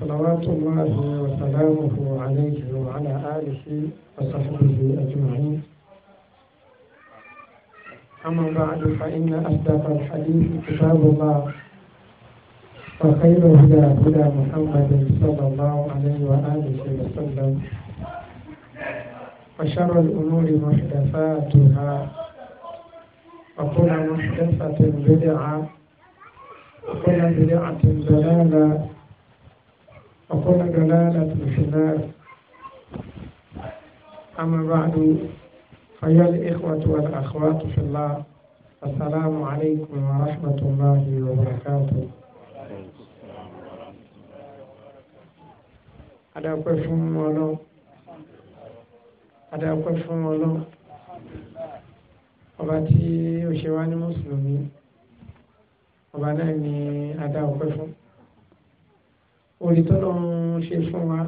صلوات الله وسلامه عليه وعلى آله وصحبه أجمعين أما بعد فإن أصدق الحديث كتاب الله وخير هدى هدى محمد صلى الله عليه وآله وسلم وشر الأمور محدثاتها وكل محدثة بدعة وكل بدعة ضلالة أقول دلالة في أما بعد فيا الإخوة والأخوات في الله السلام عليكم ورحمة الله وبركاته adáwọ́pẹ́ fún ọlọ́run adáwọ́pẹ́ fún ọlọ́run ọba tí ó ṣe wá ní mùsùlùmí ọba náà ni adáwọ́pẹ́ fún orí tó lọ ń ṣe fún wa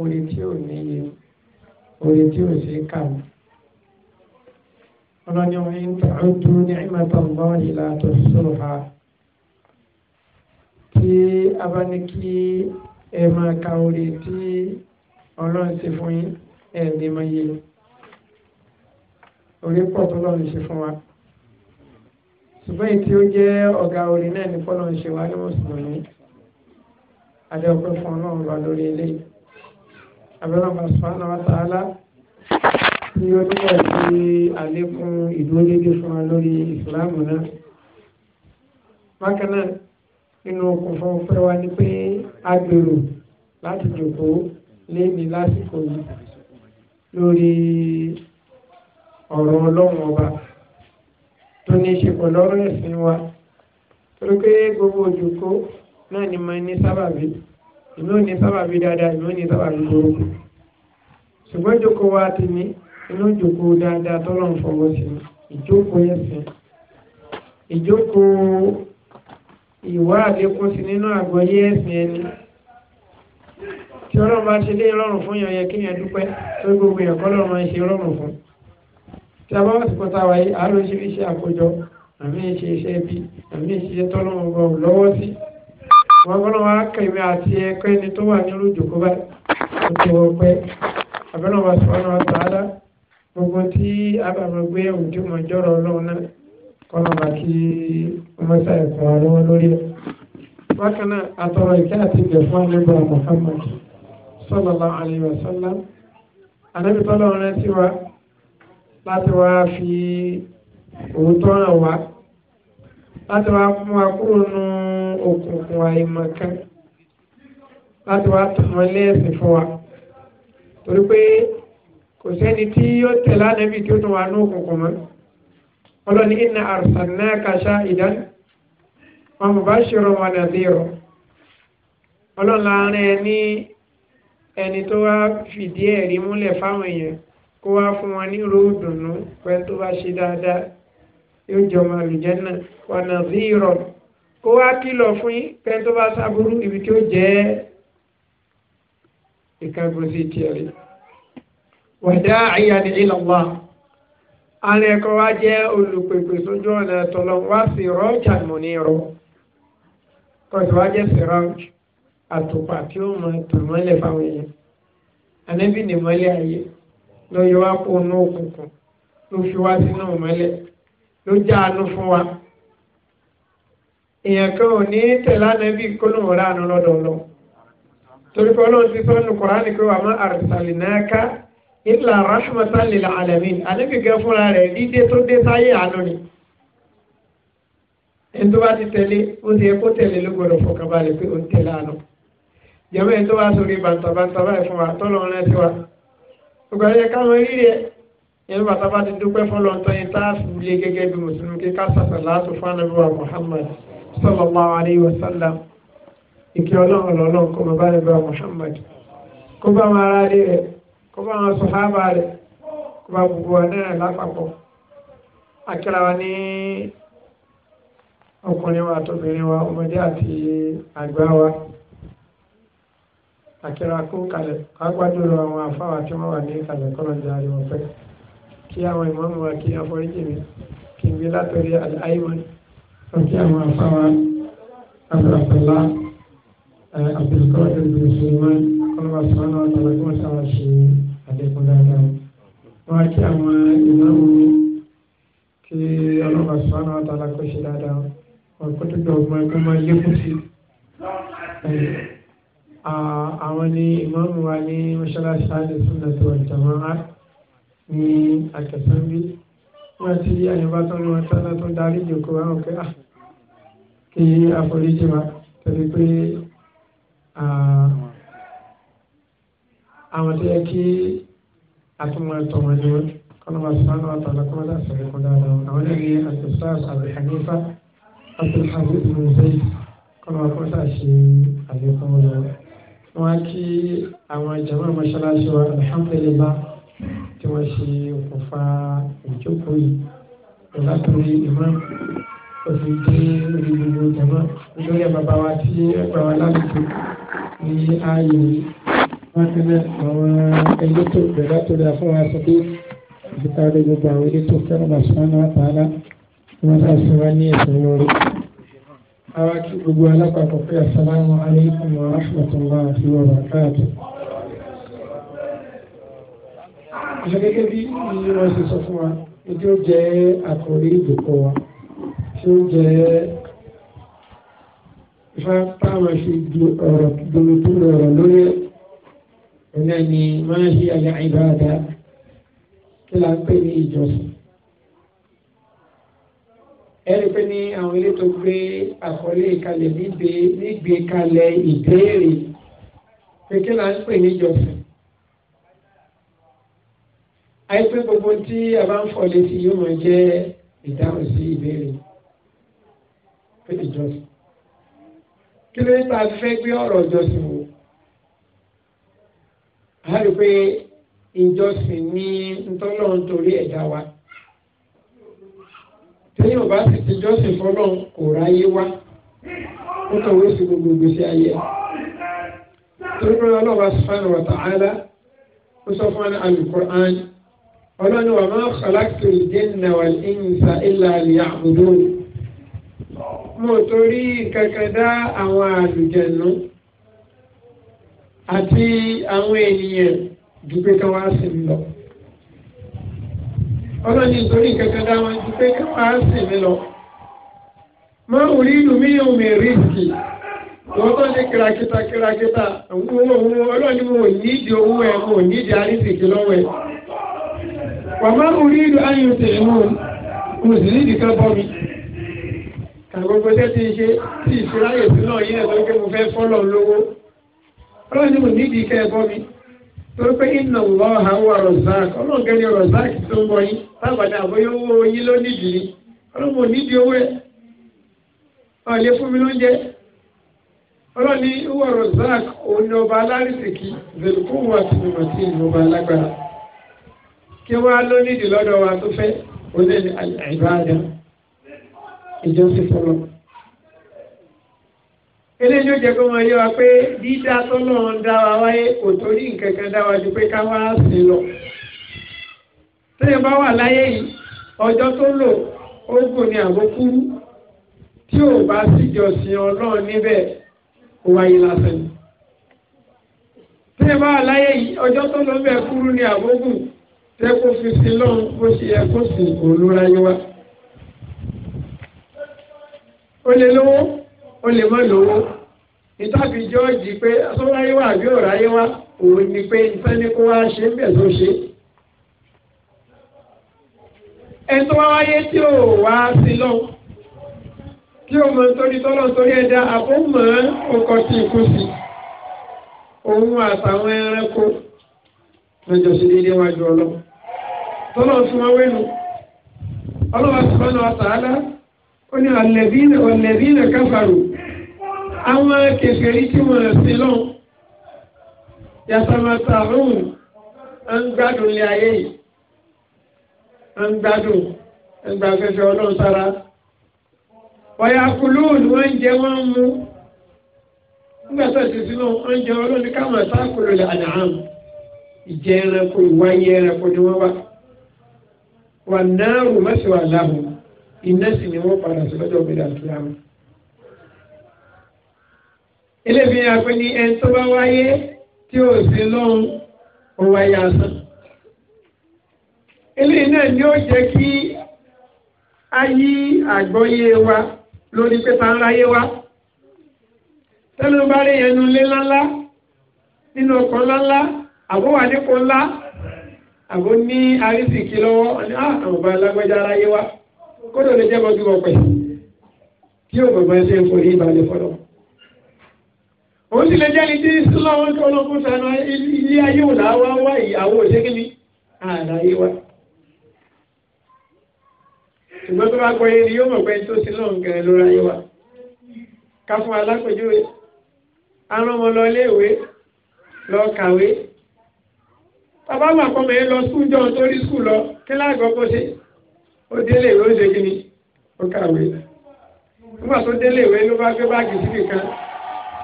orí tí ò níye orí tí ò ṣe kà ó. ọlọ́ni wọn ń tọ́jú ní ìmọ̀tọ́ mọ́rin látọ̀ sọ̀rọ̀ ha. tí a ẹ máa ka orí tí ọlọ́run ṣe fún yín ẹ lè máa yé orí pọ̀ tó lọ́run ṣe fún wa ṣùgbọ́n èyí ó jẹ́ ọ̀gá orí náà ní fọ́lọ́run ṣe wá ní mùsùlùmí adé ọpẹ́ fún Ọlọ́run lọ lórí ilé abẹ́rẹ́ ọmọ sùpánà wàtàlá ní onígbà tí àlékún ìdúródédé fún wa lórí ìsìláàmù náà bákan náà nínú okùnfà ọpẹ́ wa ni pé a gbèrò láti jòkó léèmí lásìkò yìí lórí ọ̀rọ̀ Ọlọ́run ọba tó ní í ṣe pẹ̀lú ọ̀rọ̀ ẹ̀sìn wa torí pé gbogbo òjòkó náà ni mo ní sábàbí èmi ò ní sábàbí dáadáa èmi ò ní sábàbí burúkú ṣùgbọ́n ìjókòó wa ti ní inú ìjókòó dáadáa tọ́lọ̀ ń fọwọ́ sí ìjókòó ẹ̀sìn ìjókòó ìwà àlékún sí nínú àgbọ́yé ẹ̀sìn ẹni tí ọlọ́run bá ṣe lé rọrùn fún yàn yẹ kí yàn dúpẹ́ tó gbogbo yàn kọ́ lọ́run ṣe rọrùn fún tí a bá wà sí pọ́tà wáyé àlọ́ ṣe fi ṣe àkójọ àmì ìṣe iṣẹ́ ibi àmì ìṣe tọ́lọ́run bọ̀ lọ́wọ́ sí wọn gbọ́dọ̀ wá kẹ̀mí àti ẹ̀kọ́ ẹni tó wà nínú ìjòkó báyìí kò tó ọpẹ́ abẹ́rẹ́ wa sọ ọ́nà ọ̀tàlá gbogbo tí abàmọ̀ gbé òjò mọ̀ jọ̀rọ̀ ọlọ́run náà kọ́nà bá kí ọmọọṣà ẹ̀kọ́ àlọ́wọ́ lórí ẹ̀. bákan náà àtọ̀rọ̀ ìkẹ́ àti ìgbẹ̀ fún àlejò Muhammad sallallahu alaihi wasallam ànábì tọ́lọ́run rẹ̀ sí wa láti wá fi òótọ́ hàn wá láti wá mú wa kúrò nù òkùnkùn àìmọ̀kan láti wá tọmọ lẹ́ẹ̀sìn fún wa torí pé kò sẹ́ni tí yóò tẹ̀lé ànábì tí ó tún wà ní òkùnkùn mọ́ ọlọ́ni inna arsalnaka shahidan wa mubashiran wa nadhira ọlọ́run láàárín ẹ ní ẹni tó wá fìdí ẹ̀rí múlẹ̀ fáwọn èèyàn kó wá fún wọn ní ròdùnú pẹ́ tó bá ṣe dáadáa yóò jẹ ọmọ àlùjẹ́nà wọnà sí irọ́ kó wá kìlọ̀ fún yín pẹ́ẹ́n tó bá sábúrú ibi tí ó jẹ́ ìkángun sí tiẹ̀ rí. wàdà àyàní ìlọ́wà àrùn ẹ̀kọ́ wa jẹ́ olùpèpè sójú ọ̀nà tọ́lọ́ wá sí rọ́ọ̀jà mọ̀ní rọ kọ́sì wá jẹ́ sẹ́ráùjì àtùpà tí ó mọ tàmọ́lẹ̀ fáwọn èèyàn ànábì nìmọ́lẹ̀ ayé lọ́yọ̀ wá kó inú òkùnkùn ló fi wá sínú ìmọ́lẹ̀ ló jáàánú fún wa èèyàn kan ò ní tẹ̀lá nẹ́bí kólóhùn ránu lọ́dọ̀ lọ torí pé ọlọ́run ti sọ́nù kùránì pé wàá má arsalnaka illa rahmatan lil alamin ànábì gan fúnra rẹ̀ dídé tó dé sáyé àánú ni ẹni tó bá ti tẹ̀lé ó ti yẹ kó tẹ̀lé ló gbọdọ̀ fọkànbalẹ̀ pé ó ń tẹ̀lé àánú jẹ́wọ́ ẹni tó bá sórí bàtàbàtà báyìí fún wa tọ́lọ́run rẹ̀ sí wa gbogbo àyẹ̀ká wọn rí rẹ̀ ẹnu bàtà bá ti dúpẹ́ fọlọ́ntọ́ yẹn tá a fi wulẹ̀ gẹ́gẹ́ bí mùsùlùmí kí ká sàṣà láàtò fanabi wa muhammad sallallahu alayhi wa sallam ìkẹ́ ọlọ́run lọ́lọ́run kó máa bá nàbẹ́ wa muhammad kó bá wọn ara rí rẹ̀ kó bá wọn sọ̀hábà rẹ̀ kó bá gbogbo wa náà lápapọ̀ akẹ́ra wa ní ọkùnrin wa àtọ́bìnrin wa ọmọdé àti àgbà wa akẹ́ra kó kalẹ̀ ká gbádùn lọ àwọn afáwà tí wọ́n wà ní ìkàlẹ̀ kọ́lọ́jà àríwọ̀fẹ́ kí àwọn ìmọ̀mù wa kí àforíjì mi kí n gbé látọ̀rí àìmọ̀n lọ kí àwọn afáwa abdulrasala abdulkadir bin sulman kọlọmọ sọmọnà ọtọlá kí wọn sábà ṣe àdékùn dáadáa wọn kí àwọn ìmọ̀mù mi kí ọlọmọ sọmọnà ọtọlá kó ṣe dáadáa wọn kó tó dọ̀gbọ́n kó máa yékù sí àwọn ni ìmọ̀mù wa ní mọ́ṣáláṣí àdéhùn náà tó wà jàmáà ní àjọsánbí wọn àti àyànbá tó ní wọn sáná tó darí ìjòkó àwọn pé ah, kí àforíjì wa torí pé àwọn tó yẹ kí àtúmọ̀ ẹ̀tọ́ wọn ni wọn kọ́nà bá sọ́nà wọn tọ̀lá kọ́nà dá sọ̀rọ̀ kọ́ dáadáa wọn àwọn ẹ̀rí àtúnṣe àbí hanifa abdulhamid ibn zayd kọ́nà bá kọ́nà ṣe àlékún wọn wọn kí àwọn jama mọ́ṣáláṣí wa alhamdulillah tí wọ́n ṣe okùnfà ìjókòó yìí ìlàkùnrin ìmọ̀ òfin dé orí gbogbo jama nítorí ẹ̀ bàbá wa tí ẹgbẹ́ wa lálejò ní ààyè mákànnà àwọn elétò ìgbẹ́lá tó dáa fún wa sọ pé ìfipá rẹ gbogbo àwọn elétò fẹ́ràn bá sọ́nà wa tààlà wọ́n sá sí wa ní ẹ̀sìn lórí. àwa kí gbogbo alápapọ̀ pé asalaamu alaykum wa rahmatulahi wa barakatuh. ṣe gẹ́gẹ́ bí wọ́n ṣe sọ fún wa ètí ó jẹ́ àkọ̀rí ìdòkọ wa tí ó jẹ́ ifá táwọn ṣe ọ̀rọ̀ gbogbo ọ̀rọ̀ lórí ọ̀nà ni máa ṣe àyà ìbáradá kí la ń pè ní ìjọsìn ẹni pé ní àwọn ilé tó gbé àkọlé ìkalẹ̀ nígbé kalẹ̀ ìbéèrè pé kí la ń pè ní ìjọsìn àìpé gbogbo tí a bá ń fọ létí yóò máa jẹ́ ìdáhùn sí ìbéèrè pé ìjọsìn kí ló ń ta fẹ́ gbé ọ̀rọ̀ ìjọsìn wò a rí pé ìjọsìn ní ntọ́lọ́ nítorí ẹ̀dá wa tẹ́yìn ọba sì ti jọ́sìn fọlọ́n kò ráyé wá ó tọ̀wé sí gbogbo ìgbésí ayé torí pé ọlọ́ba subhanahu wa ta'ala ó sọ fún wa ní Al-Qur'an ọlọ́ni wà máa kàlákì ìdínà wà ìyìnsà ìlà àlìyàbùdó mo torí kankan dá àwọn àlùjẹ̀nu àti àwọn ènìyàn dùgbé kan wá sí mi lọ ọlọ́ni torí kankan dá wọn dùgbé kan wá sí mi lọ máa wù rí ìlú mi yóò mi rìsì wọ́n tó ní kìràkìtà kìràkìtà ọlọ́ni mo nídìí owó ẹ̀ mo nídìí àrísìkì lọ́wọ́ ẹ̀. wàmá orí ìlú ayọ̀tẹ̀ ìwọ̀n mo sì ní mi àgbogbo tẹ́ ti ṣe tí ìṣúráyè sí náà yí ẹ̀sọ́ pé mo fẹ́ fọ́lọ̀ lówó ọlọ́run ni mo nídìí kẹ́ ike bọ́ pé iná lọ àwọn rọ̀zák ọlọ́run gẹ́ni tó ń bọ̀ yín àbóyá owó yín ló nídìí ni ọlọ́run mo owó ẹ̀ ọ̀lẹ́ fún mi lóúnjẹ ọlọ́run òun ọba ọba alágbára. kí wọ́n á ló nídìí lọ́dọ̀ wa tó fẹ́ olè àìbáadá ìjọsìn fọlọ́. eléyìí ó jẹ́ kó wọn yé wa pé dídá tọ́lọ́ ń dá wa wáyé kò torí nǹkan kan dá wa ju pé ká wá sí lọ. tẹ́yìn bá wà láyé yìí ọjọ́ tó lò ogun ni àbókúrú tí ò bá síjọsìn ọlọ́run níbẹ̀ ó wáyé lásán. tẹ́yìn bá wà láyé yìí ọjọ́ tó lò ń bẹ̀ kúrú ni àbókúrú ṣé kó fi sí lọ́hùn bó ṣe yẹ kó sì olúra yín wá. ó lè lówó ó lè má lówó ìtàbí jọ́ọ̀jì pé sọ́láyé wà bí ọ̀ráyé wá òun ni pé ìfẹ́ kó wá ṣe ń bẹ̀ tó ṣe. ẹni tó wáyé tí ò wá sí lọ́hùn kí o mọ̀ nítorí tọ́lọ̀ torí ẹ̀dá àbúmọ̀ ọkọ̀ tí ikú sí òun àtàwọn ẹranko lọ́jọ́ sí déédéé wájú ọlọ́run tọ́lọ́ súnmọ́ wẹ́nu ọlọ́wà subhanahu wa ta'ala ó ní alladhina walladhina kafaru àwọn kèfèrí tí wọ́n rẹ̀ sí lọ́n yàtàmàtà rún ń gbádùn lé ayé yìí ń gbádùn ń gbàfẹ́fẹ́ ọlọ́run sára wọ́yà kúlóòn wọ́n jẹ́ wọ́n mú nígbà tó ti sinú wọ́n jẹ́ ọlọ́run káwọn sáà kúlóòn àdáhàn ìjẹ́ ẹranko ìwáyé ẹranko ni wọ́n wá wà náírù mẹ́sì wà láhùn iná sì ni wọ́n padà sí lọ́jọ́ òbí dàtúrà wọn. eléyìí ni a pè ní ẹni tó bá wáyé tí ò sí lọ́hùn ó wáyé asán. eléyìí náà ni ó jẹ́ kí a yí àgbọ́yé wa lórí pé ta ń ráyé wa. tẹ́lẹ̀ bá rí ẹnu lé ńláńlá nínú ọkọ̀ ńláńlá àbúwà nípò ńlá àbó ní arísìkí lọ́wọ́ ah, àwọn ọba alágbẹ́já aráyé wa kódò lè jẹ́ mọ́jú ọpẹ́ tí yóò bàbá ẹsẹ̀ ń forí ìbàlẹ̀ fọlọ́. òun sì lè jẹ́ni tí sílọ́wọ́n tó ọlọ́kùn sànà ilé ayé òun làwa wá ìyàwó òṣèkìlì àlàyé wa. ṣùgbọ́n tó bá gbọ́ yé ni yóò mọ̀ pé tó sílọ́wọ́n gẹ̀rẹ́ lórí ayé wa. ká fún alápèjúwe arán ọmọ lọ ilé lọ kàwé bàbá àwọn àkọ́mọ yẹn lọ skul jọ torí skul lọ kí láàgọ́ kó ṣe ó délé ìwé ó ṣe kí ni ó kàwé nígbà tó délé ìwé ló bá gbé báàgì síbì kan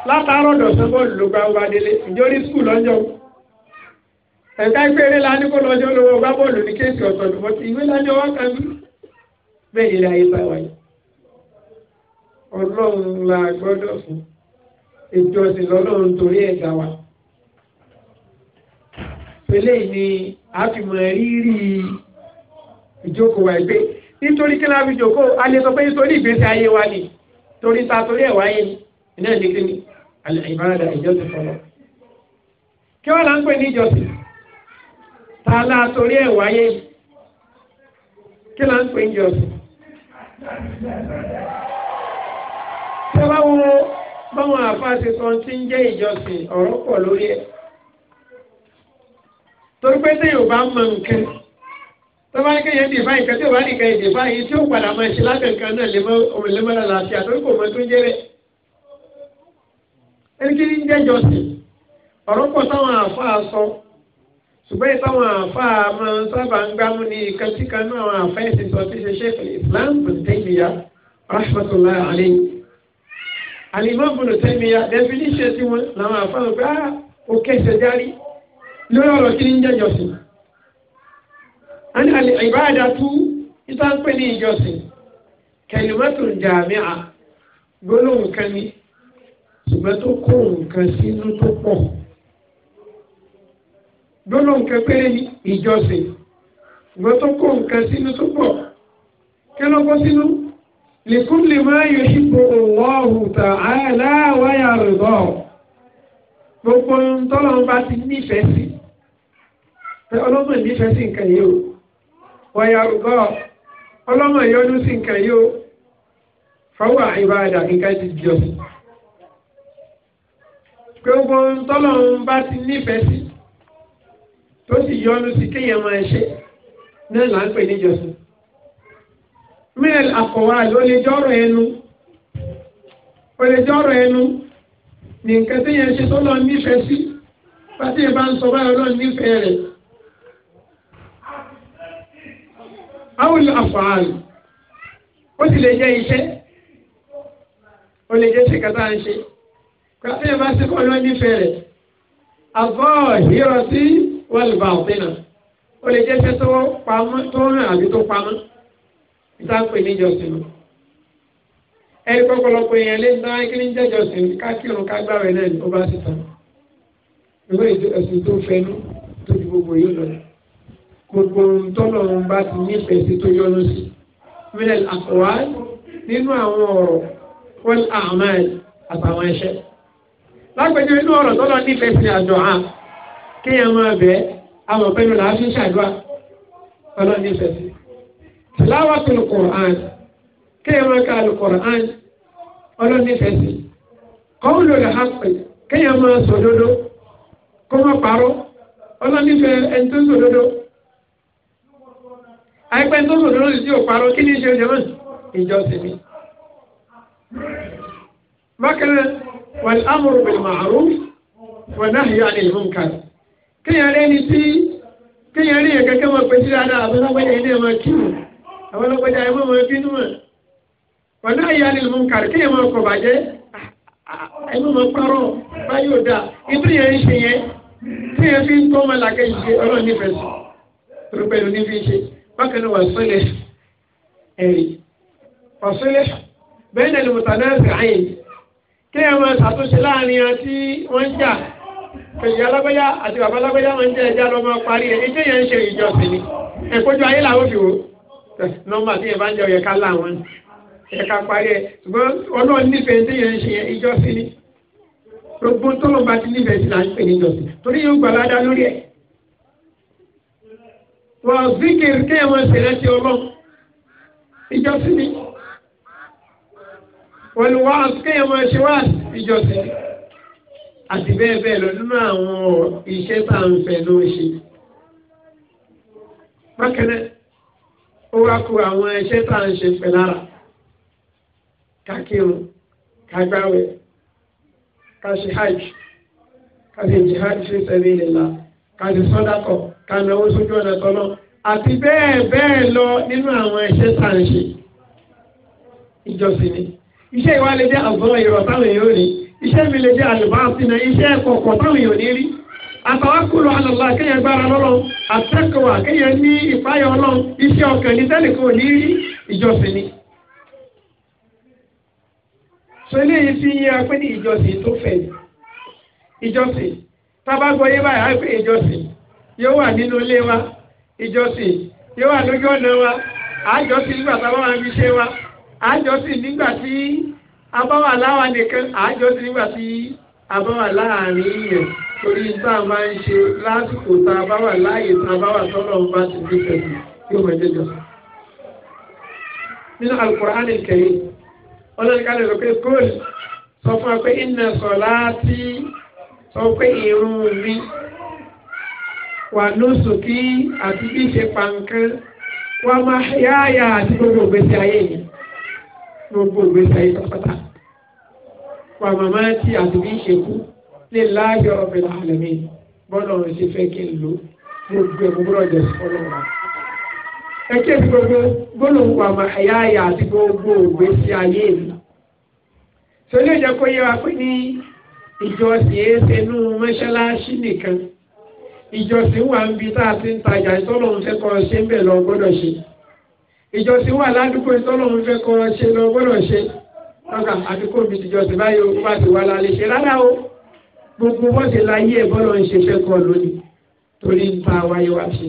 látàárọ̀ dọ̀sán bọ́ọ̀lù ló gba ọba délé ìjọ́rí skul lọ́jọ́ ẹ̀ka ìpèrè la ní kó lọ́jọ́ lówó gbá bọ́ọ̀lù ní kéèsì ọ̀tọ̀ lùmọ́ ti ìwé lájọ́ wá kan bẹ́ẹ̀ ni ilé ayé bá wáyé ọlọ́run la gbọ́dọ̀ fún ìjọsìn lọ́lọ́run torí ẹ̀dá wa eléyìí ni a fi mọ̀ rírì ìjókòó wa ìgbé nítorí kí láàbí jókòó a lè sọ pé nítorí ìgbésí ayé wa ni torí ta torí ẹ̀wá ayé, ni iná ìdíkí ni ìbáradà ìjọsìn fọlọ. kí wọ́n là ń pè ní ìjọsìn ta la torí ẹ̀wá yé kí là ń pè ní ìjọsìn. tí wọ́n bá wo báwọn àfa sọ ti ń jẹ́ ìjọsìn ọ̀rọ̀ pọ̀ lórí ẹ̀ torí pé tí yóò bá ń mọ nǹkan tó bá ní kéèyàn dìbà nǹkan tí yóò bá ní kéèyàn dìbà yìí tí ó padà máa ṣe lábẹ́ nǹkan náà òmìnira làásì àtọ́rí kò mọ tó ń jẹ́rẹ̀. ẹni kí ni ń jẹ́jọ sí ọ̀rọ̀ pọ̀ táwọn àáfàá sọ ṣùgbọ́n táwọn àáfàá máa ń sábà ń gbámú ní ìkan kan náà àwọn àáfàá ẹ̀sìn sọ tí ṣe ṣe Islam bin Taymiya rahmatullahi alayhi alimọ́ bin Taymiya definition tiwọn làwọn àáfàá ń gbá òkè lórí ọ̀rọ̀ kí ní jẹ́jọsìn a ní àlè ìbáàdà tú títà ń pè ní ìjọsìn kẹlùmọ́tò jàmíà gbólóhùn kan ní ṣùgbọ́n tó kó nǹkan sínú tó pọ̀ gbólóhùn kan péré ní ìjọsìn ṣùgbọ́n tó kó nǹkan sínú tó pọ̀ kí ló kó sínú lèkúnlè máa yọ sípò Allahu ta'ala wa yarda gbogbo ń tọ́lọ́ bá ti nífẹ̀ẹ́ sí pé ọlọ́mọ nífẹ̀ẹ́ sí nǹkan yìí o wọ́n ya ọgọ́ ọlọ́mọ yọdún sí nǹkan yìí o fọwọ́ ìbáradà nǹkan ti di ọ̀sìn. pé gbogbo tọ́lọ́run bá ti nífẹ̀ẹ́ sí tó sì yọnu sí kéèyàn máa ṣe náà là ń pè níjọsìn. mẹ́ẹ̀l àkọ̀wá ló lè jọ́rọ̀ ẹnu ó lè jọ́rọ̀ ẹnu ní nǹkan téèyàn ṣe tọ́lọ́run nífẹ̀ẹ́ sí bá téèyàn bá ń sọ báyọ̀ lọ́run nífẹ̀ẹ́ rẹ̀. àwọn àfààní ó sì lè jẹ́ iṣẹ́ ó lè jẹ́ ṣèkátà ń ṣe kí ẹ bá ṣe kọ́ ló nífẹ̀ẹ́ rẹ̀ àbọ̀ hírọ̀ sí wọ́lùbà ọ̀pẹ́nà ó lè jẹ́ iṣẹ́ tó pamọ́ tó hàn àbí tó pamọ́ ìtàkùn ìníjọsìn ẹni pọ̀pọ̀lọpọ̀ èèyàn lè ná kíní jẹ́jọsìn kákìrún kágbáwẹ̀ náà ni ó bá ṣe tán ìwé ìjọsìn tó fẹnu tó ju gbogbo yìí lọ gbogbo tọ́lọ́run bá ti nífẹ̀ẹ́ sí tó yọ́nú sí mílẹ̀ àkọ́wá nínú àwọn ọ̀rọ̀ wọ́n àmàl àtàwọn ẹ̀ṣẹ̀. lágbẹ̀jọ inú ọ̀rọ̀ tọ́lọ́ nífẹ̀ẹ́ sí àjọ hàn kéèyàn máa bẹ̀ àwọn ọ̀pẹ́nu làá fi ń ṣàdúrà tọ́lọ́ nífẹ̀ẹ́ sí. tìláwà tó lù kọ̀ọ̀án kéèyàn máa ka lù kọ̀ọ̀án ọlọ́ nífẹ̀ẹ́ sí. kọ́wùlù rẹ̀ hàn pé kéèyàn máa sòdodo kó má parọ́ ọlọ́ nífẹ̀ẹ́ ẹni tó sòdodo àìpẹ́ tó sòdò lórí tí ò parọ́ kí ní ṣe oúnjẹ mọ́ ìjọsìn mi. bákan náà wal amru bil ma'ruf wa nahyi 'anil munkar kéèyàn rí ẹni tí kéèyàn rí yẹn kẹ́kẹ́ máa pèsè dáadáa àbẹ́lọ́gbẹ́jà ilé máa kí wọn àbẹ́lọ́gbẹ́jà ilé máa bínú wọn. wa nahyi 'anil munkar kéèyàn máa kọ̀ bàjẹ́ ẹnu máa parọ́ báyọ̀ dá nítorí yẹn ń ṣe yẹn tí yẹn fi ń tọ́ ọmọ làkẹ́ yìí bákan náà wàsílẹ̀ ẹ̀rí wàsílẹ̀ bẹ́ẹ̀ náà lè mọ̀tà náà sì àyìn kí ẹ máa ṣàtúnṣe láàrin àti wọ́n ń jà ìyá alágbáyá àti bàbá alágbáyá máa ń jẹ́ ẹja lọ máa parí ẹ̀ ẹjẹ́ yẹn ń ṣe ìjọsìn ni ẹ̀kọ́jọ ayé làwọn fi wò nọ́mbà tí yẹn bá ń jẹ ọ̀yẹ̀ká láwọn ẹ̀ka parí ẹ̀ ṣùgbọ́n ọlọ́run nífẹ̀ẹ́ tí yẹn ń ṣe ìjọsìn ni gbogbo tó lọ́ba ti nífẹ̀ẹ́ sí là ń pè ní ìjọsìn torí yóò gbà ládá lórí ẹ̀ wà zikir kéèyàn máa ṣe láti ọlọ́run ìjọsìn ni wọ́n wá kéèyàn máa ṣe wá ìjọsìn ni àti bẹ́ẹ̀ bẹ́ẹ̀ lọ nínú àwọn iṣẹ́ tá à ń fẹ́ ló ń ṣe. bákẹ́lẹ́ ó wá kó àwọn iṣẹ́ tá à ń ṣe pẹ̀ lára ká kírun ká gbáwẹ̀ ṣe hajj ká ṣe jihad ká náwó sójú ọ̀nà tọ́lọ́ àti bẹ́ẹ̀ bẹ́ẹ̀ lọ nínú àwọn iṣẹ́ tá à ń ṣe ìjọsìn ni iṣẹ́ ìwà lè jẹ́ àgbọ̀n ìrọ̀ táwọn èèyàn rí iṣẹ́ mi lè jẹ́ àlùbáàsì náà iṣẹ́ ẹ̀kọ̀ọ̀kọ̀ táwọn èèyàn ní rí àtàwákùrù àlọ́lá kéèyàn gbára lọ́lọ́ àtẹ́kọ̀wà kéèyàn ní ìpáyọ̀ ọlọ́run iṣẹ́ ọkàn ní tẹ́lẹ̀kọ̀ ní ìjọsìn ni. sọlẹ́ yìí fi yé apẹ́ ní ìjọsìn tó fẹ̀ ìjọsìn tábàgbọ́ yé báyìí á pé yóò wà nínú ilé wa ìjọsìn yóò wà lójú ọ̀nà wa àjọsìn nígbà tá a bá wà níbi iṣẹ́ wa àjọsìn nígbà tí a bá wà láwa nìkan àjọsìn nígbà tí a bá wà láàrin yẹn torí tá a máa ń ṣe lásìkò tá a bá wà láàyè tá a bá wà tọ́lọ̀ ń bá ti fi tẹ̀sí yóò máa jẹjọ. nínú Al-Qur'an al-Karim ọlọ́nìkan lè sọ pé kóòlù sọ fún wa pé inna salati sọ pé ìrun mi wà lóṣùkí àti bí ṣe pàǹkan wà máa yáàyà àti gbogbo ògbésí ayé yìí gbogbo ògbésí ayé pátápátá wà màmá tí àti bí ṣe kú lè láàyò ọbẹ̀ làlẹ́mí bọ́lá ọ̀rọ̀ ṣe fẹ́ kí n lò gbogbo ẹ̀mú gbọ́dọ̀ jẹ́ sọ́lọ́ wa. ẹ kí ẹ̀sìn gbogbo gbólóhùn wà máa yáàyà àti gbogbo ògbésí ayé mi. sọlẹ́ ìjọ kó yẹ wa pé ní ìjọ sì é ṣe mọ́ṣáláṣí nìkan ìjọsìn wà ń bi tá a ti ń tajà ìtọ́lọ́run fẹ́ kọ́ ṣe ń bẹ̀ lọ gbọ́dọ̀ ṣe ìjọsìn wà ládùúgbò ìtọ́lọ́run fẹ́ kọ́ ṣe lọ gbọ́dọ̀ ṣe lọ́gà àdúgbò mi ti jọsìn báyìí o bá ti wà lálẹ́ ṣe rárá o gbogbo bó ṣe láyé ẹ̀ bọ́lọ̀ ń ṣe fẹ́ kọ́ lónìí torí ń ta wáyé wá ṣe.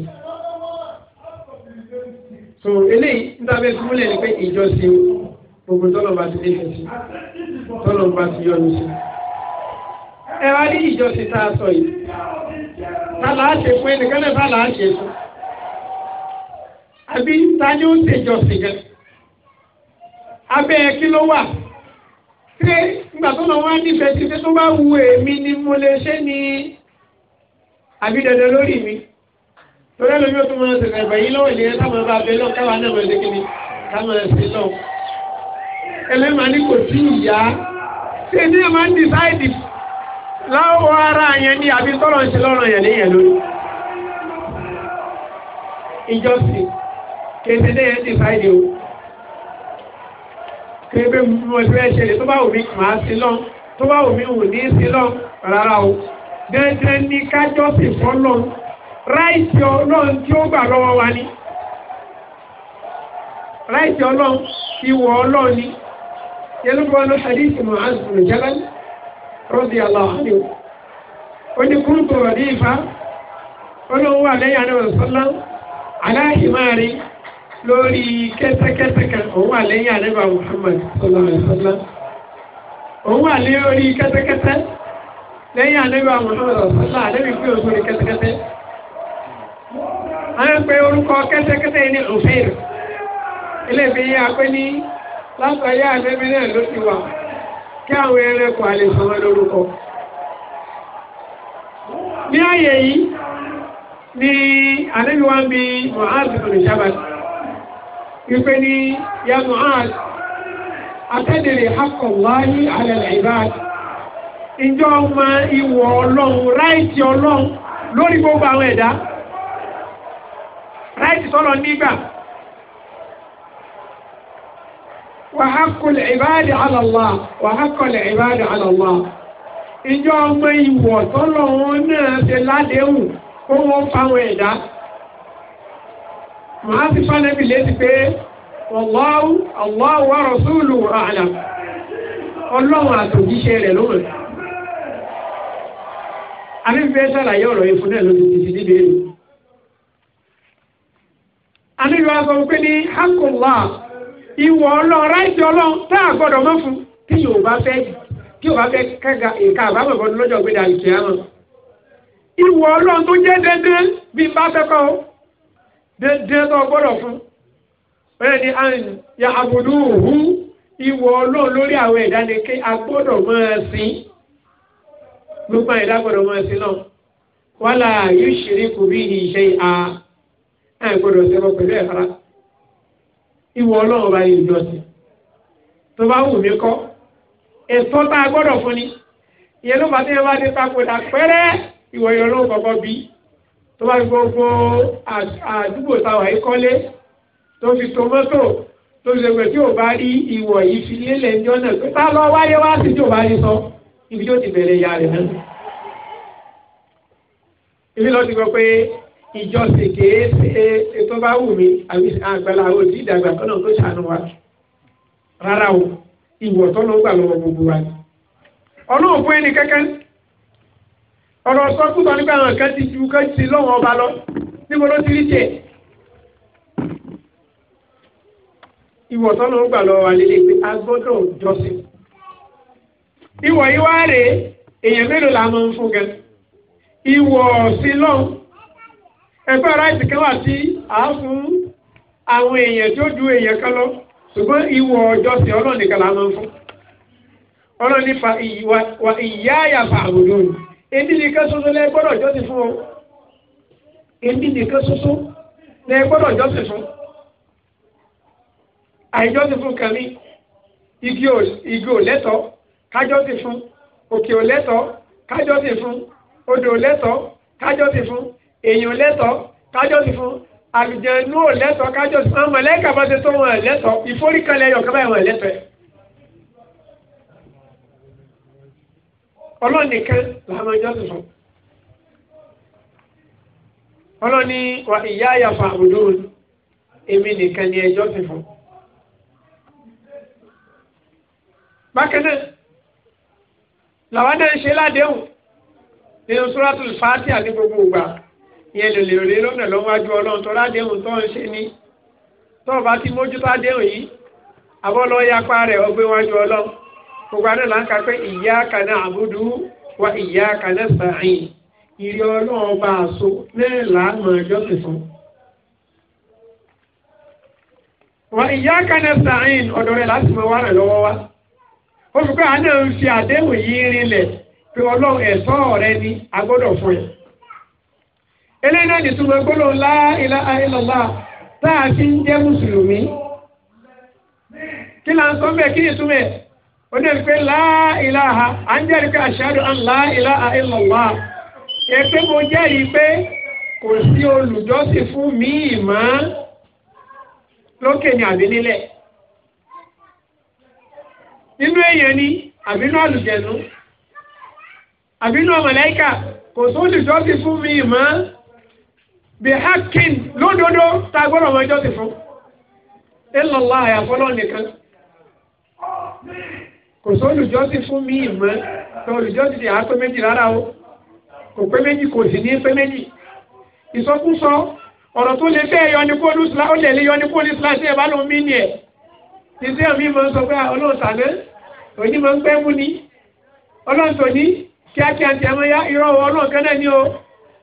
so eléyìí ń dábẹ́ fúnlẹ̀ ni pé ìjọsìn gbogbo tọ́lọ̀ bá ti dé tọ́lọ̀ bá ti yọ ẹ wá ní ìjọsìn tá tààlà àṣẹ fún ẹnìkan náà tààlà àṣẹ fún àbí ta ni ó ṣèjọ sìgẹ́ abẹ́ kí ló wà ṣé nígbà tó lọ wá nífẹ̀ẹ́ sí pé tó bá wu èmi ni mo lè ṣe ni àbí dandan lórí mi torí ẹlòmí ó tún máa ṣẹ̀ṣẹ̀ ìbẹ̀yìn lọ́wọ́ ìlera táwọn bá bẹ lọ́wọ́ káwa náà máa ṣe kí ni táwọn ẹ̀sìn lọ́wọ́ ẹlẹ́màá ní kò láwọ́ ara yẹn ní àbí tọ́lọ̀ ń ṣe lọ́rọ̀ yẹn léyẹn lórí ìjọsìn kéde léyẹn ti fáìlì o kébé mo ti fẹ́ ṣẹlẹ̀ tó bá wù mí màá sí lọ́n tó bá wù mí wù ní sí lọ́n rárá o dẹ́dẹ́ ní kájọ́sìn fọ́lọ́n ráìtì ọlọ́run tí ó gbà lọ́wọ́ wa ni ráìtì ọlọ́run ìwọ̀ ọlọ́run ni yẹlúbọ̀ ọlọ́run àdìsí àzùmọ̀ jẹ́lẹ́lẹ́ rọ́dí aláwọ̀ ó ní kúrúkú rọ̀dí ìfá olóhùn wà lẹ́yìn àná ọ̀sánlá aláhìmáàrí lórí kẹ́tẹ́kẹ́tẹ́ kan òun wà lẹ́yìn ànábà Muhammad sọlá ọ̀sánlá òun wà lórí kẹ́tẹ́kẹ́tẹ́ lẹ́yìn ànábà Muhammad ọ̀sánlá ànábì pé òun sórí kẹ́tẹ́kẹ́tẹ́ àwọn pé orúkọ kẹ́tẹ́kẹ́tẹ́ ní òfin ilé ìfẹ́ yá pé ní látọ̀ yá ànábì náà kí àwọn ẹranko àlè sọ̀rọ̀ lórúkọ. Ní ààyè yìí ni àlejò wa ń bi Mohamed bin Jabal. Ipe ni ya Mohamed, atadiri haqqo Allahi ala al-ibad. Ìjọ ọmọ ìwọ̀ ọlọ́run, ráìtì ọlọ́run lórí gbogbo àwọn ẹ̀dá. Ráìtì sọ̀rọ̀ nígbà. وحق العباد على الله وحق العباد على الله na ọmọ ìwọ̀ tọ́lọ́wọ́n náà ṣe ládéhùn kó wọ́n fáwọn ẹ̀dá máa ti fánẹ́bì létí pé Allahu Allahu wa rasuluhu a'lam àtòjíṣẹ́ rẹ̀ lóhùn anífẹ́ sàlàyé ọ̀rọ̀ ìfún náà lójú ti níbi pé ní ìwọ ọlọ́run ráìsì ọlọ́run tá a gbọ́dọ̀ mọ́ fún kí yóò bá fẹ́ kí yóò bá fẹ́ kẹ́ga ìka àbámọ̀ bọ́dún lọ́jọ́ gbé dàrí kìá mọ́. ìwọ ọlọ́run tó jẹ́ dandan bí n bá fẹ́ kọ́ dandan tó gbọ́dọ̀ fún. bẹ́ẹ̀ ni à ń ya àbùdù hù ìwọ ọlọ́run lórí àwọn ẹ̀dá ni kí a gbọ́dọ̀ máa sìn gbogbo ẹ̀dá gbọ́dọ̀ máa sìn náà wàhálà yóò ṣeré kò bí ìṣe à ẹ̀ gbọ́dọ̀ sẹ́wọ́ pẹ̀lú ẹ̀ ìwọ ọlọ́run bá yẹ ìjọsìn tó bá wù mí kọ́ ẹ̀tọ́ tá a gbọ́dọ̀ fún ni ìyẹn ló bá tẹ́ ẹ bá dé papòdà pẹ́rẹ́ ìwọ ìyọ ọlọ́run kọ̀ọ̀kan bí tó bá gbogbo àdúgbò táwa yìí kọ́lé tó fi tòmọ́tò tó fi ṣègbè tí ò bá rí ìwọ̀ yìí fi lélẹ̀ ẹjọ́ náà pé tá lọ wáyé wá sí tí ò bá rí sọ ibi tó ti bẹ̀rẹ̀ ìyá rẹ̀ náà ibi lọ ti gbọ́ pé ìjọsìn kìí ṣe ètò bá wù mí àbí àgbàlá òdì ìdàgbà tọ́nà tó ṣàánú wa rárá o ìwọ̀ tọ́nà gbà lọ́wọ́ gbogbo wa. ọlọ́run fún ẹni kankan ọ̀rọ̀ sọ́kùtà nígbà àwọn kan ti ju kan ti lọ́wọ́ ọba lọ níbo ló ti rí tiẹ̀. ìwọ̀ tọ́nà gbà lọ́wọ́ wa lélẹ̀ pé a gbọ́dọ̀ jọsìn. ìwọ̀ yìí wá rèé èèyàn mélòó la máa ń fún gan ìwọ̀ sí ẹgbẹ́ ráìtì kan wà tí a fún àwọn èèyàn tó ju èèyàn kan lọ ṣùgbọ́n ìwọ ọjọ́ sí ọlọ́run nìkan la máa ń fún ọlọ́run nípa ìyá àyàfà àwòdò èmi nìkan ṣoṣo lẹ gbọ́dọ̀ jọ́ sí fún ọ èmi nìkan ṣoṣo lẹ gbọ́dọ̀ jọ́ sí fún àìjọ́ sí fún kàmí igi ò lẹ́tọ̀ọ́ kájọ́ sí fún òkè ò lẹ́tọ̀ọ́ kájọ́ sí fún odò ò lẹ́tọ̀ọ́ kájọ́ sí fún èèyàn lẹ́tọ̀ kájọ́sí fún àlùjẹ̀nú ò lẹ́tọ̀ kájọ́sí fún àwọn mọ̀lẹ́kà bá ti tó wọn lẹ́tọ̀ ìforíkalẹ̀ ẹ̀yọ̀ kábàá wọn lẹ́tọ̀ ẹ̀. ọlọ́run nìkan làwọn jọ́sí fún ọlọ́run ní wa ìyá àyàfà òdòrò èmi nìkan ni ẹjọ́ sì fún. bákan náà làwọn náà ń ṣe ládéhùn nínú suratul Fatiha ní gbogbo ìgbà. yẹn lè lè rí lọ́nà lọ́wájú ọlọ́run tó ládéhùn tó ń ṣe ní tó bá ti yìí abọ́lọ́ yapa rẹ̀ ọgbẹ́ wájú ọlọ́run gbogbo àná là ń ka pé wa a so mẹ́rìnlá àmọ́ ẹjọ́ sì wa ọ̀dọ̀ rẹ̀ láti mọ wàrà lọ́wọ́ wa ó fi pé àná ń fi àdéhùn yìí rinlẹ̀ pé eléyìí náà nìtúmọ̀ gbólóhùn la ilaha illallah tá a fi ń jẹ́ mùsùlùmí kí là ń sọ mẹ́ kí ni túmẹ̀ ó dẹ̀ pé la ilaha à ń jẹ́rìí pé ashhadu an la ilaha illallah ẹ pé mo jẹ́rìí pé kò sí olùjọ́sìn fún mi ìmọ̀ lókè ni àbí nílẹ̀ nínú èèyàn ni àbí inú àlùjẹ̀nu àbí inú màláíkà kò sóòlùjọ́sìn fún mi ìmọ̀ bí hakin lódodo tá a gbọ́dọ̀ máa jọ́sìn fún ilọ̀lá àyàfọ́lọ́ nìkan kò sí olùjọ́sìn fún mi ìmọ̀ tó olùjọ́sìn ti àápẹ́ méjì rárá o kò pé méjì kò sì ní pé méjì ìsọkúsọ ọ̀rọ̀ tó lè fẹ́ yọ ní pólí islam ó lè lè yọ ní pólí islam tí ẹ bá ló ń mí ni ẹ̀ iṣẹ́ mi máa ń sọ pé olóòtàná ah, òní máa ń pẹ́ mú ni ọlọ́ọ̀tò ní kíákíá ti àmọ́ yá irọ́ ọlọ́ọ̀kẹ́ náà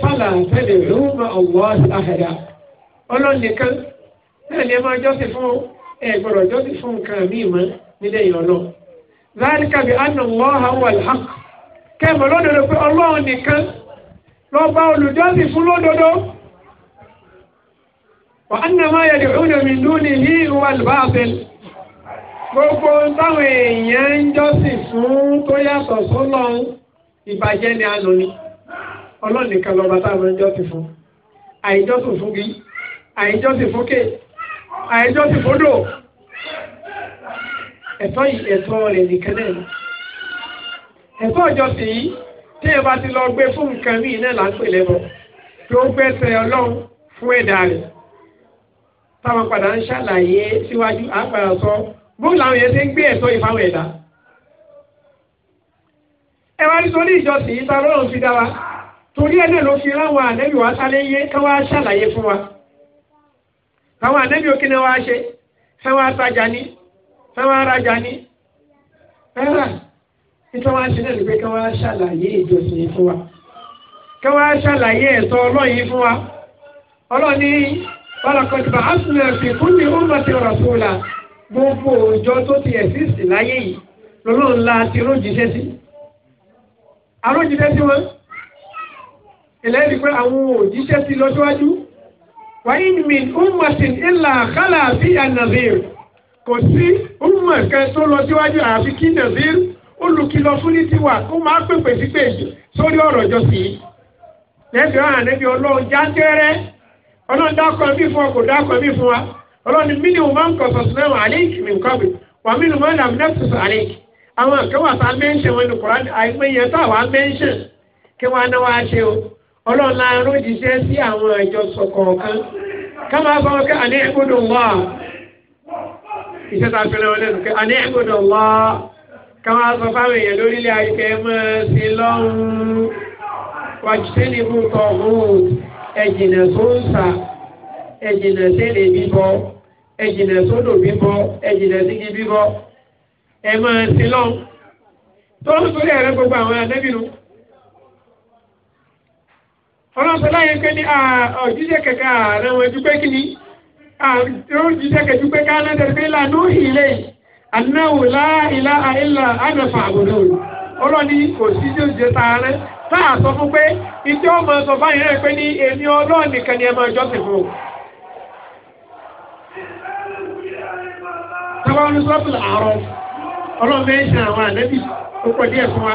Fala ń fẹ́lẹ̀ lóhùn máa ọ̀wọ́ àhẹ̀dá máa jọsi fún ẹ gbọ́dọ̀ fún nǹkan míì mọ́ nílẹ̀ yìí ọlọ́ zaalika bi anna pé nìkan lọba fún lódodo ma gbogbo táwọn èèyàn fún tó ni ọlọ́run nìkan lọ́ba tá a máa ń jọ́sìn fún àìjọ́sìn fún bí àìjọ́sìn fókè àìjọ́sìn fódò ẹ̀tọ́ yìí ẹ̀tọ́ rẹ̀ nìkan náà ẹ̀tọ́ ìjọsìn yìí tí ẹ bá ti lọ gbé fún nǹkan míì náà là ń pè lẹ́bọ̀ tó gbẹ́sẹ̀ ọlọ́run fún ẹ̀dá rẹ̀ táwọn padà ń ṣàlàyé síwájú àpàrà sọ bóun làwọn yẹn ti ń gbé ẹ̀tọ́ yìí fáwọn ẹ̀dá ẹ wá nítorí ìjọsìn yìí ta lọ́rùn fi dá wa. torí ẹ̀ náà ló fi ráwọn ànẹ́bí wa sáré yé kán wá ṣàlàyé fún wa àwọn ànẹ́bí òkè náà wá ṣe fẹ́ wá tajà ní fẹ́ wá rajà ní fẹ́ rà nítorí ṣe náà nígbẹ́ kán wá ṣàlàyé ìjọsìn yìí fún wa wá ṣàlàyé ẹ̀tọ́ ọlọ́run yìí fún wa ọlọ́run ní fún mi ó mọ̀ sí ọ̀rọ̀ gbogbo òòjọ́ tó ti ẹ̀sìn láyé yìí lọ́lọ́run la ti rójì ẹlẹ́rìí pé àwọn òjíṣẹ́ ti lọ síwájú wáyé mi ummatin illa khala fi an-nadhir kò sí umma kan tó lọ síwájú àfi kí nàzír olùkìlọ̀ fún ní tiwa kó máa pèpè sí péjì sórí ọ̀rọ̀ ìjọsìn yìí lẹ́bi ọ̀hún ànẹ́bí ọlọ́run jágẹ́rẹ́ ọlọ́run dákọ̀ mí fún ọ kò dákọ̀ mí fún wa ọlọ́run mí ni mo máa ń kọ̀ sọ̀tún náà àléèkì mi nǹkan mi wà mí ni ń dàbí nẹ́pùtù sọ̀ àwọn kan wà mẹ́ńṣẹ̀ wọn ní kùrán àìmọye tá a mẹ́ńṣẹ̀ kí náwó á ọlọ́run la rán jíṣẹ́ sí àwọn ìjọsọ kọ̀ọ̀kan ká máa bá wọn kí àní ẹ̀gbọ́dọ̀ wà iṣẹ́ tá a fi lọ́wọ́ lẹ́nu kí àní ẹ̀gbọ́dọ̀ wà ká máa sọ fáwọn èèyàn lórílẹ̀ ayíkẹ́ mọ́ sí lọ́run wàjúṣẹ́ ní fún tọ̀hún ẹ̀jìnà tó ń sà ẹ̀jìnà sẹ́lẹ̀ bíbọ ẹ̀jìnà sódò bíbọ ẹ̀jìnà sígi bíbọ ẹ̀ máa sí lọ́run tó ń sórí ẹ̀rẹ́ gbogbo àwọn adébìnrin ọlọ́sọ láyé pé ní òjíṣẹ́ kẹ̀kẹ́ ààrẹ wọn ju pé kí ni òjíṣẹ́ kẹ̀jú pé ká náà tẹ̀lé lánú ilé anáwó láìlá àìlà ànàfà àbòdò ọlọ́ni kò sí tí ó jẹ tààrẹ táà sọ fún pé ìjọ ọmọ sọ báyìí rẹ̀ pé ní èmi ọlọ́ọ̀nì kan ni ẹ máa jọ́sìn fún un. táwọn olùsọ́ọ̀tù àárọ̀ ọlọ́ọ̀mẹ́sàn àwọn ànẹ́bì ó pọ̀ díẹ̀ fún wa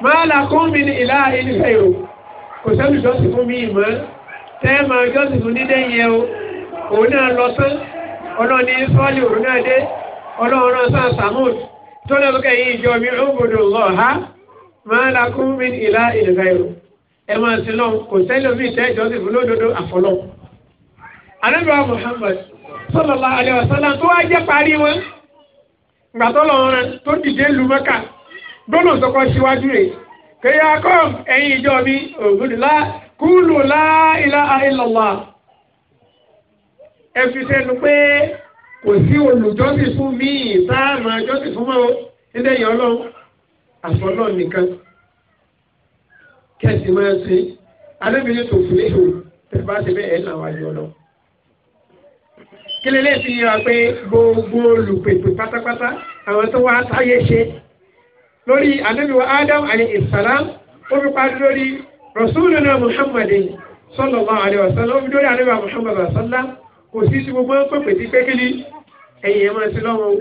máa là kún mi ní ìlà ìlúfẹ́ o kò sẹ́lù jọ́sìn fún mi ìmọ̀ tẹ́ẹ̀mà jọ́sìn fún dídẹ́yìn ẹ o òun náà lọ tán ọlọ́run ní sọ́ọ̀lì òun náà dé mi ó ha máa là mi ní ìlà ẹ máa lọ kò sẹ́lù mi tẹ́ Muhammad tó wá jẹ́ parí wọn gbàtọ́ tó gbólóhùn tó kọ́ síwájú rẹ̀ kẹyà kọ́m ẹ̀yin ìjọ mi ògùnlá kúlù lá ilaha illallah ẹ fi sẹ́nu pé kò sí olùjọ́sìn fún mi ìsáàmù àjọsìn fún mọ́ nílẹ̀ yẹn ọlọ́run àfọlọ́ nìkan kẹ́sì máa ṣe alẹ́bìnrin tó fún léṣo tẹ̀ bá ṣe bẹ́ẹ̀ ẹ̀ náà wájú ọlọ́run kílélẹ́ fi yíra pé gbogbo olùpèpè pátápátá àwọn tó wá táyé ṣe lórí anábìwá adam alayhi salam ó fi parí lórí rasuluna muhammad sallallahu alayhi wa sallam ó fi lórí anábìwá muhammad sallam kò sí sí gbogbo ń pèpè sí pékélé ẹ̀yìn ẹ̀ máa sí lọ́wọ́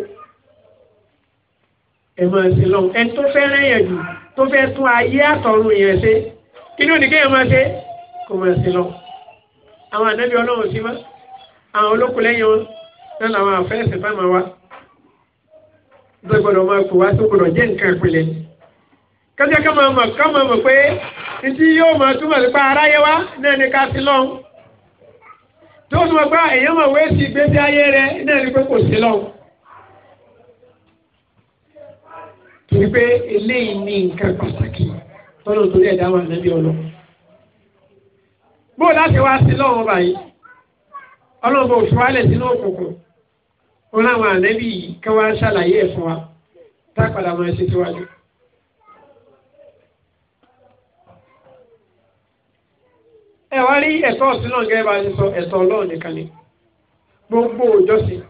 ẹ̀ máa sí lọ́wọ́ ẹ̀ tó fẹ́ rẹ̀yàn jù tó fẹ́ tún ayé àtọ̀run yẹn ṣe inú nìkẹ́ yẹn máa ṣe kò máa sí lọ́wọ́ àwọn anábì ọlọ́run sí mọ́ àwọn olókùnlẹ́yìn wọn náà làwọn àfẹ́ ẹ̀sìn bá máa wá. lọ́gbọ̀dọ̀ ma kó wá sókòrò jẹ́ nǹkan ìpìlẹ̀ ká máa ká máa pé yóò máa túmọ̀ nípa aráyé wá náà ká tó túmọ̀ pé èèyàn mọ̀ wé sí ìgbésí ayé rẹ náà ní pé kò sí lọ́hùn. torí pé eléyìí ní nǹkan pàtàkì tọ́lọ̀ torí ẹ̀dá wà níbi ọlọ́ bóò láti wá sí lọ́hùn báyìí ọlọ́run bò fún wálẹ̀ sínú wọn làwọn ànẹ́bí yìí kí wọ́n á ṣàlàyé ẹ̀ fún wa tá a padà máa ṣe síwájú. ẹ wá rí ẹ̀tọ́ ọ̀sìn náà gẹ́gẹ́ bá a ṣe sọ ẹ̀tọ́ ọlọ́run nìkan ni gbogbo ìjọsìn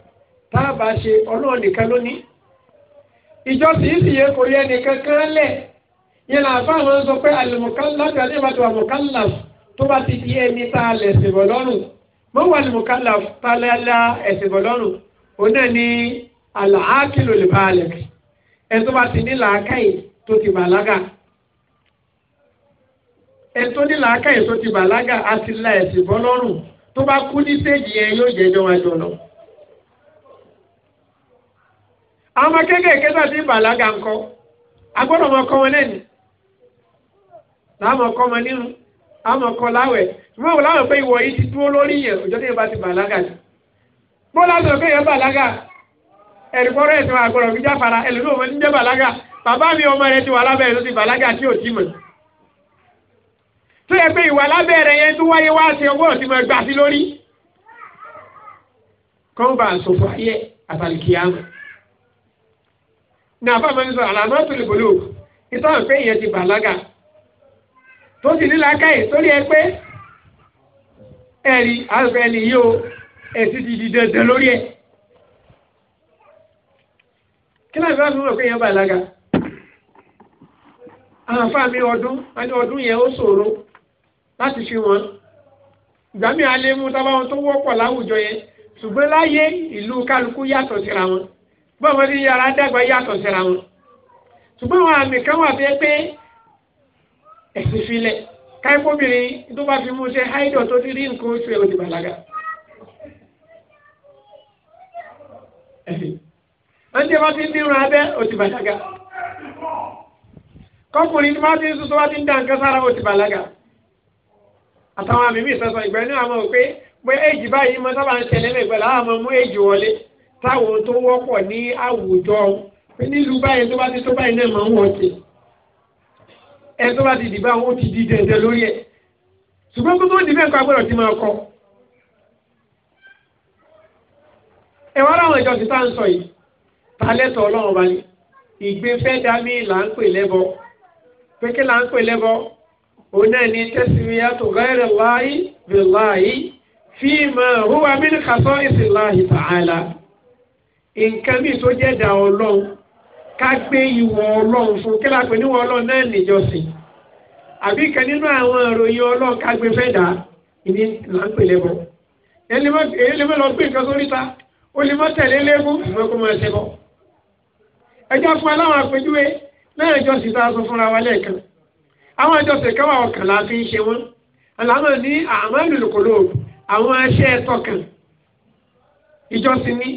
tá a bá ṣe ọlọ́run nìkan ló ìjọsìn sì yẹ kó yẹ nìkan kan lẹ̀ yẹn là bá wọn sọ pé alimukallaf àti ìbàdàn àmukallaf tó bá ti di ẹni tá a lẹ̀ ṣèbọ̀ lọ́rùn mọ́wọ́ alimukallaf tá a lẹ́ ẹ̀ṣẹ̀bọ̀ lọ́rùn òun ni ní àlàákìlò lè bá alẹ̀ ni tó bá ti ní làákàyè tó ti bàlágà ẹ tó ní làákàyè tó ti bàlágà á la ẹ̀sìn bọ́ lọ́rùn tó bá kú ní séèjì yẹn yóò jẹjọ́ wájú lọ. àwọn ọmọ kéékèèké náà ti bàlágà ńkọ́ agbọ́dọ̀ mọ kọ́ wọn lẹ́nu láàmú ọkọ́ wọn nínú àmọ́ ọkọ́ láwẹ̀ ṣùgbọ́n wọ́n láwọn pé ìwọ yìí ti dúró lórí yẹn òjò tí yẹn bá ti bàlágà ni bọ́lá sọ pé yẹn bàlágà ẹ̀rìkọ́rọ́ ẹ̀sìn wa àgbọ̀rọ̀ fi jáfara ẹlòmíì ọmọ níjẹ́ bàlágà bàbá mi ọmọ rẹ ti wà lábẹ́rẹ́ tó ti bàlágà tí ò tí mọ̀ tó yẹ pé ìwà lábẹ́rẹ́ yẹn tó wáyé wá sí ọgbọ́n tí mo gbà sí lórí kọ́ńbà sòfò ayé àtàlìkìyàmù ní àbámọ́ ní àlàmọ́ tó lè èsì ti di dandan lórí ẹ̀ kí náà bí wọ́n fi mọ̀ pé yẹn bàlágà àwọn afáàmì ọdún àti ọdún yẹn ó ṣòro láti fi wọn ìgbà mi alẹ́ mú tábàwọn tó wọ́pọ̀ láwùjọ yẹn ṣùgbọ́n láyé ìlú kálukú yàtọ̀ síra wọn bọ́n wọn ti yàrá dàgbà yàtọ̀ síra wọn ṣùgbọ́n àwọn àmì kan wà fẹ́ pé ẹ̀sìn filẹ̀ káyọ̀pọ̀bìnrin tó bá fi mú ṣe háìdọ̀ tó ti rí nǹkan oṣù ẹ̀ òdìbàlágà. ẹni bá ti ń dínrún abẹ́ ó ti bàlágà kọkùnrin tí bá ti ń sọ ti ń dá ti àtàwọn àmì mi sọsọ ìgbà pé pé èjì báyìí sábà ń ọmọ èjì wọlé táwọn tó ní àwùjọ pé nílùú báyìí tó bá ti tó báyìí náà máa ń ẹ tó bá ti ó ti di lórí ṣùgbọ́n gbogbo ó talẹ́tọ̀ ọlọ́run wa ni ìgbéfẹ́ dami là ń pè lẹ́bọ pé kí là ń pè lẹ́bọ òun náà ni tasmiyatu ghayri Allahi billahi fima huwa min khasa'isi Allahi ta'ala nǹkan mi tó jẹ́ dà ọlọ́run ká gbé ìwọ̀ ọlọ́run fún kí là pè níwọ̀ ọlọ́run náà níjọsìn àbí kan nínú àwọn ìròyìn ọlọ́run ká gbé fẹ́ dà ìní là ń pè lẹ́bọ èyí lè má lọ gbé nǹkan sóríta ó lè má tẹ̀lé léegun ìfọwọ́kọ́ máa ṣẹ́kọ̀ọ́ ẹjọ́ fún ẹ láwọn àpèjúwe lẹ́yìn ìjọsìn tá a sọ fúnra wa lẹ́ẹ̀kan àwọn ìjọsìn kẹwàá ọkàn la fi ń ṣe wọn àlámọ̀ ní àmọ́ ìlùkòló àwọn aṣẹ́ ẹ̀tọ́kàn ìjọsìn ní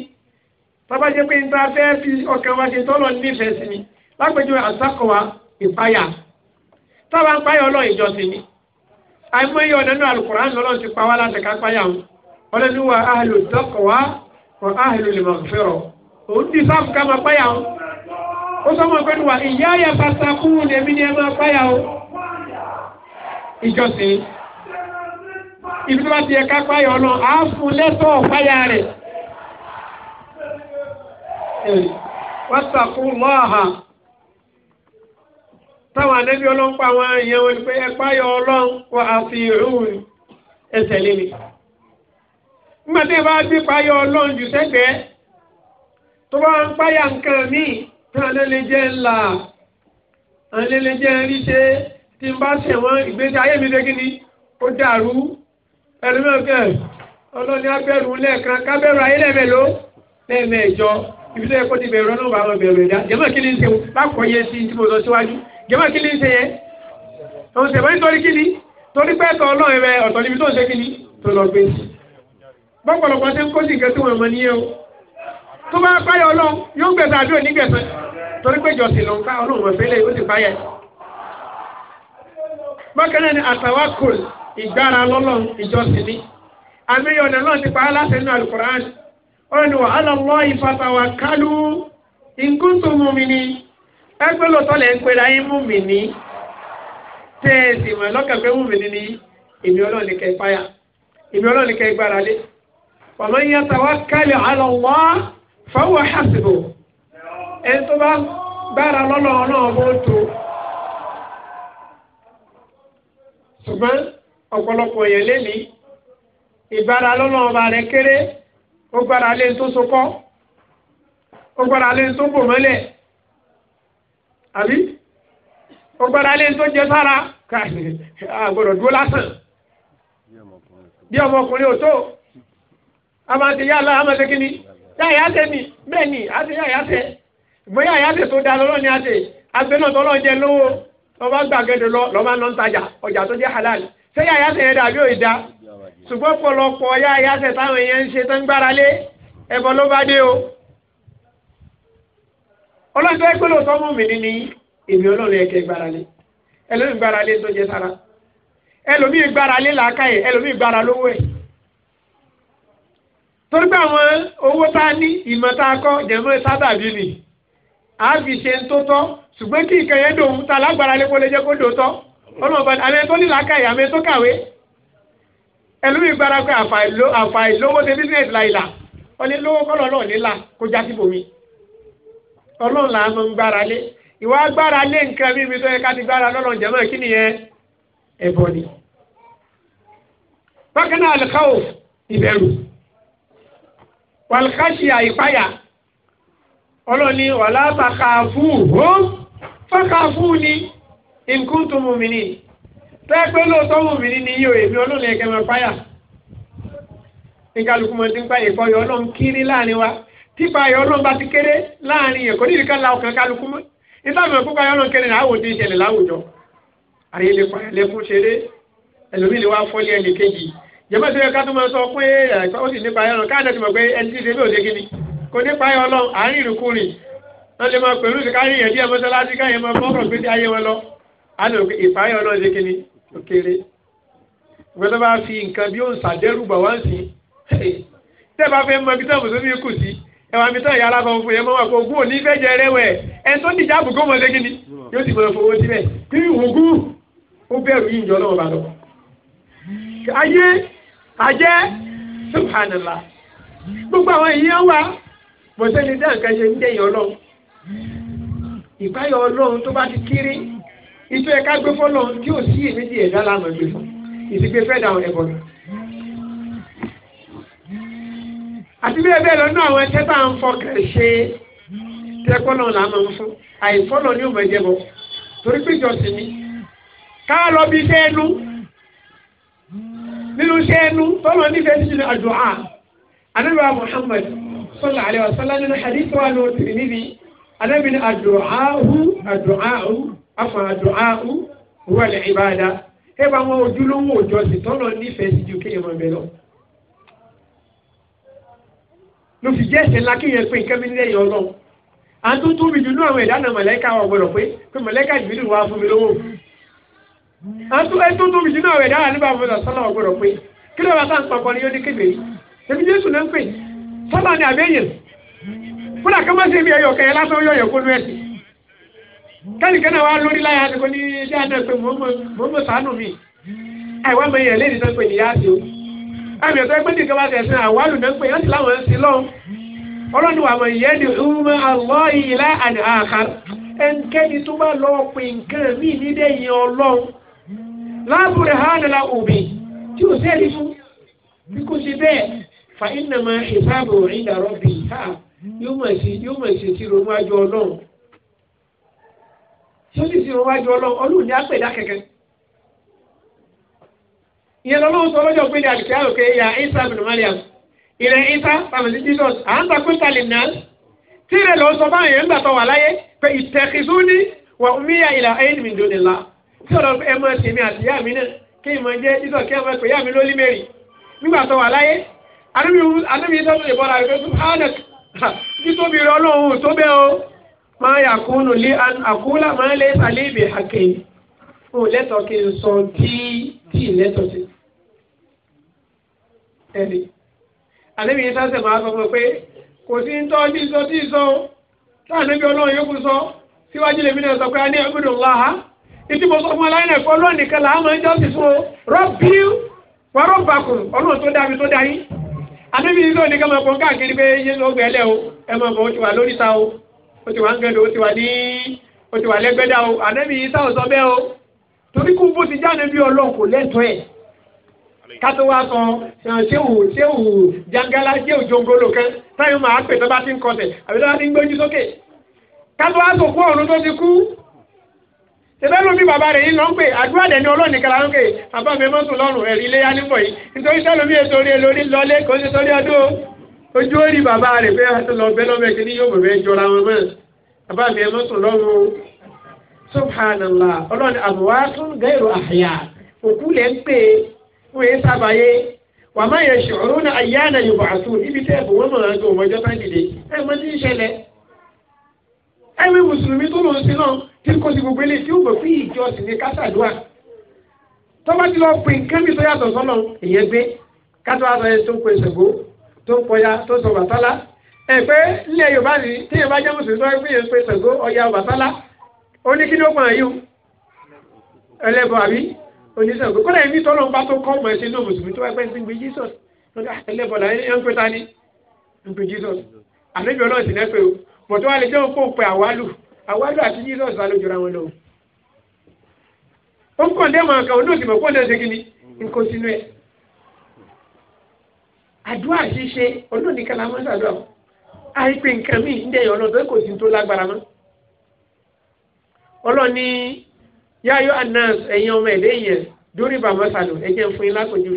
tọ́ba jẹ́ pé níta fẹ́ fi ọkàn wa ṣe tọ́lọ̀ nífẹ̀ẹ́ sí ni lápèjúwe àtàkọ̀wá ìpayà tọ́ba ń payà ọlọ́ ìjọsìn ní àìmọye ọ̀nà náà alukùránì lọ́lọ́run ti pa wá láti ká payà wọn ọlọ́run wà áhìlú taqwa wà lè mọ̀ fẹ́rọ̀ òun ti sáàpù ká máa payà wọn ó sọmọ pé wà ìyá ayà pàṣẹ kúrò lèmi ni ẹ máa báyà o ìjọsìn ibi tó bá ti yẹ ká páyà ọ̀nà á fún lẹ́tọ̀ páyà rẹ̀ wọ́sàkú lọ́ọ̀hà táwọn anẹ́bí ọlọ́run pa àwọn èèyàn wọn pé ẹ páyà ọlọ́run wà á fi ìrùn ẹsẹ̀ líle nígbà tí ẹ bá gbé páyà ọlọ́run jù sẹ́gbẹ̀ẹ́ tó bá ń páyà nǹkan míì kí alẹ́lẹ́ jẹ́ ńlá alẹ́lẹ́ jẹ́ ríṣe tí n bá ṣẹ̀wọ́n ìgbésí ayé mi lẹ́gí ni ó dàrú ẹlẹ́mọ̀kẹ́ ọlọ́ni abẹ́rù lẹ́ẹ̀kan kábẹ́rù ayé lẹ́ẹ̀mẹ́ló lẹ́ẹ̀mẹ́jọ ibi tó yẹ kó ti bẹ̀rù ọlọ́run bá wọn bẹ̀rù ẹ̀dá jẹ́mọ̀ kí ni ń ṣe bákọ̀ yẹ sí tí mo sọ síwájú jẹ́mọ̀ kí ni ń ṣe yẹ òun ṣẹ̀wọ́n nítorí kí ni torí pé ẹ̀tọ́ ọlọ́run rẹ ọ̀tọ̀ níbi tó ń ṣe kí ni tó lọ gbé bọ́pọ̀lọpọ̀ ṣe ń kó sí nǹkan tí mọ níyẹn o tó bá páyà ọlọ́run yóò gbẹ̀sẹ̀ àbí òní gbẹ̀sẹ̀ torí pé jọ̀sìn ló ń ká ọlọ́run ọ̀fẹ́lẹ́ ó sì páyà. bákan náà ni àtàwákùl ìgbára lọ́lọ́run ìjọsìn ni àmì ọ̀nà náà ti pa á láti inú àlùkùránì ọ̀nà wàhálà lọ́ ìfàtàwà kálú ìkúntù mùmìnì ẹgbẹ́ lọ́tọ́ lẹ́ ń pè ra yín mùmìnì tẹ́ ẹ sì mọ̀ lọ́kàn pé mùmìnì ni èmi ọlọ́run ní kẹ́ páyà èmi ọlọ́run ní kẹ́ gbára lé ọ̀nà yẹn tàwa fọwọ́ hasibu ẹni tó bá gbára lọ́nà náà bó tó ṣùgbọ́n ọ̀pọ̀lọpọ̀ yẹn lẹ́ni ìgbára lọ́nà ọba rẹ̀ kéré ó gbára lé tó sokọ́ ó gbára lé tó bò mọ́lẹ̀ àbí ó gbára lé tó jẹ sára àgbọ̀dọ̀ dúró lásán bí ọmọkùnrin ò tó a máa ti yá lọ a máa ti kí ni yáyà ṣe ni bẹ́ẹ̀ ni a ṣe yáyà ṣe bóyá yáyà ṣe tó da lọ́rọ́ ni a ṣe àgbẹ̀ náà tọ́lọ́ jẹ lówó lọ́ba gbàgede lọ lọ́ba lọ́ ń tajà ọjà tó jẹ́ halal ṣé yáyà ṣe yẹn dàbí òyìnbá ṣùgbọ́n pọ̀lọpọ̀ yáyà ṣe táwọn èèyàn ń ṣe tán gbára lé ẹbọ ló bá dé o ọlọ́run tó ẹgbẹ́ lóòótọ́ mú mi ní èmi ọlọ́run ẹ̀kẹ́ gbára lé ẹlòmíì gbára lé tó jẹ sára ẹlòmíì gbára lé làákàyè torí pé àwọn owó tá a ní ìmọ̀ tá a kọ́ jẹ̀mọ́ sábàbí ni a fi ṣe ń tó tọ́ ṣùgbọ́n kí ìkẹyẹ dòun ta lágbára lé kó lè jẹ́ kó dò tọ́ ọlọ́mọba àmì tó ní làákàyè àmì tó kàwé ẹlòmí gbára pé àfàì lówó ṣe bísíǹsì láìla ọlẹ́ lówó kọ́lọ́ náà nílà kó já sí bòmí ọlọ́run là ń gbára lé ìwà gbára lé nǹkan bí ibi tó yẹ ká ti gbára lọ́lọ́ jẹ̀mọ́ kí nìyẹn ẹ̀bọ ni. ìbẹ̀rù wàlúkàṣì àìpáyà ọlọ́ni wàlá tàkàfù hó fàkàfù ni nǹkan tó mú ni ní tẹ́ẹ̀pẹ́ lóòótọ́ mú ni ní ní yíò èmi ọlọ́ni ẹ̀kẹ́ máa páyà nígbàlùkù mọ̀ tí ń páyà ìpọ̀yọ̀ ọlọ́run kiri láàrin wa tí páyà ọlọ́run bá ti kéré láàrin ẹ̀kọ́ nídìí ká la ọkàn kálukú mọ́ ìtàwọn ẹ̀kọ́ páyà ọlọ́run kéré làwọn ti ń ṣẹlẹ̀ láwùjọ àríyé lè pààyà lẹ́kún ṣeré ẹlòmíì lè wá fọ́lé ẹnì kejì yẹ́mọ́ sí ẹ̀ka tó máa sọ pé ẹ̀ka ó sì nípa ẹran káàdé ti mọ̀ pé ẹni tí ṣe bí òde gidi kò nípa ẹ̀ ọlọ́run àárín ìrùkúrìn wọ́n lè máa pẹ̀lú ìkárí ìyẹn díẹ̀ mọ́sálásí káyẹ̀ máa fọ́ọ̀rọ̀ pé tí ayé wọn lọ á lè ìpáyẹ̀ ọlọ́run ṣe kíni ó kéré ìgbẹ́ tó bá fi nǹkan bí ó ń sàdẹ́rù bà wá ń sìn tẹ́ bá fẹ́ mọ ibi tó mùsùlùmí kù sí ẹwà mi tán ìyá alákan fún yẹn mọ́ wà pé ogún òní fẹ́ jẹ rẹwẹ̀ ẹni tó ní ìjáàbù gómọ ṣe kíni yóò sì máa fowó síbẹ̀ kí ìwògún ó bẹ̀rù yíyìn jọ lọ́wọ́ bá ayé àjẹ́ subhanallah gbogbo àwọn èèyàn wa bó ṣe lè dá nǹkan ṣe ń dẹ̀yìn ọlọ́run ìpáyọ̀ ọlọ́run tó bá ti kiri ìtú ẹ̀ka gbé fọ́lọ́run tí ò sí èméjì ẹ̀dá lánàá gbé fún ìsìgbè fẹ́dà ẹ̀bọ̀ rẹ̀. àti bí ẹbẹ́ lọ náà àwọn ẹ̀tẹ́ bá ń fọkàn ṣe tẹ́kọ́lọ́ là máa ń fún àìfọ́lọ́ ní òmò ẹ̀jẹ̀ bọ̀ torí pé ìjọsìn ni ká lọ bí iṣẹ́ ẹnu nínú iṣẹ́ ẹnu tọ́lọ̀ nífẹ̀ẹ́ sí ní àdúà anábìá Muhammad sallallahu alaihi wasallam nínú hadith wa ló tì níbi anábì ní àdúàhù àdúàhù afọ àdúàhù huwa al-ibada ẹ bá wọn ojúlówó òjọ sí tọ́lọ̀ nífẹ̀ẹ́ sí ju kéèyàn máa bẹ lọ. ló fi jẹ́ ẹ̀sẹ̀ ńlá kéèyàn pé nǹkan mi ní ẹ̀yìn ọlọ́run àtúntò mi dùnú àwọn ìdáná mọ̀lẹ́kà wà gbọ́dọ̀ pé pé mọ̀lẹ́kà ìbílẹ̀ wà fún mi lówó ẹtún tó bìtì náà rẹ̀ dára nígbà fún ọ̀sán sọ́lá ọ̀gbọ̀dọ̀ pé kí ló bá tá à ń sọ̀kọ́ ni yóò ní kébè yìí èmi jésù náà ń pè sọ́lá ni àbẹ́yẹn fúnà kí wọ́n bí ẹyọ kẹyẹ lásán lu lórí láyà kò ní ilé àná pé mò ń mi àìwá lẹ́yìn náà o àmì ẹ̀sọ́ àwálù náà láwọn ọlọ́ni wà ìyẹn ni ọmọ àlọ́ ìlà àdìhàkà ẹnikẹ́ni tó bá lọ́ọ́ láàbùrẹ̀ hàn lọ́la òbí tí ò sẹ́ẹ̀rí fún bí kò ṣe bẹ́ẹ̀ fa iná máa ìsáàbò ìdá rọ́bì ha yóò mọ̀ sí yóò mọ̀ sí sí ronú àjọ ọlọ́run tí ó sì sí ronú àjọ ọlọ́run ọlọ́run ní apẹ̀dá kẹ̀kẹ́ ìyẹn lọ́lọ́run sọ lọ́jọ́ pé ní àdìkẹ́ àròkè ya isa bin Mariam ìrẹ̀ isa family Jesus à ń takú ìtàlẹ̀ náà tí ìrẹ̀ lọ́ sọ báyìí ń gbàtọ̀ wà láyé pé ìtẹ̀kìsú ní wà ń míyà ìlà ayé nìmìdónìlá tí ọ̀rọ̀ ẹ máa tèmi àti ìyá mi náà kí n máa jẹ́ títọ̀ kí ẹ máa pè ìyá mi lólí mẹ́rin nígbà tó wà láyé àdúgbò yìí tọ́jú ìbọ̀ra rẹ̀ tó hánàk títóbi rẹ̀ ọlọ́run tó bẹ́ o máa yà kúnnù lé àkúlà máa lé sàlẹ̀ ìbè àkè ò lẹ́tọ̀ kí n sọ tí tí lẹ́tọ̀ sí. ẹ̀rí àdúgbò sáṣẹ̀ máa sọ fún pé kò sí ń tọ́jú tí ìsọ sọ síwájú lèmi sọ pé a ìdí mo sọ fún aláìní ẹ̀kọ́ ọlọ́run nìkan là á máa ń jọ́ sí fún o rọ́bì wọ́rọ́ bàkùn ọlọ́run tó dábí tó dáyé àdébí ìlú nìkan máa pọn káàkiri pé yéṣu ọgbẹ́ ẹlẹ́ o ẹ máa bọ̀ ó ti wà lórí ta o ó ti wà ń gẹ̀dọ̀ ó ti wà ní ó ti wà lẹ́gbẹ́dá o àdébí ìsá ò sọ bẹ́ẹ̀ o torí kú bó ti jáde bí ọlọ́run kò lẹ́tọ̀ọ́ ẹ̀ kátó wá sọ ṣéwù ṣéwù jangala ṣéwù jongolo kan táyọ̀ máa pè tó bá ti ń kọsẹ̀ àbí tó bá ti ń gbójú sókè kátó wá sọ fún ọ̀run tó ti kú ìbẹ́lú mi bàbá rẹ̀ yìí lọ ń pè àdúrà dẹ̀ ní ọlọ́ọ̀nì kan láńkè bàbá mi mọ́tò lọ́rùn ẹ̀rí ilé yánnífọ̀ yìí nítorí sẹ́lu mi ètò orí lórí lọlé kò sí sórí ọdún ojú ó rí bàbá rẹ̀ pé lọ bẹ́ lọ́mọ ẹ̀kí yóò bẹ̀rẹ̀ jọra wọn mọ́ bàbá mi mọ́tò lọ́rùn subhanallah ọlọ́ọ̀nì àbúwá tún gẹ́rù àyà òkú lẹ́ ń pè wọ́n yé sábàáyé wà má yẹ ṣòro ní tí kò sí gbogbo eléyìí tí ó mọ̀ sí ìjọsìn ní kásàdúà tọ́ba ti lọ pè nǹkan mi tó yàtọ̀ sọ́nà èyàn gbé kátó àtọ̀ yẹn tó ń pè ṣègbó tó ń pọya tó ń sọ bàtálá ẹ pé ilẹ̀ Yorùbá ni téèyàn bá jẹ́ mùsùlùmí tó ń pè yẹn pè ṣègbó ọya bàtálá ó ní kí ni ó pọ̀ yìí o ẹlẹ́bọ̀ àbí oníṣègbè kọ́lá ẹ̀mí tọ́lọ́ bá tó kọ́ ọmọ ẹ̀sìn náà mùsùlùmí tó wáyé pẹ́ ń gbé Jesus ah, ẹlẹ́bọ̀ là ń pè ta ni ń pè Jesus àlejò náà sì o bọ̀tọ́ àwájú àti Jesus bá lójúra wọn lọ. ó ń kàn dé màá kan olóòtú mọ̀ kó lè ṣe kíni nǹkan sínú ẹ̀. àdúrà ṣíṣe olóòní kala máa ń ṣàdúrà o àìpé nǹkan míì ń dẹ̀yìn ọlọ́dún kò sí tó lágbára mọ́. ọlọ́ni yáyọ anas ẹ̀yin ọmọ ẹ̀lẹ́ dórí bàmọ́ sàlù ẹ̀jẹ̀ ń fún yín lápòjú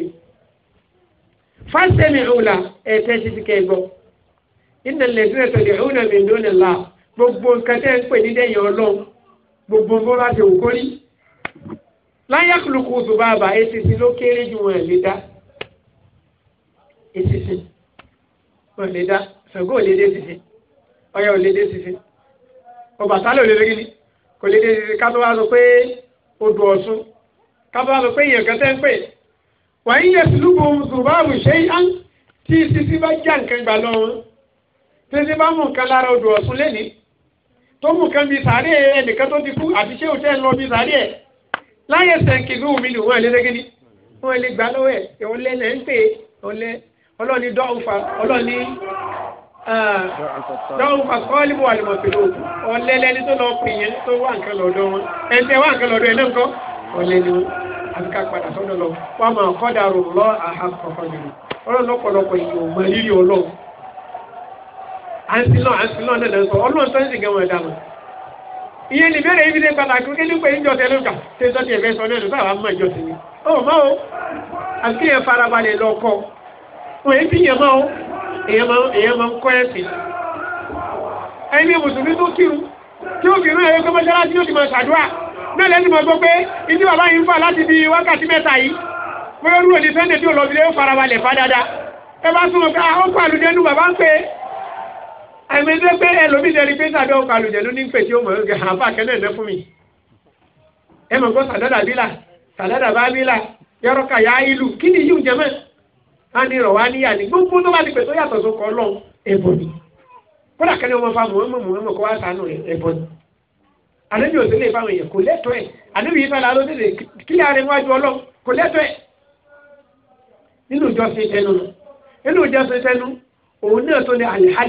fásitẹ́mi ọ̀la ẹ̀ẹ́tẹ́ ṣíṣe kẹ́ gbọ́ ìnà lẹ́sìn ẹ̀tọ́ gbogbo nǹkan tẹ́ ń pè ní dẹ́yìn ọlọ́run gbogbo bó bá ṣe wù kó rí láyàkùlùkù oṣù bàbà èsìsì ló kéré ju wọn lè dá èsìsì wọn lè dá ṣògo ò lè dé sisi ọyọ ò lè dé sisi Ọbàtálá ò lè dé kò lè dé sisi ká tó wá sọ pé odò Ọ̀ṣun ká tó wá sọ pé èèyàn kan tẹ́ ń pè wàá yíyẹ sílùkù oṣù bàbà ṣe é án tí sisi bá já nǹkan gbà lọ́wọ́ tí sisi bá mú nǹkan lára odò Ọ̀ṣun lẹ́nìí tó mú kan bí sàárè ẹnìkan tó ti kú àti ṣé òtẹ́ ń lọ bí sàárè ẹ̀ láyé sẹ́ǹkì ní omi ni wọ́n ẹlẹ́dẹ́gẹ́ ni wọ́n ẹlẹ́ gbà lọ́wọ́ ẹ̀ ẹ̀wọ̀n lẹ́lẹ́ ń pè ọlẹ́ ọlọ́ni dọ́ọ̀fà ọlọ́ni dọ́ọ̀fà kọ́ọ́lìmù àlùmọ̀tìlú ọlẹ́lẹ́ni tó lọ pè yẹn tó wà nǹkan lọ́dọ̀ wọn ẹ̀ tẹ́ wà nǹkan lọ́dọ̀ ẹ̀ náà ńkọ́ ọlẹ́ ni wọn àti ká padà sọ́dọ̀ lọ wọ́n máa kọ́ àǹtílọ̀ àǹtílọ̀ lẹ́lẹ́ sọ ọlọ́run tó ń sìn gẹ́wọ̀n ẹ̀dá lọ. ìyẹn lè bẹ̀rẹ̀ ibi dé pàtàkì kí ló pé ń jọsẹ̀ ló kà ṣe sọ́tì ẹ̀fẹ́ sọ lẹ́nu báwa mọ̀ ìjọsìn ni. ó mọ́ o àti kéèyàn farabalẹ̀ lọ kọ́ wọn èyí fi yẹn mọ́ o èyàn máa ń kọ́ ẹ̀sìn. ẹni mùsùlùmí tó kírun tí ó kírun ẹ̀rọ kọ́mọ́ṣáláṣí yóò ti máa ṣàdúrà náà lẹ́nu mọ̀ gbọ́ pé ìdí bàbá yìí ń fà láti bí wákàtí mẹ́ta yìí bóyá olúwo ní sẹ́ńdẹ̀ tí ò lọ sí ilé ó farabalẹ̀ fà dáadáa ẹ bá súnmọ́ pé àwọn ah, pàlùjẹ́nu bàbá ń pè é àmì tó pé ẹlòmíì lẹ́ni pé tàbí ọkọ̀ àlùjẹ̀ ló ní pè tí ó mọ̀ ọ́n gẹ̀ àbá kẹ́lẹ́ ẹ̀lẹ́ fún mi ẹ mọ̀ kó sàdádà bílà sàdádà bá bílà yọrọ kà yá ìlú kí ni yíyún jẹmọ́ á ní rọ̀ wá níyà ní gbogbo tó bá ti pè tó yàtọ̀ tó kọ́ lọ́n ẹ̀bọ̀ ni kódà kẹ́lẹ́ ọmọ fa mọ̀ ọmọ mọ̀ kó wá sànù ẹ̀bọ̀ ni àlejò òsèlè ìfàwọn èèyàn kò lẹ́tọ̀ ẹ̀ àlejò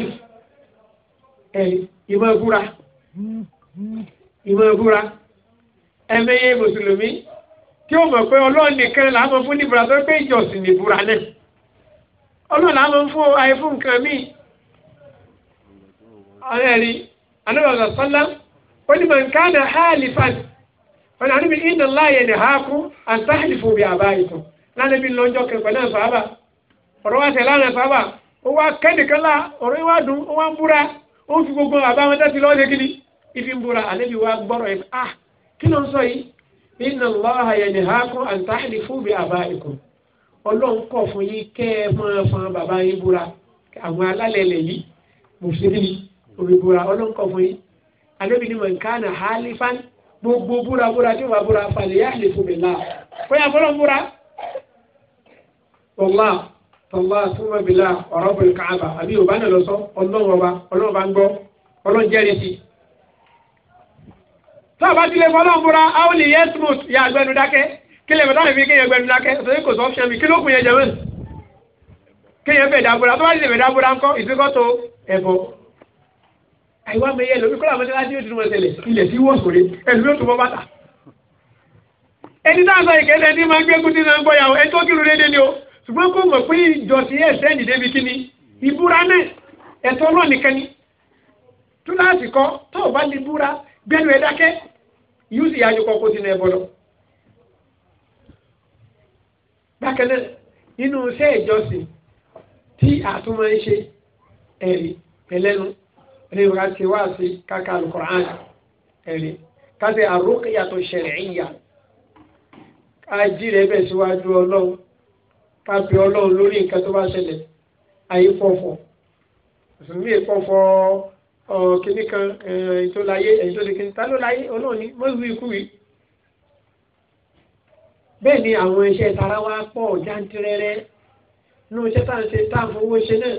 yìí ìmọ̀ ìbúra ìmọ̀ ìbúra ẹ̀mẹ́yẹ mùsùlùmí tí ó mọ̀ pé ọlọ́run nìkan là fún níbúra tó pé ìjọsìn níbúra náà ọlọ́run na fún ayé fún nǹkan míì rí anábàbà sọ́lá ó ní mọ̀ nǹkan náà mi iná láàyè ha hákú àtàlìfò bí àbá ìtàn lánàá bí lọ́jọ́ kẹfẹ́ náà na ọ̀rọ̀ wa tẹ̀ lánàá ó wá kẹ́nìkan lá ọ̀rọ̀ ó wá ń búra. ó fi gbogbo àbáwọn tẹ́sí lọ́ọ́ ṣe kí ni ifi ń bora àlejò wa gbọ́rọ̀ ẹ̀ ah kí ló ń sọ yìí inna Allaha yanhaakum an tahlifu bi abaikum ọlọ́run kọ̀ fún yín kẹ́ ẹ máa fọn bàbá yín búra àwọn alálẹ̀lẹ̀ yìí mùsùlùmí òbí búra ọlọ́run kọ̀ fún yín alóbi ni man kana halifan gbogbo búra búra tí wàá búra falyahlif billah fọyà fọlọ́ búra. wallahi tọ́lá súnmọ́bìlá ọ̀rọ̀ bọ̀lì káàbà àbí yorùbá náà lọ sọ ọlọ́run ọba ọlọ́run bá ń gbọ́ ọlọ́run jẹ́rìí sí. tó o bá tilẹ̀ fọ́ ọlọ́run múra àwọn lè yẹ smooth yà gbẹnu dákẹ́ kí lè bàtà mi kéèyàn gbẹnu dákẹ́ sọ́yìn kò sọ ọ́fíṣẹ́ mi kí ló kún yẹn jẹ́wọ́n kéèyàn fẹ̀ dábúra tó bá tilẹ̀ fẹ̀ dábúra ńkọ́ ìfikọ́tò ẹ̀bọ àìwá mi yẹ lómi kọ́lá àwọn ẹlẹ́dí yóò tún ẹsẹ̀ ilẹ̀ tí wọ́n sòrè ẹ̀sùn yóò tún bọ́ bàtà. ẹni náà sọ ìkẹ́lẹ́ ní máa ṣùgbọ́n kó mọ̀ pé ìjọsìn ẹ̀sẹ̀ ní débi kí ni ìbúra náà ẹ̀tọ́ náà nìkan ni túláàsì kọ́ tó o bá lè búra gbẹ́nu ẹ̀ dákẹ́ yóò sì yájú kọ́ kó sínú ẹbọ lọ. bákan náà nínú iṣẹ́ ìjọsìn tí àtúmọ̀ ń ṣe ẹ̀rí ẹlẹ́nu ẹ̀rí ká wá sí káka alukoran ẹ̀rí ká ṣe ṣẹlẹ̀ ìyá ká bẹ̀ síwájú ọlọ́run ká pe ọlọ́run lórí nǹkan tó bá ṣẹlẹ̀ ayé fọ̀fọ̀ mùsùlùmí è fọ̀fọ̀ kínní kan ẹ̀yìn tó láyé ẹ̀yìn tó lè kínní ta ló láyé ọlọ́run ni mọ́sùlùmí ikú yìí bẹ́ẹ̀ ni àwọn iṣẹ́ ìtara wa pọ̀ jántìrẹrẹ nínú iṣẹ́ tá à ń ṣe tá à ń fowó ṣe náà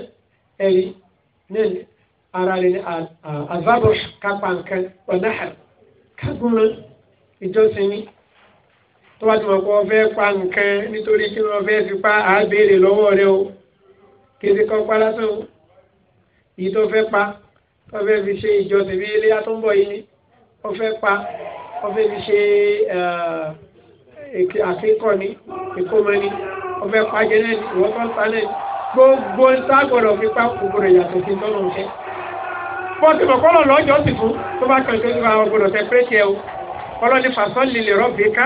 ẹ̀rí náà ni ara rẹ̀ ni àzábọ̀ kápá nǹkan ọ̀nà àkágúnran ìjọsìn ni tó bá ti mọ̀ pé wọ́n fẹ́ pa nǹkan nítorí kí wọ́n fẹ́ fi pa á béèrè lọ́wọ́ rẹ o kéde kan pa lásán o èyí tó fẹ́ pa tó fẹ́ fi ṣe ìjọsìn bí ilé atúnbọ̀ yìí wọ́n fẹ́ pa wọ́n fẹ́ fi ṣe àkíkọ̀ ni ìkómọ ni wọ́n fẹ́ pa jẹ́nẹ́ ni ìwọ́n tó ń pa náà gbogbo sáàgbọ̀dọ̀ fi pa gbogbo ìyàtọ̀ sí tọ́nà ọ̀fẹ́ bọ́ọ̀sì mọ̀kọ́lọ̀ lọ́jọ́ sì fún tó bá kàn tó ti bá wọn tẹ pé tiẹ̀ o kọ́lọ́ ní fasọ́ọ̀lì lè rọ́ọ̀bì ká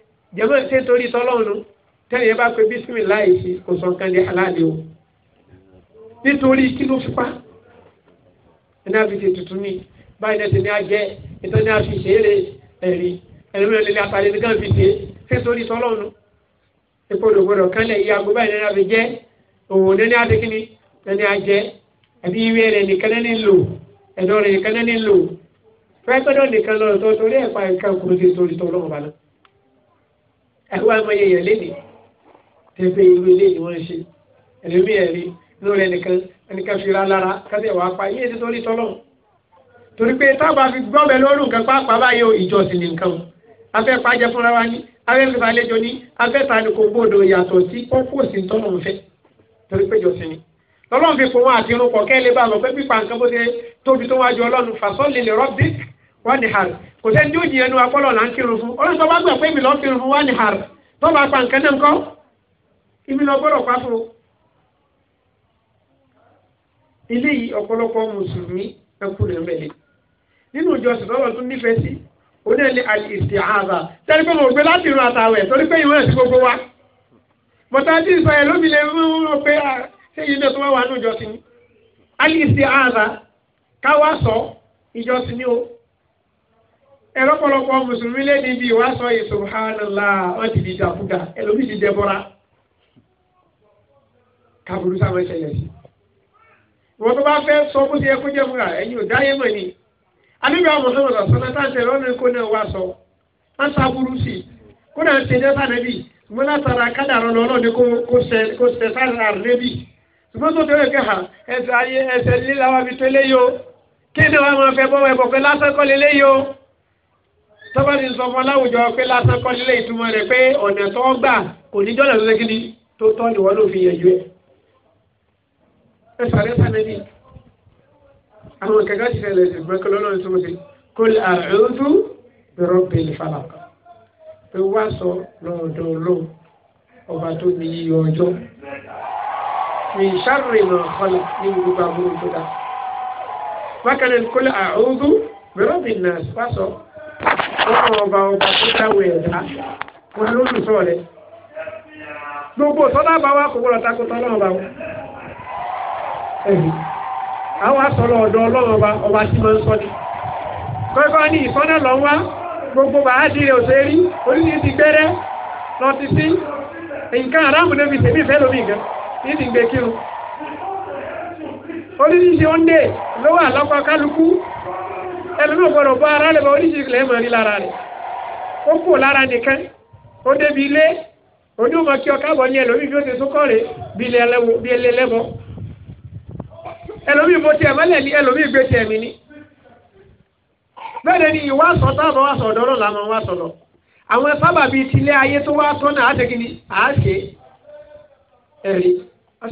jẹ́mọ́ ṣé torí tọ́lọ́run tẹ́lẹ̀ yẹn bá pe bísímì láì sí kò sọ nǹkan di aláàdé o nítorí kí ló fipá ẹni àfi ti tuntun ni báyìí náà ti ní ajẹ́ ìtọ́ni àfi ṣeré ẹ̀rí ẹlẹ́mìíràn lè lè apalẹ̀ nìkan fi ṣe ṣé torí tọ́lọ́run epo lògbòdò kánlẹ̀ iye àgbo báyìí náà fi jẹ́ òun ní adékíní ẹni ajẹ́ àbí ìwé rẹ̀ nìkan ní lò ẹ̀dọ́ rẹ̀ nìkan ní lò fẹ́ẹ́ tọ́jọ́ nìkan lọ́rọ̀ tó torí ẹ̀pa nǹkan kò ní torí tọ́lọ́run bá náà ẹ̀wọ́n ẹ̀mọ yẹn yẹn léde tẹ́fẹ́ irú ilé yìí wọ́n ń ṣe ẹ̀lẹ́mí ẹ̀rí inú rẹ̀ nìkan ẹnìkan fi ra lára kásẹ̀ wàá pa yíyé ti torí tọ́lọ̀ torí pé tábà fi gbọ́ bẹ̀ lọ́rùn nǹkan pàápàá báyìí ìjọsìn ní nǹkan afẹ́ pàjẹ́ fúnra wa ní afẹ́ fífa àlejò ní afẹ́ ta ni kò gbọ́dọ̀ yàtọ̀ sí ọ́pọ̀sì tọ́lọ̀ ń fẹ́ torí pé ìjọsìn ni lọ́lọ́run fi fún wọn àti irun kọ̀ọ̀kẹ́ lè bá lọ pé pípa nǹkan bó ṣe tóbi tó wájú ọlọ́run fàṣọ́ lè lè rọ́bìkì wani har kò sẹ́ni tí ó jìyà nu akọ́lọ̀ là ń kírun fún ọlọ́run tó bá gbà pé èmi lọ́ọ́ kírun fún wani har tó bá pa nǹkan náà ńkọ́ èmi lọ gbọ́dọ̀ pa fún un. ilé yìí ọ̀pọ̀lọpọ̀ mùsùlùmí ẹkú rẹ̀ mẹ́lẹ̀ nínú ìjọsìn lọ́wọ́ tún nífẹ̀ẹ́ sí onílẹ̀ àìsí àhàbà tẹ́lẹ̀ pé mo gbé láti irun àtàwẹ̀ torí pé ìwọ̀n ẹ̀sìn gbogbo wa bọ̀tá tí ìsọ ẹ̀ lómi lè mú pé ah, ṣé ilé tó wà wà nínú ìjọsìn àìsí àhàbà káwá sọ ìjọsìn ni o ẹlọpọlọpọ mùsùlùmí lẹni bíi wàá sọ yìí subhanallah wọn ti di dàkúdà ẹlòmíì ti dẹbọra kábùrú sáwọn ẹsẹlẹ sí wọn tó bá fẹ́ sọ bó ti yẹ kó jẹ múra ẹ̀yin ò dáyé mọ ni alíbi àwọn mùsùlùmí sọ sọlá tá lọ́nà kó náà wá sọ wọn sábúrú sí kó náà ṣe dẹ́sà nẹ́bí mo látara kádàrọ lọ́nà ni kó ṣẹ sára nẹ́bí ṣùgbọ́n tó tẹ́lẹ̀ kẹ́hà ẹsẹ̀ ayé ẹsẹ̀ líláwa fi tẹ́lẹ̀ yó tọ́bọ̀lì ń sọ fún aláwùjọ pé lásán kọ́ nílé ìtumọ̀ rẹ̀ pé ọ̀nà tó gbà kò ní jọ́nà tó lékiri tó tọ́ ni wọ́n ló fi yẹ̀jú ẹ̀. ẹ sàrẹ́ sàrẹ́ ni àwọn kẹ̀kẹ́ ti ṣẹlẹ̀ sí gbọ́n kọ́lọ́ lọ́nà tó ń ṣe kul a'udhu bi rabbil wá sọ lọ́dọ̀ ọlọ́run ọba tó ní iye ọjọ́ fi sharri ma ní gbogbo àbúrò tó dá. wákàlẹ̀ kul a'udhu bi wá sọ ọlọ́run ọba ọba tó dáwọ̀ gbogbo sọ́dá bá wà kókó lọ́ta kó tọ́lọ́run ọba àwọn asọ̀rọ̀ ọ̀dọ̀ ọba ọba máa ń kọ́kọ́ ní ìsọ́nà lọ gbogbo bàá di rẹ̀ òṣèré rí ti gbẹ́rẹ́ lọ ti sí nǹkan tèmi lómi nǹkan ẹlòmíì gbọ́dọ̀ bá ara lẹ̀ bá oníṣìírí lẹ́ẹ̀ mọ̀ rí lára rẹ̀ ó kù lára nìkan ó débi ilé onímọ̀ kí ọkà bọ̀ ní ẹlòmíì bí ó ti súnkọ́ rè bí ilé lẹ́bọ ẹlòmíì mo tiẹ̀ mọ́lẹ̀ ní ẹlòmíì gbé tiẹ̀ mi ní. bẹ́ẹ̀ ni ìwà sọ táwọn wà sọ̀dọ̀ ọ̀rọ̀ làwọn wà sọ̀dọ̀ àwọn sábà bíi tilé ayé tó wá tọ́nà àtẹ̀kìnì àáṣe ẹ̀rí à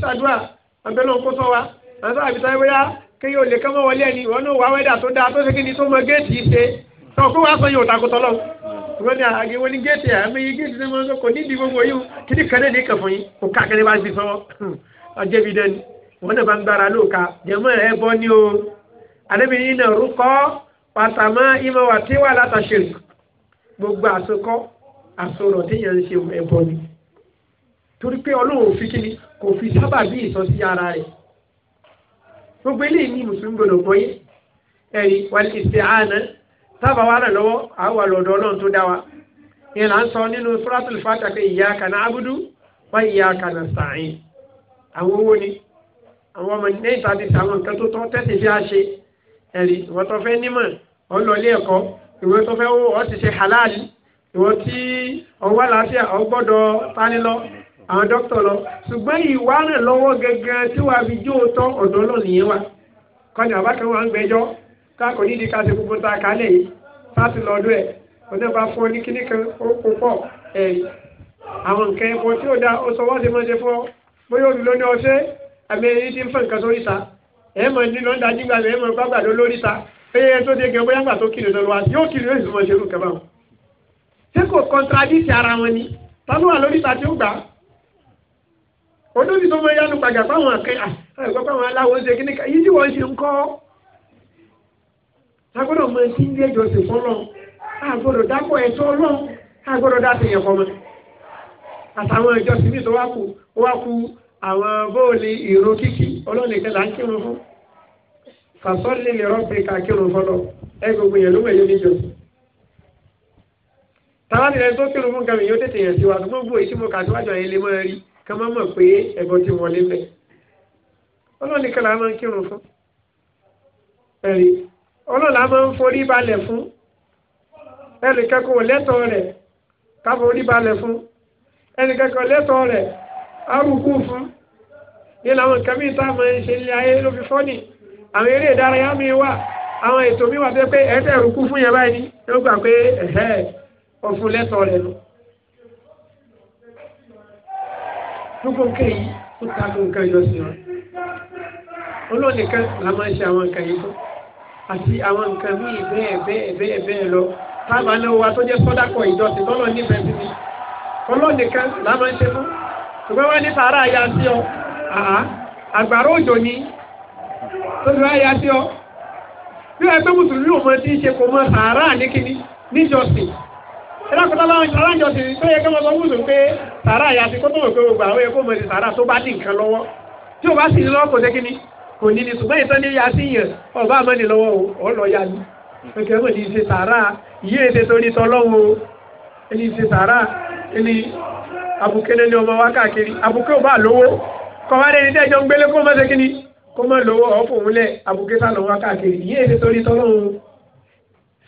àbẹ̀lọ́ kó sọ wa àti àbítáyé kéèyàn ò lè kán mọ́ wọlé ẹni ìwọ náà wẹ́dà tó dáa tó ṣe ni tó mọ géètì ṣe tó kó wá sọyìn òtakùtọ lọ ìwọ ni àgbẹwò ní géètì àmì yìí géètì náà mọ kò nídìí gbogbo yìí kí ni kẹrẹ ní kẹfọn yìí kò ká kẹrẹ bá ti sọwọ ọjẹ bi dẹni wọn náà bá ń gbára lóòka jẹmọ ẹ bọ ní o àdébìnrin náà rúkọ pàtàmọ ìmọ ara gbogbo eléyìí ní mùsùlùmí gbọ́dọ̀ gbọ́yé ẹ̀rí wàlí ìsìáànà tábà wà rẹ̀ lọ́wọ́ àwọn àlọ́dọ̀ ọlọ́run tó dá wa ìyẹn là ń sọ nínú suratul Fatiha pé iyyaka na'budu wa iyyaka nasta'in àwọn owó ni àwọn ọmọ ní ìta sàwọn nǹkan tó tọ́ tẹ́sí fi á ṣe ẹ̀rí tó fẹ́ nímọ̀ ọlọ́lé ẹ̀kọ́ ìwọ́n tó fẹ́ ó ti ṣe halal ìwọ́n tí ọwọ́ àlàáfíà ọgbọ́dọ̀ tánilọ́ àwọn dókítà lọ ṣùgbọ́n ìwà náà lọ́wọ́ gẹ́gẹ́ tí wàá fi jó tọ́ ọ̀dọ́ lọ nìyẹn wa kọ́ni àbákan wa ń gbẹjọ́ káàkó nídi ká ṣe gbogbo ta kálẹ̀ yìí sáàtì lọ́dún ẹ̀ ọ̀nà bá fọ́ ní kíní kan ó kó pọ̀ ẹ̀ àwọn nǹkan ẹ̀fọ́ tí ó da ó sọ wọ́n ti máa ṣe fọ́ bóyá olùlọ́ ní ọṣẹ́ àmì ẹni tí ń fọ nǹkan sórí sa ẹ̀ mọ̀ ní lọ́ńdà nígbà ẹ̀ mọ̀ gbàgbà ló lórí sa ẹ̀yẹ tó dé gbà tó olórí tó máa yánu padà fáwọn akẹ́ àìgbọ́ fáwọn aláwọ̀ ń ṣe kí ní ká yíyí wọ́n ṣe ń kọ́ agbọ́dọ̀ mọ tí ń léjọ sí fọ́lọ́ agbọ́dọ̀ dápọ̀ ẹ̀tọ́ ọlọ́run agbọ́dọ̀ dáṣe yẹn fọmọ àtàwọn ìjọ sí ní tó wá kú wá kú àwọn bóòlì ìró kíkì ọlọ́run nìkan là ń kírun fún fàṣọ́lì lè rọ́pì ká kírun fọlọ́ ẹ gbogbo yẹn ló wẹ̀yẹ níjọ tàwọn ìrẹsì tó kírun fún kẹmí yóò tètè yẹn sí wa tó gbogbo ìṣímọ̀ kàtíwájọ yẹn lè mọ́ ẹ rí Kama má mọ̀ pé ẹbọ ti wọlé mẹ́ ọlọ́run nìkan la máa ń kírun fún ẹ̀rí ọlọ́run la máa ń forí balẹ̀ fún ẹnì kẹ́kọ̀ọ́ lẹ́tọ̀ọ́ rẹ̀ ká forí balẹ̀ fún ẹnì kẹ́kọ̀ọ́ lẹ́tọ̀ọ́ rẹ̀ arúgbó fún ní làwọn nǹkan mìíràn tá máa ń ṣe ilé ayé ló fi fọ́ ni àwọn eré ìdárayá mi wà àwọn ètò mi wà pé ẹ̀ẹ́dẹ̀rùkú fún yẹn báyìí ni ó gbà pé ẹ̀hẹ́ ọ̀fun lẹ́tọ̀ọ́ rẹ̀ nù. gbogbo nǹkan yìí ó ta gbogbo nǹkan ìjọsìn wọn olóòdìkan la máa ń ṣe àwọn nǹkan yìí tó àti àwọn nǹkan míì bẹ́ẹ̀ bẹ́ẹ̀ bẹ́ẹ̀ bẹ́ẹ̀ lọ tábà náà wa tó jẹ́ sọ́dákọ̀ ìjọsìn lọ́lọ́ nífẹ̀ẹ́ sí ni olóòdìkan la máa ń ṣe fún ṣùgbọ́n wá ní sàárà ya sí ọ àgbàrá òjò ni tó ti wá ya sí ọ bí wàá gbé mùsùlùmí òun ti ṣe kò mọ sàárà ní níjọsìn ìlàkùtà aláǹjọsìn tó yẹ kí wọ́n sọ wúlò pé sàrà àyà ti kó tó mọ̀ pé gbogbo àwọn ẹ̀kọ́ mọ̀ sí sàrà tó bá dì nǹkan lọ́wọ́ tí o bá sì ní lọ́wọ́ kò sí kíní kò ní ní ṣùgbọ́n ìtọ́ ní ya sí yẹn ọba àmọ́ ní lọ́wọ́ ọlọ́ ni òkè mọ̀ ní ṣe sàrà yíyé ṣe torí tọ́lọ́wọ́ ẹni ṣe sàrà ẹni abùké ní ọmọ wa káàkiri abùké ò bá lówó kọ́mádé ní tẹ́jọ́ ń gbélé kó mọ́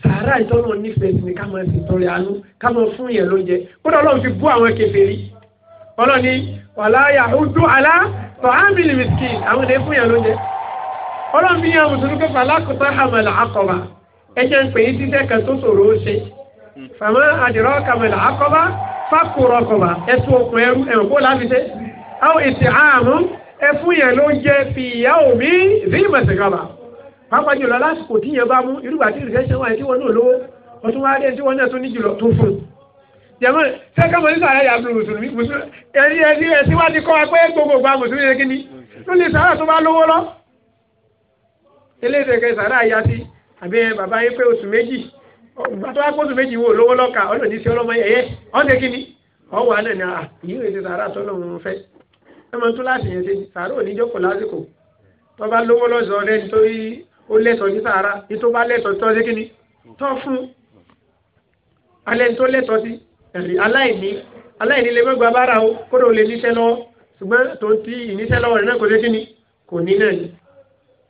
sàárà ìtọ́nà nífẹ̀ẹ́ ni ká máa ti tọrẹ àánú ká máa fún yẹn lóúnjẹ kódà ọlọ́run fi bú àwọn kèfèrí ọlọ́ni wàláyà ojú alá tọ́hámìlì mìsìkì àwọn èdè fún yẹn lóúnjẹ ọlọ́run bí yẹn mùsùlùmí pé falákùtà àmàlà àkọ́bà ẹ̀jẹ̀ ń pè é títẹ́ kan tó ó ṣe àdìrọ́ kàmàlà àkọ́bà ọkọ̀bà pàápàá jùlọ lásìkò tí yẹn bá mú irúgbà tí ìrìsẹ́sẹ́ wà tí wọ́n náà lówó wọ́n tún wá dé tí wọ́n náà tún ní jùlọ tó fún un. jẹ̀mọ́ sẹ́kẹ́ mọ́ nígbà ayé àbúrò mùsùlùmí ẹni ẹni ẹsìn wá ti kọ́ wa pé gbogbo gba mùsùlùmí yẹn kíni ló lè sàrà tó bá lówó lọ. eléyìí kẹ́ sàrà ya sí àbí bàbá yín pé oṣù méjì gbàtọ́ àpòṣù méjì wo lówó lọ́ka ọlọ́ọ̀ni sí ọlọ́mọ ẹ̀yẹ ọ̀ndẹ̀ kíni ọ̀wọ́ àná ni àyè èsì sàrà tó lọ́wọ́ fẹ́ ẹ máa tún láti yẹn ṣe sàrà òníjọ́kọ̀ lásìkò tó bá lówó lọ́sọ̀ọ́ ó lẹ́tọ̀ọ́ sí sàárà ní tó bá lẹ́tọ̀ọ́ tọ́ sí kíni tọ́ fún alẹ́ tó lẹ́tọ̀ọ́ sí ẹ̀rí aláìní aláìní lè mẹ́gbàá bára o kódà lè níṣẹ́ lọ́wọ́ ṣùgbọ́n tó ń ti ìníṣẹ́ lọ́wọ́ rẹ̀ náà kò sí kíni kò ní náà ni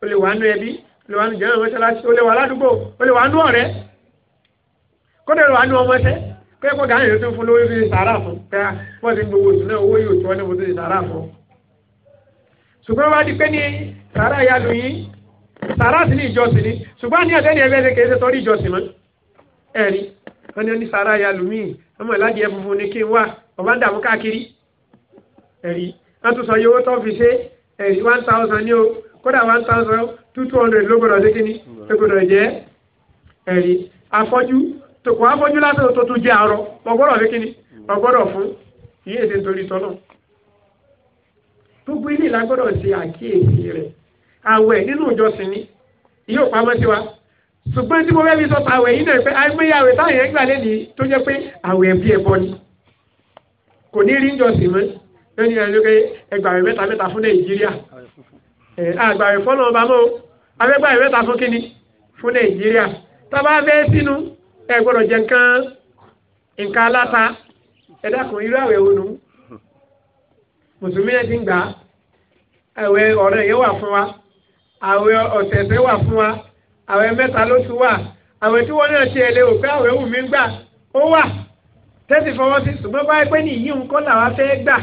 ó lè wà nú ẹbí ó lè wà nú jẹ́rán mọ́ṣáláṣí ó lè wà ládùúgbò ó lè wà nú ọ̀rẹ́ kódà ó lè wà nú ọmọṣẹ́ kẹ́kọ̀ọ́ gàánì ló tún fún lórí fi sàárà fún pẹ́yà wọ́n ti gbowó ìṣúná owó yóò tí sàrà sí ní ìjọsìn ni ṣùgbọ́n ní ẹ̀dẹ́ni ẹgbẹ́ ṣe kéde torí ìjọsìn mọ́ ẹ̀rí wọn ni ó ní sàrà ya lùmíì ọmọ ìlàjì ẹ funfun kí n wà ọba ń dààmú káàkiri ẹ̀rí wọn tún sọ iye owó tó fi ṣe ẹ̀rí one thousand ní o kódà one thousand two two hundred ló gbọdọ̀ ṣe kí ni ló gbọdọ̀ jẹ́ ẹ̀rí afọ́jú tòkò afọ́jú lásán tó tún jẹ́ àárọ̀ ọgbọ́dọ̀ ṣe ni ọgbọ́dọ̀ fún kì í èsè nítorí tọ́lọ̀ àwẹ̀ nínú ìjọsìn ni yóò pamọ́ sí wa ṣùgbọ́n tí mo fẹ́ fi sọ pa àwẹ̀ yìí náà pé àìmọye àwẹ̀ táwọn yẹn lẹ́nìí tó jẹ́ pé àwẹ̀ ẹ̀bí ẹ̀bọ ni kò ní rí ìjọsìn mọ́ lẹ́nu ìrìn àjọké ẹgbàwẹ̀ mẹ́ta mẹ́ta fún nàìjíríà àgbàwẹ̀ fọ́nà ọba mọ́ abẹ́gbàwẹ̀ mẹ́ta fún kínní fún nàìjíríà tábà fẹ́ sínú ẹ gbọ́dọ̀ jẹ nǹkan nǹkan aláta ẹ dákun irú àwẹ̀ wo nu mùsùlùmí ẹ ti ń gbà àwẹ̀ ọ̀rẹ́ yẹn wà fún wa àwẹ̀ ọ̀sẹ̀ẹ̀sẹ̀ wà fún wa àwẹ̀ mẹ́ta lóṣù wà àwẹ̀ tí wọ́n náà ṣe ẹ̀lẹ́ òpé àwẹ̀ wù mí gbà ó wà tẹ́sí fọwọ́ sí ṣùgbọ́n báyìí pé ní ìyí nǹkan làwa fẹ́ gbà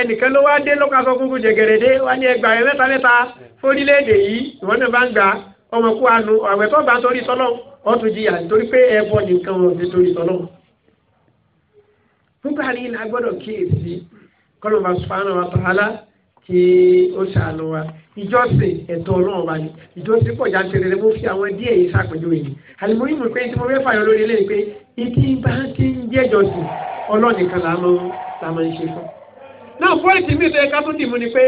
ẹnìkan ló wá dé lọ́kàsọ gúngún jẹgẹrẹdé wá ní ẹgbà rẹ mẹ́ta mẹ́ta fórílẹ̀-èdè yìí ìwọ́n náà bá ń gbà ọmọ kú àánú àwẹ̀ tó bá ń torí sọ́lọ́ wọ́n tún jìyà nítorí pé ẹbọ nìkan wọn ti torí sọ́lọ́. nígbà yìí la gbọ́dọ̀ kíyèsí kọ́lọ́mà sùpánà wa tààlà kí ó ṣàánú wa ìjọsìn ẹ̀tọ́ ọlọ́run wa ni ìjọsìn pọ̀ jáde rẹ̀ mo fi àwọn díẹ̀ yìí ṣàpèjúwe ni àlùmọ́ ìmọ̀ pé tí mo fẹ́ fàyọ lórí eléyìí pé ìdí bá ti ń jẹ́jọsìn ọlọ́nìkan là máa ń ṣe fún. náà pọ́ìntì mi tó yẹ ká tó dì mú ni pé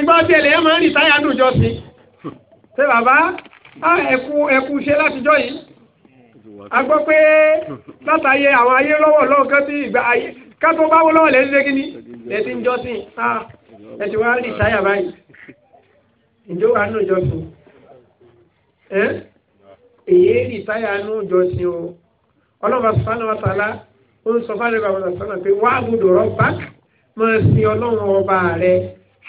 ìgbà tí ẹlẹ́yà máa ń rìn táyà nù jọsìn ṣé bàbá ẹkú ẹkú ṣe látijọ́ yìí a gbọ́ pé látàyè àwọn ayé lọ́wọ́ lọ́wọ́ kẹ́tì ìgbà ayé kẹ́tọ́ báwo lọ́wọ́ lẹ́yìn ẹ ti wá rí táyà báyìí ìjọ wa nù jọsìn ẹ èyí rí táyà nù jọsìn o ọlọ́ba sọ́nà wàtàlá ó ń sọ fáwọn bàbá sọ́nà sọ́nà pé wà á gbọdọ̀ máa sin ọlọ́run ọba rẹ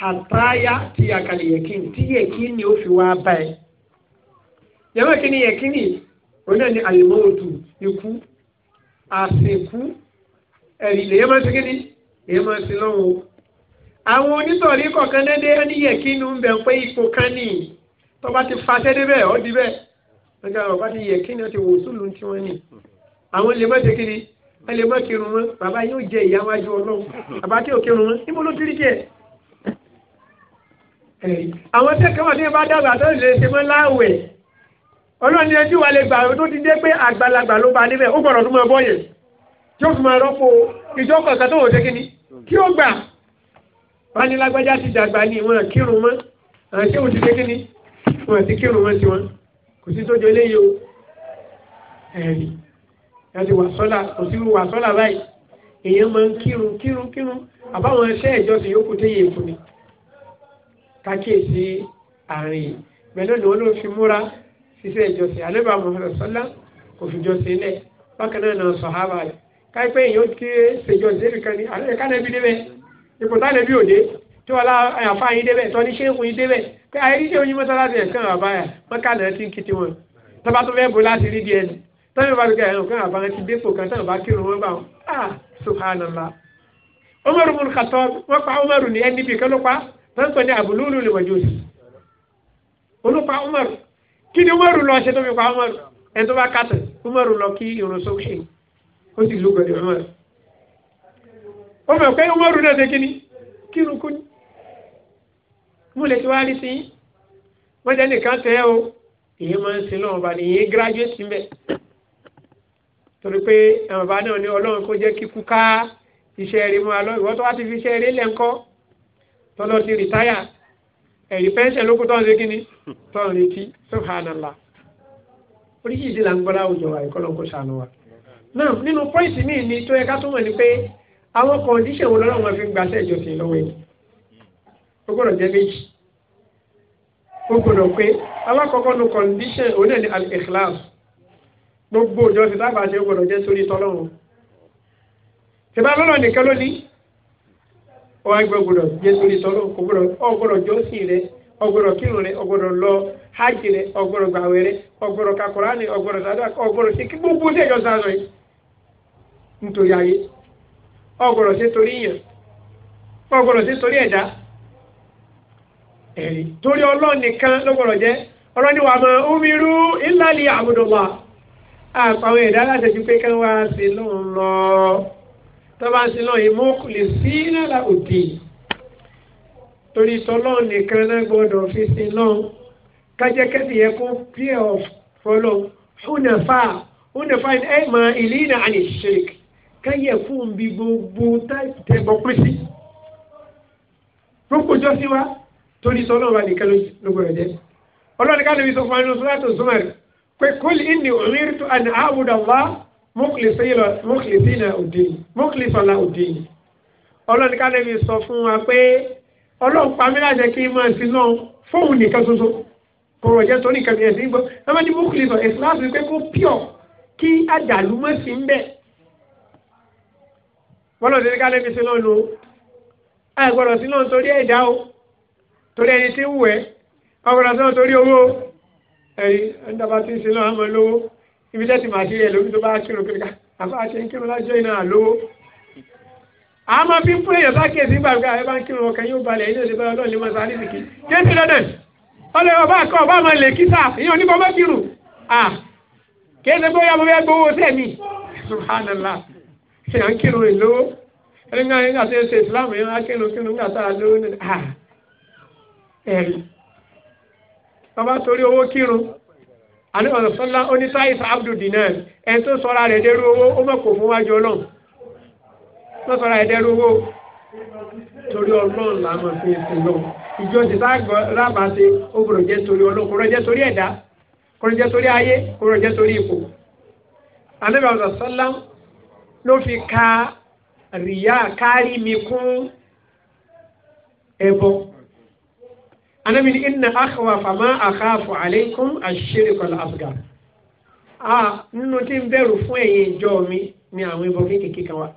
àtàyà ti àkàlẹ̀ yẹ̀kín tí yẹ̀kín ni ó fi wá bá ẹ yàrá kí ni yẹ̀kín ni òun náà ni àlùmọ́ọ̀dù ikú àsìnkú ẹ̀rì lèyẹ́ máa ń kí ni èyí máa ń sin lọ́run o àwọn onítọ̀rí kọ̀ọ̀kan dédé ní yẹ̀kínú ń bẹ̀ pé ipò kan ní tó bá ti fa tẹ́lẹ̀ bẹ́ẹ̀ ọ́ di bẹ́ẹ̀ nígbà wọn bá ti yẹ̀kínú ti wò sùlù tí wọ́n ní àwọn lè má ṣe kiri wọ́n lè má kírun wọn bàbá yóò jẹ ìyá wájú ọlọ́run bàbá tí ò kírun wọn níbo ló kiri jẹ. àwọn tẹ́kẹ́ wọn ní bá dàgbà tó lè ṣe mọ́ láwẹ̀ ọlọ́run ẹjú wa lè gbà tó ti dé pé àgbàlagbà ló ba níbẹ̀ ó gbọ́dọ̀ tó máa bọ́ yẹn tí ó fi máa rọ́pò ìjọ́kọ̀ọ̀kan tó wọ́n ṣe kíni kí ó gbà wọ́n ní lágbájá ti dàgbà ní wọn kírun mọ́ àwọn tí òun ti ṣe kíni wọn ti kírun mọ́ tiwọn kò sí tó jọ eléyìí o ẹ̀rí ẹ ti wà sọ́là kò sí wà sọ́là báyìí èèyàn máa ń kírun kírun kírun àbáwọn ẹṣẹ́ ìjọsìn yòókù téye fún mi kákíyèsí àárín pẹ̀lú ni wọ́n ló fi múra ṣiṣẹ́ ìjọsìn àlébà Muhammad sọ́lá kò fi jọsìn lẹ̀ bákan náà náà sọ̀hábà rẹ̀ káyipẹ́ èèyàn kí ṣèjọsìn ẹ̀ríkan ní àlẹ́ kánẹ́bí débẹ̀ ìpòtálẹ̀ bí òde tí wọ́n láyàfá yín débẹ̀ tọ́ ní ṣéèkù yín débẹ̀ pé ayé iṣẹ́ oyin mọ́sálásí ẹ̀ kàn àbáyà mọ́kànlá ti ń kìtì wọn tọ́ba tó fẹ́ bo láti rí díẹ̀ ni tọ́jú bá gbẹ̀gẹ̀ ẹ̀hún kàn àbáyà ti dépò kan tọ́ba kírun wọn bá wọn ah subhanallah umaru mun kàtọ́ wọ́n pa umaru ní ndp kan ló pa wọ́n pè ní abululu lè wọ́jú sí olùpa umaru kí ni umaru lọ ṣe tó fi pa umaru ẹ̀ tó bá kàtà ó mọ̀ pé umaru náà ṣe kí ni kírun kú ni mo lè ti wá rí sí wọ́n jẹ́ nìkan tẹ́ o èyí máa ń sin lọ́wọ́ bá ní èyí graduate sí mbẹ́ torí pé àwọn bàbá náà ní ọlọ́run kó jẹ́ kíkú ká iṣẹ́ rẹ̀ mọ́ alọ́ ìwọ́n tó wá ti fi iṣẹ́ rẹ̀ lẹ́ńkọ́ tọ́lọ́ ti rìtáyà ẹ̀rí pẹ́ńsẹ̀ lókùn tó ń ṣe kíni tó ń retí subhanallah oríṣiríṣi là ń gbọ́dá àwùjọ wa ìkọlọ́kọ̀ ni tó yẹ ká tó àwọn kọ̀ǹdíṣẹ̀ wo lọ́rọ̀ wọn fi ń gbaṣẹ́ ìjọsìn lọ́wọ́ yìí ó gbọ́dọ̀ jẹ́ méjì ó gbọ́dọ̀ pé alákọ̀ọ́kọ́ nu kọ̀ǹdíṣẹ̀ oní ẹ̀ni al-ikhlas gbogbo ìjọsìn tábà ṣe ó gbọ́dọ̀ jẹ́ sórí tọ́lọ́run tẹ̀bá lọ́rọ̀ nìkan ló ní ọ ẹgbẹ́ gbọ́dọ̀ jẹ́ sórí tọ́lọ́run kò gbọ́dọ̀ ọ gbọ́dọ̀ jọ́sìn rẹ ọ gbọ́dọ̀ kírun rẹ ọ gbọ́dọ̀ lọ hajj rẹ ọ gbọ́dọ̀ gbàwẹ̀ ọgbọ̀rọ̀ sí torí yàn ọgbọ̀rọ̀ sí torí ẹ̀dá ẹ̀rí torí ọlọ́run nìkan lọ́gbọ̀rọ̀ jẹ́ ọlọ́ni wà máa ń mirú ìlàlí àbùdùmá àpàwọn ẹ̀dá láti fi pé kí wọ́n á sí lóun lọ tó bá ń sí lọ ìmú kò lè sí lára òdì torí tọ́lọ́run nìkan náà gbọ́dọ̀ fi sí lọ́hùn kájẹ́kẹ́sì yẹ kó pure of follow hunafa hunafa ẹ̀ máa ìlú ìnà àní ṣèkì káyẹ̀ fún bí gbogbo táìpì tẹ́gbọ́ pín sí. rúkùjọ́ sí wa torí sọ ọlọ́run àdìkẹ́ lógo rẹ̀ jẹ́. ọlọ́run ká lóbi sọ fún anú sọ́lá tó súnmọ́ rẹ̀ pé kúlì ìní òrìrì tó àná àbùdá wá mọ́kìlísọ́lá òde yìí. ọlọ́run ká lóbi sọ fún wa pé ọlọ́run pa mí láti kí n máa sí náà fóun nìkan ṣoṣo kò rọ̀ jẹ́ torí ìkànnì ẹ̀sìn gbọ́ ẹ má ní mọ́kìlísọ́ ẹ̀sìn láti pé kó pure kí àdàlú mọ́ sí ń bẹ́ẹ̀ bọ́lá òde ní ká lẹ́bi sí lọ́nu ẹ gbọ́dọ̀ sí lọ́nu torí ẹ̀dá o torí ẹni tí ń wù ẹ́ ọgbọ́dọ̀ sí lọ́nu torí owó ẹ̀yìn ẹni tó bá ti ń sí lọ́nu àmọ́ lówó ibi tẹ́sí màá ṣe yẹ lóbi tó bá kírun kiri ká àbá ṣe ń kírun lájọ́ iná àlówó. àmọ́ bí fún èèyàn bá kéèsì ń gbàgbé àyè bá ń kírun ọkàn yóò balẹ̀ ilé ìdìbò ọlọ́run lè máa sáré nìkí. jésù lọ́dẹ̀ ọlọ́run ọba àkọ́ ọba àmọ́ lè kí sáà ìyẹn oníbọ̀ mọ́ kírun. kéèsì bóyá mo fẹ́ gbowó sẹ́mi subhanallah èèyàn kírun ìlú ẹni náà nígbà tí ó ṣe ìsìláàmù yẹn wá kírun kírun nígbà tá a lówó ní ẹ̀rí bàbá torí owó kírun àní ọ̀nà sọ́lá oníṣáìsì abdul dinar ẹni tó sọ́ra rẹ̀ dẹ́rú owó ó mọ̀ kò fún wájú ọlọ́run tó sọ́ra rẹ̀ dẹ́rú owó torí ọlọ́run là máa fi ẹsẹ̀ lọ ìjọ ti sábà ṣe ó gbọdọ̀ jẹ́ torí ọlọ́run kò rọ̀ jẹ́ torí ẹ̀dá kò rọ̀ jẹ́ torí ayé kò rọ̀ jẹ́ torí ipò àníbàbà sọ́lá ló fi ka rìyà kárí mi kún ẹbọ anabi ni inna akhwafa ma akhafu alaykum ash-shirku al-asghar a nínú tí ń bẹ̀rù fún ẹ̀yin ìjọ mi ni àwọn ẹbọ kéékèèké kan wà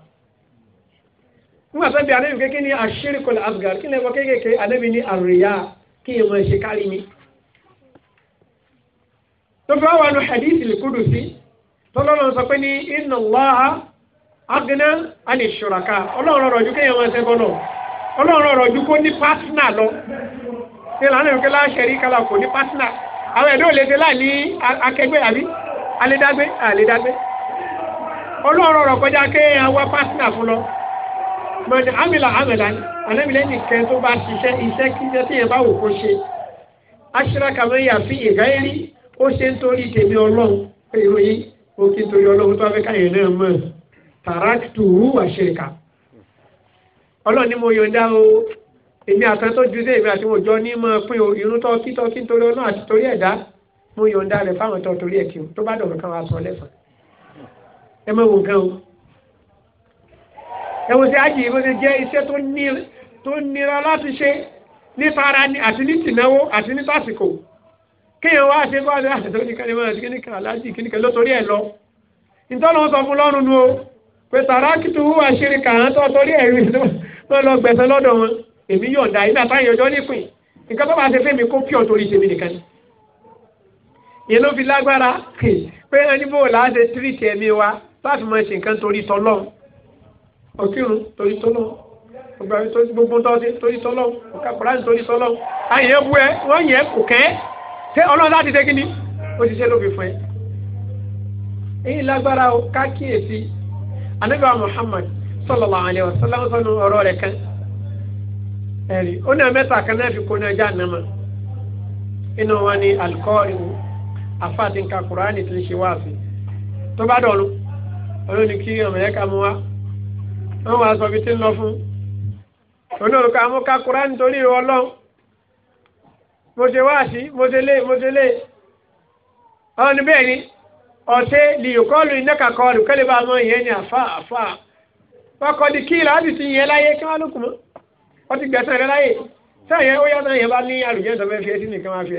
nígbà tó bí anabi kékeré ní ash-shirku al-asghar kí ni ẹbọ kéékèèké anabi ní àríyá kí ẹ máa ṣe kárí mi tó fi wà nù hadith al-qudusi tọ́lọ́lọ́ sọ pé ní inna Allaha. agana alẹ́ ṣùràká ọlọ́run ọ̀rọ̀ ju kéèyàn máa ṣẹ́gun lọ ọlọ́run ọ̀rọ̀ ju kó ní pátínà lọ ṣe lànà ìrùkẹ́ láṣẹrí kálá kò ní pátínà àwọn ẹ̀dọ́ lè ṣe láì ní akẹgbẹ́ àbí alédágbé alédágbé ọlọ́run ọ̀rọ̀ kọjá kéèyàn wá fún lọ tó bá ṣiṣẹ́ iṣẹ́ tí yẹn bá wò kó ṣe tàràtù hu àṣẹríkà ọlọ́run ni mo yọ̀ǹda o èmi àtàn tó ju sí èmi àti wọn jọ ní mọ pé o irun tó kí tó kí nítorí ọlọ́run àti torí ẹ̀dá mo yọ̀ǹda rẹ̀ fáwọn tó torí ẹ̀ kí o tó bá dọ̀rọ̀ kan wá sọ lẹ́sàn ẹ mọ̀ wò gan o ẹ wò sí ájì yìí bó ṣe jẹ́ iṣẹ́ tó nira láti ṣe nífara àti ní tìnáwó àti ní tásìkò kéèyàn wá ṣe kó àti àtẹ̀tẹ̀ oníkan ní mọ̀ àti kíníkan aláàjì kíníkan ló torí ẹ̀ lọ ìtọ́nà sọ fún lọ́rùn nu o pé tàràkìtù wúwa ṣeré kàán tó torí ẹ̀rí tó lọ gbẹ̀sán lọ́dọ̀ wọn èmi yọ̀ǹda iná táyà ọjọ́ nípìn nǹkan tó bá ṣe fẹ́mi kó pure torí ṣe mi nìkan ni yẹn ló fi lágbára pé ẹni bò láti tírìtì ẹ̀mí wa láti máa ṣe nǹkan torí tọ́lọ́ ọkírun torí tọ́lọ́ gbogbo torí tọ́lọ́ ọ̀ka kùránì torí tọ́lọ́ àyẹ̀ bu ẹ wọ́n yẹ kò kẹ́ ṣé ọlọ́run láti ṣe kí ni ó ti ṣe ló fi fún ẹ. èyí lágbára o ká kíyèsí anabi wa muhammad sallallahu alayhi wa sallam sọnù ọ̀rọ̀ rẹ̀ kan ẹ̀rí ó ní amẹ́ta kan náà fi kó náà já nàmà inú wọn ni alikọ́ọ̀rì wò àfáàtì nǹka kùránì ti ń ṣe wáàsí tó bá dọ̀nu olóò ní kí ọmọ yẹn ká wa wọn wàá sọ bí tí ń lọ fún olóò ká mú ká kùránì mo ṣe wáàsí mo ṣe lé mo ṣe lé ọ̀hún ni bẹ́ẹ̀ ọ̀sẹ̀ lìyókọ́lù ináka kọlù kẹ́lẹ́ bá mọ ìyẹn ní àfa àfa ọkọ̀ di kí ìlà àdìsí yẹn láyé kí wọ́n lókun mọ́ wọ́n ti gbẹ̀sán rẹ láyé sáyẹn ó yàtọ̀ yẹn bá ní àlùjẹ́ tó fẹ́ fi ẹsìn nìkan máa fi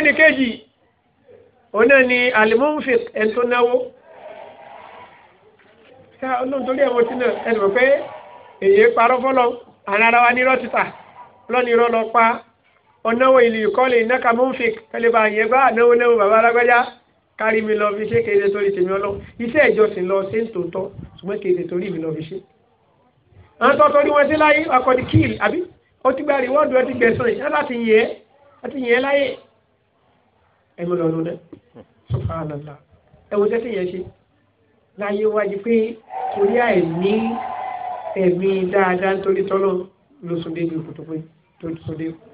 ẹsìn àwọn ni alimunfik ẹni tó náwó ká ọlọ́run torí ẹ̀wọ̀n tí náà ẹnì mọ̀ pé èyí parọ́ fọ́lọ́ àrà ara wa ní irọ́ títà lọ́nà irọ́ lọ ọ̀nàwó ìlú ìkọ́lé ìnáka mọ́fík tẹ́lẹ̀ bá yẹ bá ànáwó náwó bàbá alágbájá kárí mi lọ fi ṣe kéde torí tèmi ọlọ́run iṣẹ́ ìjọsìn lọ sí tòótọ́ ṣùgbọ́n kéde torí mi lọ fi ṣe. àwọn tó torí wọn sí láyé akọni kíìl àbí ó ti gba rìwọ́ọ̀dù ọtí gbẹ̀sán yìí láti yẹ láti yẹ láyé ẹ̀mí lọ́nu náà subhanallah ẹ̀wọ̀n tẹ́tí yẹn ṣe láyé wájú pé torí àìní ẹ̀mí dáadáa nítorí tọ́lọ́ lóṣùndé mi kò tó pé tó tó dé kù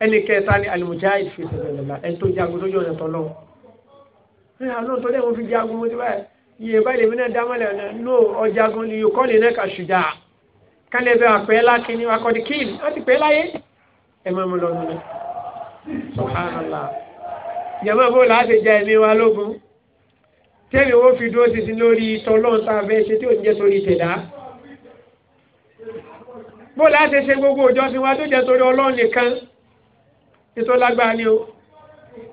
ẹni kẹta ni alimujahid fi sabilillah ẹni tó jagun lójú ọ̀nà tọ́lọ́ àlọ́ tó dẹ́wọ́n fi jagun mo ti báyìí iye báyìí lèmi náà dámọ́lẹ̀ ọ̀nà ní ọjàgun ni yòókọ́ lè náà kà ṣùjà kálẹ̀ bẹ́ẹ̀ àpẹ́ lákìíní akọ́dí kíìlì wọ́n ti pẹ́ láyé ẹ máa mú lọ nínú subhanallah jẹ̀mọ́ bó láti jẹ ẹ̀mí wa lógun tẹ́mi wo fi dúró títí lórí tọ́lọ́n tá a fẹ́ ṣe tí ò ń jẹ́ sórí tẹ̀dá bó láti ṣe gbogbo òjọ́sìn wa tó jẹ́ sórí ọlọ́run nìkan tó lágbára ni o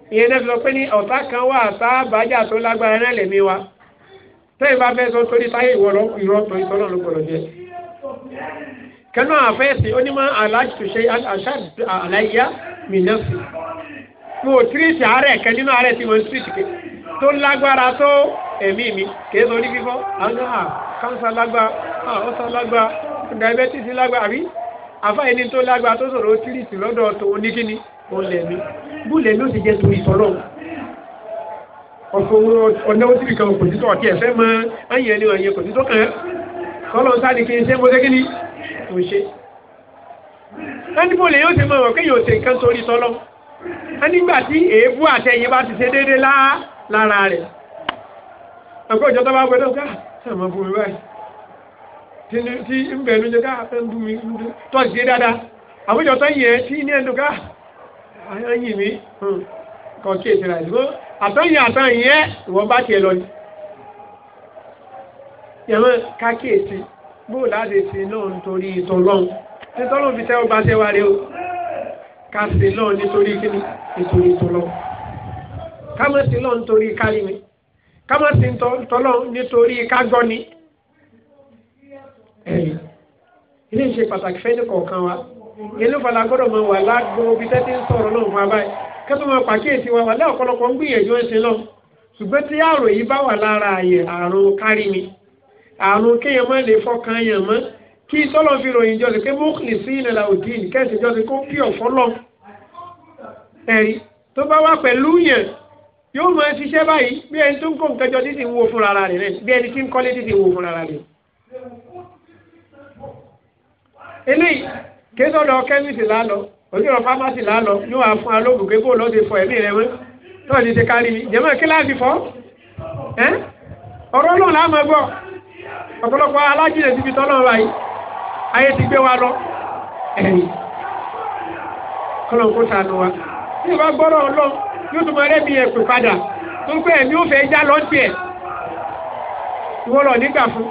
ìyẹn náà sọ pé ní ọ̀tá kan wà tá a bàjá tó lágbára náà lẹ̀mí wa tẹ́yìn bá fẹ́ sọ torí táyé ìwọ ìrọ̀ tó ìtọ́ náà ló gbọ́dọ̀ jẹ́ kẹ́nu àfẹ́sì onímọ̀ aláṣẹ àláyá mìíràn mo ò àárẹ̀ kẹ́ nínú àárẹ̀ tí mo ń tírìtì tó lágbára tó ẹ̀mí mi kìí sórí fífọ́ àwọn kánsá ah, lágbára ah, ọ̀sán lágbára diabetes lágbára àbí àfáà ẹni tó lágbára tó sọ̀rọ̀ tírìtì lọ́dọ̀ tó oníkíní ó lẹ́nu búlẹ̀ ló ti jẹ́ torí sọ́lọ́ ọ̀fọ̀ ọ̀nà òsì kan kò títọ́ ọ̀tí ẹ̀fẹ́ mọ́ ẹ̀yìn ẹni ọ̀yẹ kò títọ́ kan kọ́lọ̀ sáàdì kí n ṣe mọ́ gẹ́gẹ́ ní kò ṣe ẹni búlẹ̀ yóò ti mọ̀ ọ̀kẹ́ yóò ṣe nǹkan torí sọ́lọ́ nígbà tí èébú àtẹ̀yìn bá ti ṣe déédé lára rẹ̀ ọ̀pọ̀ ìjọ tó bá gbẹdọ̀ ká sàmọ́ bú mi báyìí tí ń bẹ̀ẹ́nu jẹ́ ká ah, fẹ́ ń bú mi tọ́ sí dáadáa àwùjọ tó yẹ ayé mi hmm, kan kí èsì rà ìdúgbò àtọ́yìn àtọ́yìn ẹ́ ìwọ́n bá tiẹ̀ lọ ni. yẹ̀mọ́ kákíyèsí bóò láti sí náà nítorí ìtàn lọ́hùn nítorí òbí tẹ́wọ́ bá tẹ́wà rẹ o ká sí náà nítorí kíni nítorí ìtàn lọ́hùn. ká má sí náà nítorí kárí mi ká má sí tọ́lọ́ nítorí kágbọ́ ni. ilé ìṣe pàtàkì fẹ́ ní kọ̀ọ̀kan wa ilé ìfọ̀lá gbọ́dọ̀ máa wà lágbo ibi tẹ́tí ń sọ̀rọ̀ náà fún abáyé kẹ́tù máa pàkíyèsí wa wà lẹ́ ọ̀pọ̀lọpọ̀ ń gbìyànjú ẹ̀sìn náà ṣùgbọ́n tí àrùn yìí bá wà lára àyè àrùn kárí ni àrùn kéèyàn má lè fọkàn yàn mọ́ kí sọ́lọ́ fi ròyìn jọ sí pé mọ́kìlì sí ilẹ̀ làwùdíìn kẹ́sì jọ sí kó pí ọ̀fọ́ lọ ẹ̀rí tó bá wà pẹ̀lú yàn yóò máa ṣiṣẹ́ báyìí bí ẹni tó ń kó nǹkan jọ títí ń wo fúnra rẹ̀ rẹ̀ bí kéṣọ́dọ̀ kẹ́míìsì lálọ onírọ̀ fámásì lálọ yóò wá fún alóògùn pé bóòlù ọ̀sẹ̀ fọ ẹ̀mí rẹ wọ́n tó ní ti kárí mi jẹ́mọ́ kíláàsì fọ́ ẹ́ ọ̀rọ̀ náà láàmú ẹgbọ́ ọ̀pọ̀lọpọ̀ alájìnà síbi tọ́lọ́ wáyé ayé ti gbé wa lọ ẹ̀yìn kọ́lọ̀ kó sànù wa tí ìbá gbọ́rọ̀ ọlọ́ yóò tún máa rẹ́mi ẹ̀pẹ̀ padà tó ń pẹ́ ẹ̀mí ó fẹ́ já lọ tiẹ̀ ìwọ́lọ̀ nígbà fún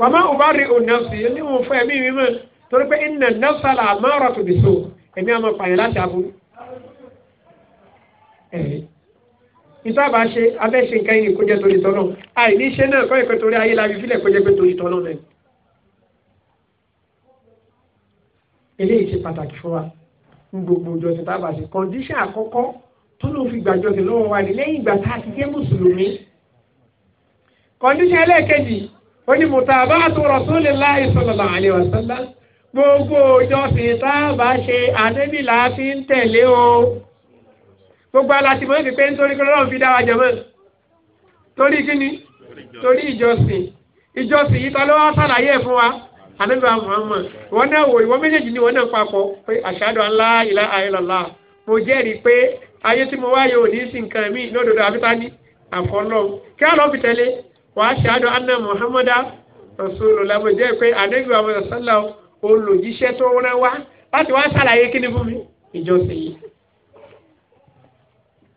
wàmọ́ òbá rí ònà sí ní òun fún ẹ̀mí mi mọ́ torí pé iná nọ́sàlà àmọ́rọ̀ tó bì so ẹ̀mí àmọ́ pààyàn láti aburú. ìtàbà ṣe abẹ́ṣe nǹkan yìí kó jẹ́ torí tọ́lọ́ àìní iṣẹ́ náà kọ́ ẹ̀kọ́ torí ayé lábí fílẹ̀ kó jẹ́ pé torí tọ́lọ́ náà. eléyìí ṣe pàtàkì fún wa ní gbogbo ìjọsìn tábà ṣe kọ́ndíṣàn àkọ́kọ́ tó ló fi gbàjọsìn lọ́wọ́ wa ní lẹ́yìn ìgbà tá a ti jẹ́ mùsùlùmí. kọ́ndíṣàn ẹlẹ́ẹ̀kejì ó ní mùtàbá àtúrọ̀ sólè láì sallallahu alaihi wasallam gbogbo ìjọsìn sábà ṣe ànábì là á fi ń tẹ̀lé o gbogbo aláti mọ́ ìpínpẹ́ nítorí kí Ọlọ́run fi dá wa jọmọ́ torí kí ni torí ìjọsìn ìjọsìn yìí ta ló wá sàlàyé ẹ̀ fún wa ànábì wa Muhammad wọn náà wò ìwọ méjèèjì ni wọn náà papọ̀ pé ashhadu an la mo jẹ́rìí pé ayé tí mo wá yóò ní sí nǹkan mi lódodo àbítání àfọlọ́ kí á lọ fi tẹ̀lé wa ashhadu anna Muhammadan rasulullah mo jẹ́ pé ànábì wa Muhammad sallallahu olùjíṣẹ́ tó rán wá láti wá ṣàlàyé kí ni fún mi ìjọsìn yìí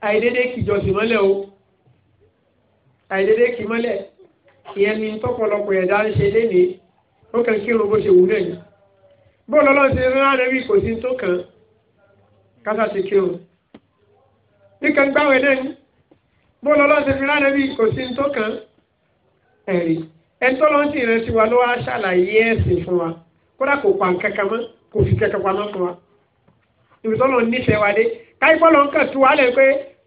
àìdédé kì ìjọsìn mọ́lẹ̀ o àìdédé kì mọ́lẹ̀ ìyẹn ni tọ́pọ̀lọpọ̀ ẹ̀dá ń ṣe léni ó kàn kírun bó ṣe wù náà yìí bóòlù ọlọ́run ti rán àrẹ́bí kò sí tó kàn kásá ti kírun nìkan gbáwẹ̀ náà ni bóòlù ọlọ́run ti rán àrẹ́bí kò sí tó kàn ẹ̀rí ẹ̀ńtọ́lọ́sìn rẹ ti wà ló wá ṣàlàyé ẹ̀sìn fún wa kódà kò pa nǹkan kan mọ́ kò fi kankan pamọ́ fún wa ibi tó lọ nífẹ̀ẹ́ wa dé káyí bọ́ọ̀lù ń kàn tú wa lẹ́ pé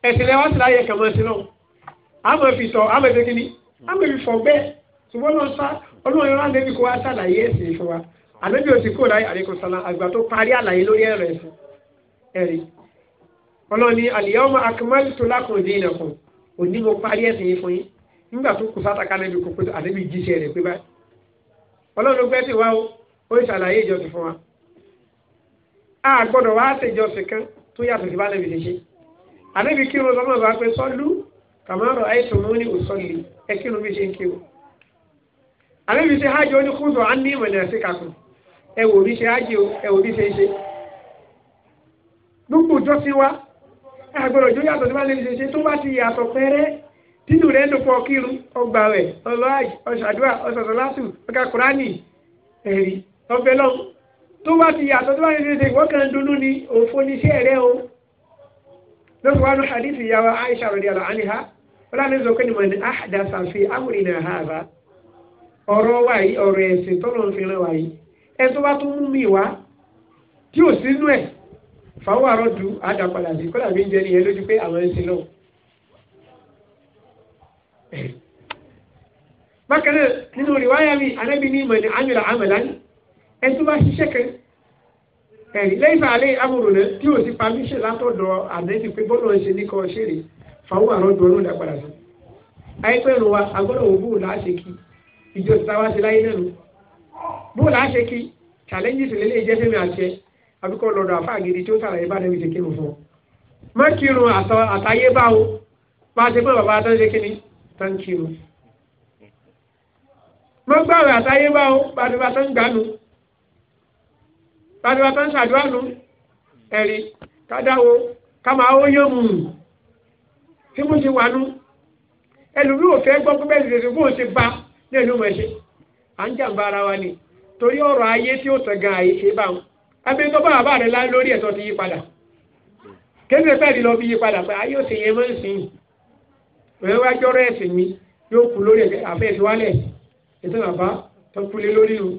ẹ̀sìn lẹ́wọ́ sí láyé kàn mọ́ sí náà àmọ́ fi tọ̀ àmọ́ fi kíni àmọ́ fi fọ̀ bẹ́ẹ̀ ṣùgbọ́n lọ sá ọlọ́run rán débi kó wa ṣàlàyé ẹ̀sìn fún wa àlejò ti kó láyé àlékún sálá àgbà tó parí àlàyé lórí ẹ̀rọ ẹ̀sìn ẹ̀rí ọlọ́ni al-yawma akmaltu lakum tó kù sátàkà lẹ́bi ó ń ṣàlàyé ìjọsìn fún wa a gbọ́dọ̀ wá ṣèjọsìn kan tó yàtọ̀ sí bá lẹ́bi ṣe ṣe àdébí kírun lọ́mọ bá pé sọ́lú kàmáàrọ̀ àìsàn mú ní òsọ́lì ẹ kírun bí ṣe ń kírun àdébí ṣe hájì ó ní kúndùn á ní ìmọ̀lẹ̀ sí kàkùn ẹ wò bí ṣe hájì o ẹ wò bí ṣe ń ṣe gbogbo ìjọsìn wa a gbọ́dọ̀ jó yàtọ̀ sí bá lẹ́bi ṣe ṣe tó bá ti yàtọ̀ pẹ́rẹ́ tínú rẹ̀ ń dùpọ̀ kírun ọgbà rẹ̀ ọlọ́àjì ọ̀ṣàdúrà ọ̀ṣọ̀ṣọ̀látù ọ̀gá ọbẹ̀ lọ tó bá ti yàtọ̀ tó bá ti tètè wọ́n kàn dúnú ni òfo ni iṣẹ́ rẹ o lọ́sọ̀ wá ní hadith ìyàwó Aisha radiyallahu anha wọ́n láti sọ pé ni man ahdatha fi amrina hadha ọ̀rọ̀ wa yìí ọ̀rọ̀ ẹ̀sìn tọ́lọ̀ ń fi ràn wá yìí ẹ tó bá tún mú mi wá tí ò sínú ẹ̀ fáwọn àrọ́dù àdàpadà sí kọ́lá mi ń jẹ nìyẹn lójú pé àwọn ẹ̀sìn náà. bákan náà nínú rìwáyà mi anábì ní man amila amalan ẹni tó bá ṣiṣẹ́ kẹ ẹ̀rí lẹ́yìn fàálẹ̀ amúrò rẹ tí o ti pàmíṣẹ látọ̀dọ̀ àdéhùn pé bọ́lọ̀ ṣe ní kọ́ ṣe rè fàwọn àrùn dùn ọ̀nà ìdàgbàdà sí. àyíkọ́ ìrù wa agbọ́dọ̀ wò bóòlù àṣẹ kí ìjọ ti táwa ṣe láyé lẹ́nu bóòlù àṣẹ kí challenges lè lè jẹ́ fẹ́mi àṣẹ àbíkọ́ lọ́dọ̀ àfáàgìrì tí ó sàlàyé bá dẹ́mi ṣe kírun fún má kírun àtayébá o ṣe fún bàbá tó ń ṣe kíní tó kírun. má gbàgbé àtayébá o tó ń gbàánu kádùá tó ń ṣàdúrà nù ẹ̀rí kádáwo káma ó yán mu tí mo ti wà nù ẹlòmí ò fẹ́ gbọ́ pípẹ́ ìdèdè bó ti ba ní ẹnu mọ̀ à ń jàǹbá ara wa ni torí ọ̀rọ̀ ayé tí ó tẹ̀gàn àyè ṣe bá wọn abẹ́ni tó bá bàbá rẹ̀ lá lórí ẹ̀tọ́ ti yí padà kéde pẹ́ẹ́lí lọ fi yí padà pé ayé òsè yẹn máa ń sìn òun wá jọ́rọ̀ ẹ̀sìn mi yóò kú lórí ẹ̀fẹ́ àfẹ́ ìtiwálẹ̀ ètò bàbá tó kú lé lórí o.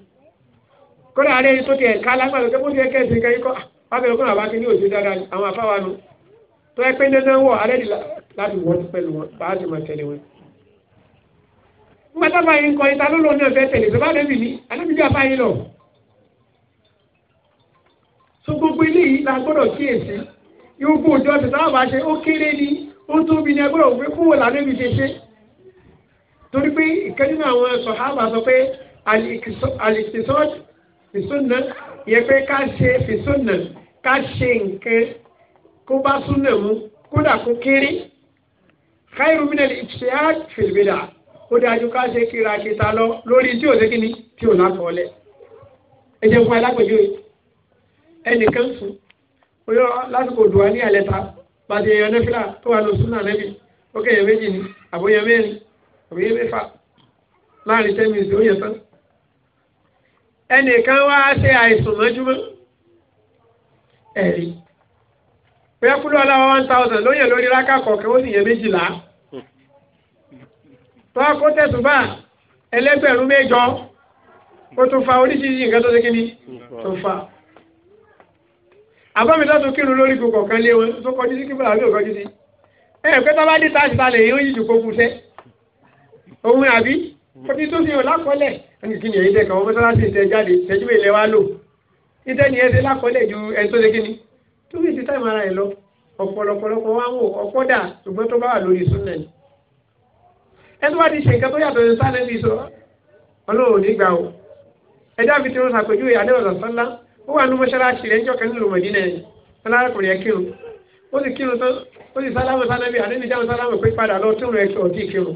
kódà alẹ́ yìí tó ti ẹ̀ka lágbàdo tó bó ti ẹ̀kẹ́ ẹ̀sìn kẹ́yìn kọ́ dáadáa ni àwọn nu tó ẹ pé dandan alẹ́ di láti wọ́n pẹ̀lú wọn bá a ti máa tẹ̀lé wọn. nígbà ìta tẹ̀lé ní alábi bí afá yìí lọ. so gbogbo ilé yìí la gbọ́dọ̀ kíyèsí yóò kó òjò ọ̀sẹ̀ táwọn bá ṣe ó kéré ni ó tóbi ni ẹgbẹ́ òwe kúwò ṣe ṣe fìsúnà yẹ pé ká ṣe fìsúnà ká ṣe nǹkan kó bá súnà mu kódà kó kéré khairu minal ijtihad fil bid'ah ó dájú ká ṣe kíra kíta lọ lórí tí ò lé kíni tí ò lákọọlẹ ẹ jẹ fún alágbèjọ ẹnìkan sùn oyọ lásìkò dùwà ní àlẹta bàtì èèyàn nẹfìlà tó wà lọ súnà nẹbi ó kẹyẹ méjì ni àbóyẹ mẹ́rin àbóyẹ mẹ́fà láàrin tẹmíìsì ó yẹ tán ẹnìkan wá ṣe àìsùn mọ́júmọ́ ẹ̀rí bóyá kúlú ọláwọ́ one thousand ló yẹ lórí rákà kọ̀ọ̀kan ó sì yẹ méjìlá tó a kó tẹ̀sùn bá ẹlẹ́gbẹ̀rún mẹ́jọ ó tún fa oríṣiríṣi nǹkan tó ṣe kí ni tó fa àbámi tó tún kírun lórí kòkò kan lé wọn tó kọjú sí kí fúlàbí ò sí ẹ ẹ pé tó bá dé táàsì ta lè yín ó yí ju kókù sẹ òun àbí kò tó fi hàn lákọọ́lẹ̀ ẹni kí ni èyí tẹ̀ kàwọn mọ́sálásí tẹ̀ jáde tẹ̀jú mi lẹ wá lò ìtẹ́ni ẹ ti lákọọ́lẹ̀ ju ẹni tó ṣe kí ni tó fi ti táìmù ara ẹ lọ ọ̀pọ̀lọpọ̀lọpọ̀ wá wò ọ̀pọ̀ dà ṣùgbọ́n tó bá wà lórí súnà ni ẹni wá ti ṣe nǹkan tó yàtọ̀ ní sáà lẹ́bi sọ ọlọ́run ò ní gbà o ẹjọ́ àfi tí wọ́n ṣàpèjúwe adébọ̀sán sọ́lá ó wà ní mọ́ṣáláṣí rẹ̀ ńjọ́ kẹ́ni lòmọ̀dí kírun ó sì kírun tán ó sì sálámù sánábì sálámù pé padà lọ tún rẹ̀ ọ̀tí kírun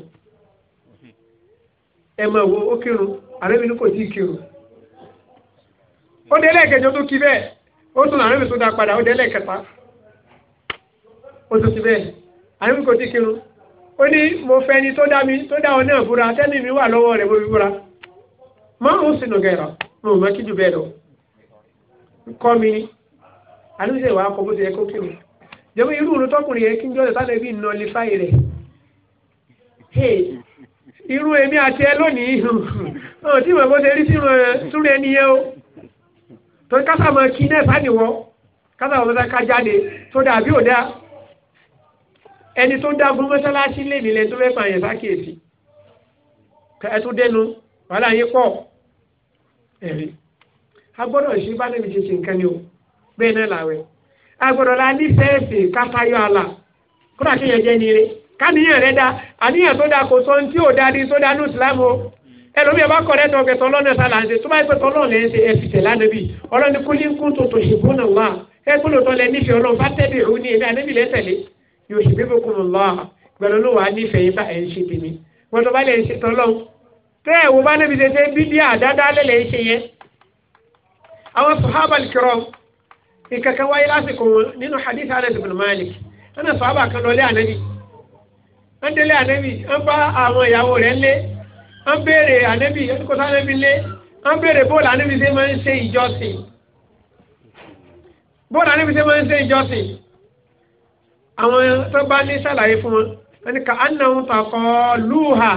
ẹ mọ̀ wo ó kírun àrẹ́bí ní kò tí ì kírun ó dé lẹ́ẹ̀kẹjọ tó kí bẹ́ẹ̀ ó tún àrẹ́bí tó dá padà ó dé lẹ́ẹ̀kẹta ó tún kí bẹ́ẹ̀ àrẹ́bí kò tí ì kírun ó ní mo fẹ́ ni tó dá mi tó dá ọ náà búra tẹ́lẹ̀ mi wà lọ́wọ́ rẹ̀ mo fi búra mọ́ òun sì nùgẹ̀rọ mo mọ́ kí jù bẹ́ẹ̀ lọ kọ́ mi ni àlùsẹ̀ wàá kọ́ bó ti yẹ kó kírun jẹ́wọ́ irú òun tọkùnrin yẹn kí n jọ́dọ̀ irú èmi àti ẹ lónìí náà tí mọ̀ bó ṣe rí sínú ẹ̀ túnrẹ́ ẹni yẹn o tó kásá mọ̀ kí náà sáníwọ́ kásá mọ̀ mọ́ta ká jáde tó dà ò dá ẹni tó dá fún mọ́sálásí lè nílẹ̀ tó mẹ́fà yẹn sákèsí ẹ dẹnu wàhálà yín pọ̀ ẹ̀rí a ṣe bá níbi ṣe nǹkan ni o bẹ́ẹ̀ náà làwẹ̀ a la nífẹ̀ẹ́sì káfáyọ̀ àlà kó dà kéèyàn jẹ́ nire káníyàn ẹlòmí ẹ bá kọ rẹ tọkẹ tọ lọnà sálà ń ṣe tó bá yẹ pé tọ lọnà ń ṣe ẹsì tẹ lánàbí ọlọ́ni kúlí ń kún tòtò ṣùgbọ́n náà wà ẹ kúlò tọ́ lẹ nífẹ̀ẹ́ ọlọ́run bá tẹ̀lé òun ní ẹ̀mí ànábì lẹ́tẹ̀lé yóò ṣì bí bókun lọ́ gbẹ̀rún ló wà nífẹ̀ẹ́ yín bá ẹ̀ ń ṣe tèmi wọ́n tó bá lẹ̀ ń ṣe tọ́lọ́run tẹ́ ẹ̀ wò bá níbi ṣe ṣe bíbí àdáadáa lẹ́lẹ̀ ń ṣe yẹn àwọn sahaba kiram ìkankan wáyé lásìkò nínú hadith ibn malik ẹnna sahaba kan lọlé ànábì ń délé ànábì ń bá wọ́n béèrè ànẹ́bí ẹ̀dúkọ́ sánẹ́bí lé wọ́n béèrè bóòlù ànẹ́bí ṣe máa ń ṣe ìjọsìn bóòlù ànẹ́bí ṣe máa ń ṣe ìjọsìn àwọn tó bá ní sàlàyé fún wọn wọ́n ní ká anáwó takọ lùhà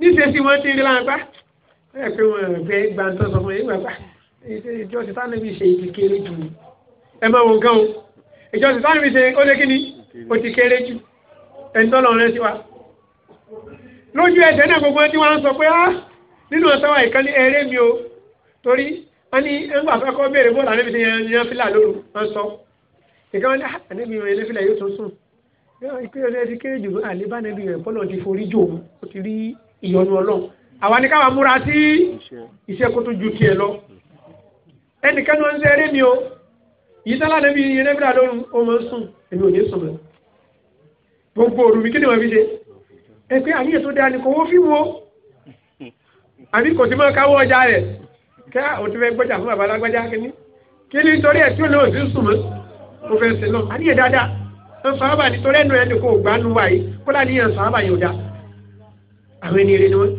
níṣẹ́ sí wọ́n ti rí láǹpá ẹ̀ pé ah, wọ́n gbé gbàǹtọ́ sọ fún yín gbàgbà ah, ìjọsìn sánẹ́bí ṣe ti kéré jù ẹ máa wọ nǹkan o ìjọsìn sánẹ́bí ṣe ó lé kíni ó ti kéré jù ẹ̀ ń sí wa lójú ẹsẹ̀ náà gbogbo ẹni wọ́n sọ pé á ah, nínú ọ̀sánwà ìkànnì ẹ̀rẹ́ mi o torí wọ́n ní ẹgbà fẹ́kọ́ béèrè bọ́ọ̀lù àníbi ti yan fílà lóru wọ́n sọ ìkànnì ní ah, àníbi yan ni káwa múra sí iṣẹ́ kó tó ju tiẹ̀ lọ ẹnìkan ní wọ́n ń ṣe eré mi o yìí tán láti bí yan ilé fílà lóru ó máa ń sùn èmi ò sùn mọ́ gbogbo òru mi kí ni wọ́n fi ṣe ẹgbẹ́ àníyàn tó dáa ni kò wọ́n fi wo àbí kò sí máa káwọ́ ọjà rẹ̀ ká òtún fẹ́ gbọ́jà fún bàbá alágbájá kínní kí ni nítorí ẹ̀ tí ó lóun ti ń sùn mọ́ kò fẹ́ sí náà àníyàn dáadáa ń sàábà nítorí ẹnu ẹni kò gbà nù wáyé kó láníyàn sàábà yóò dáa àwọn ẹni ni wọ́n.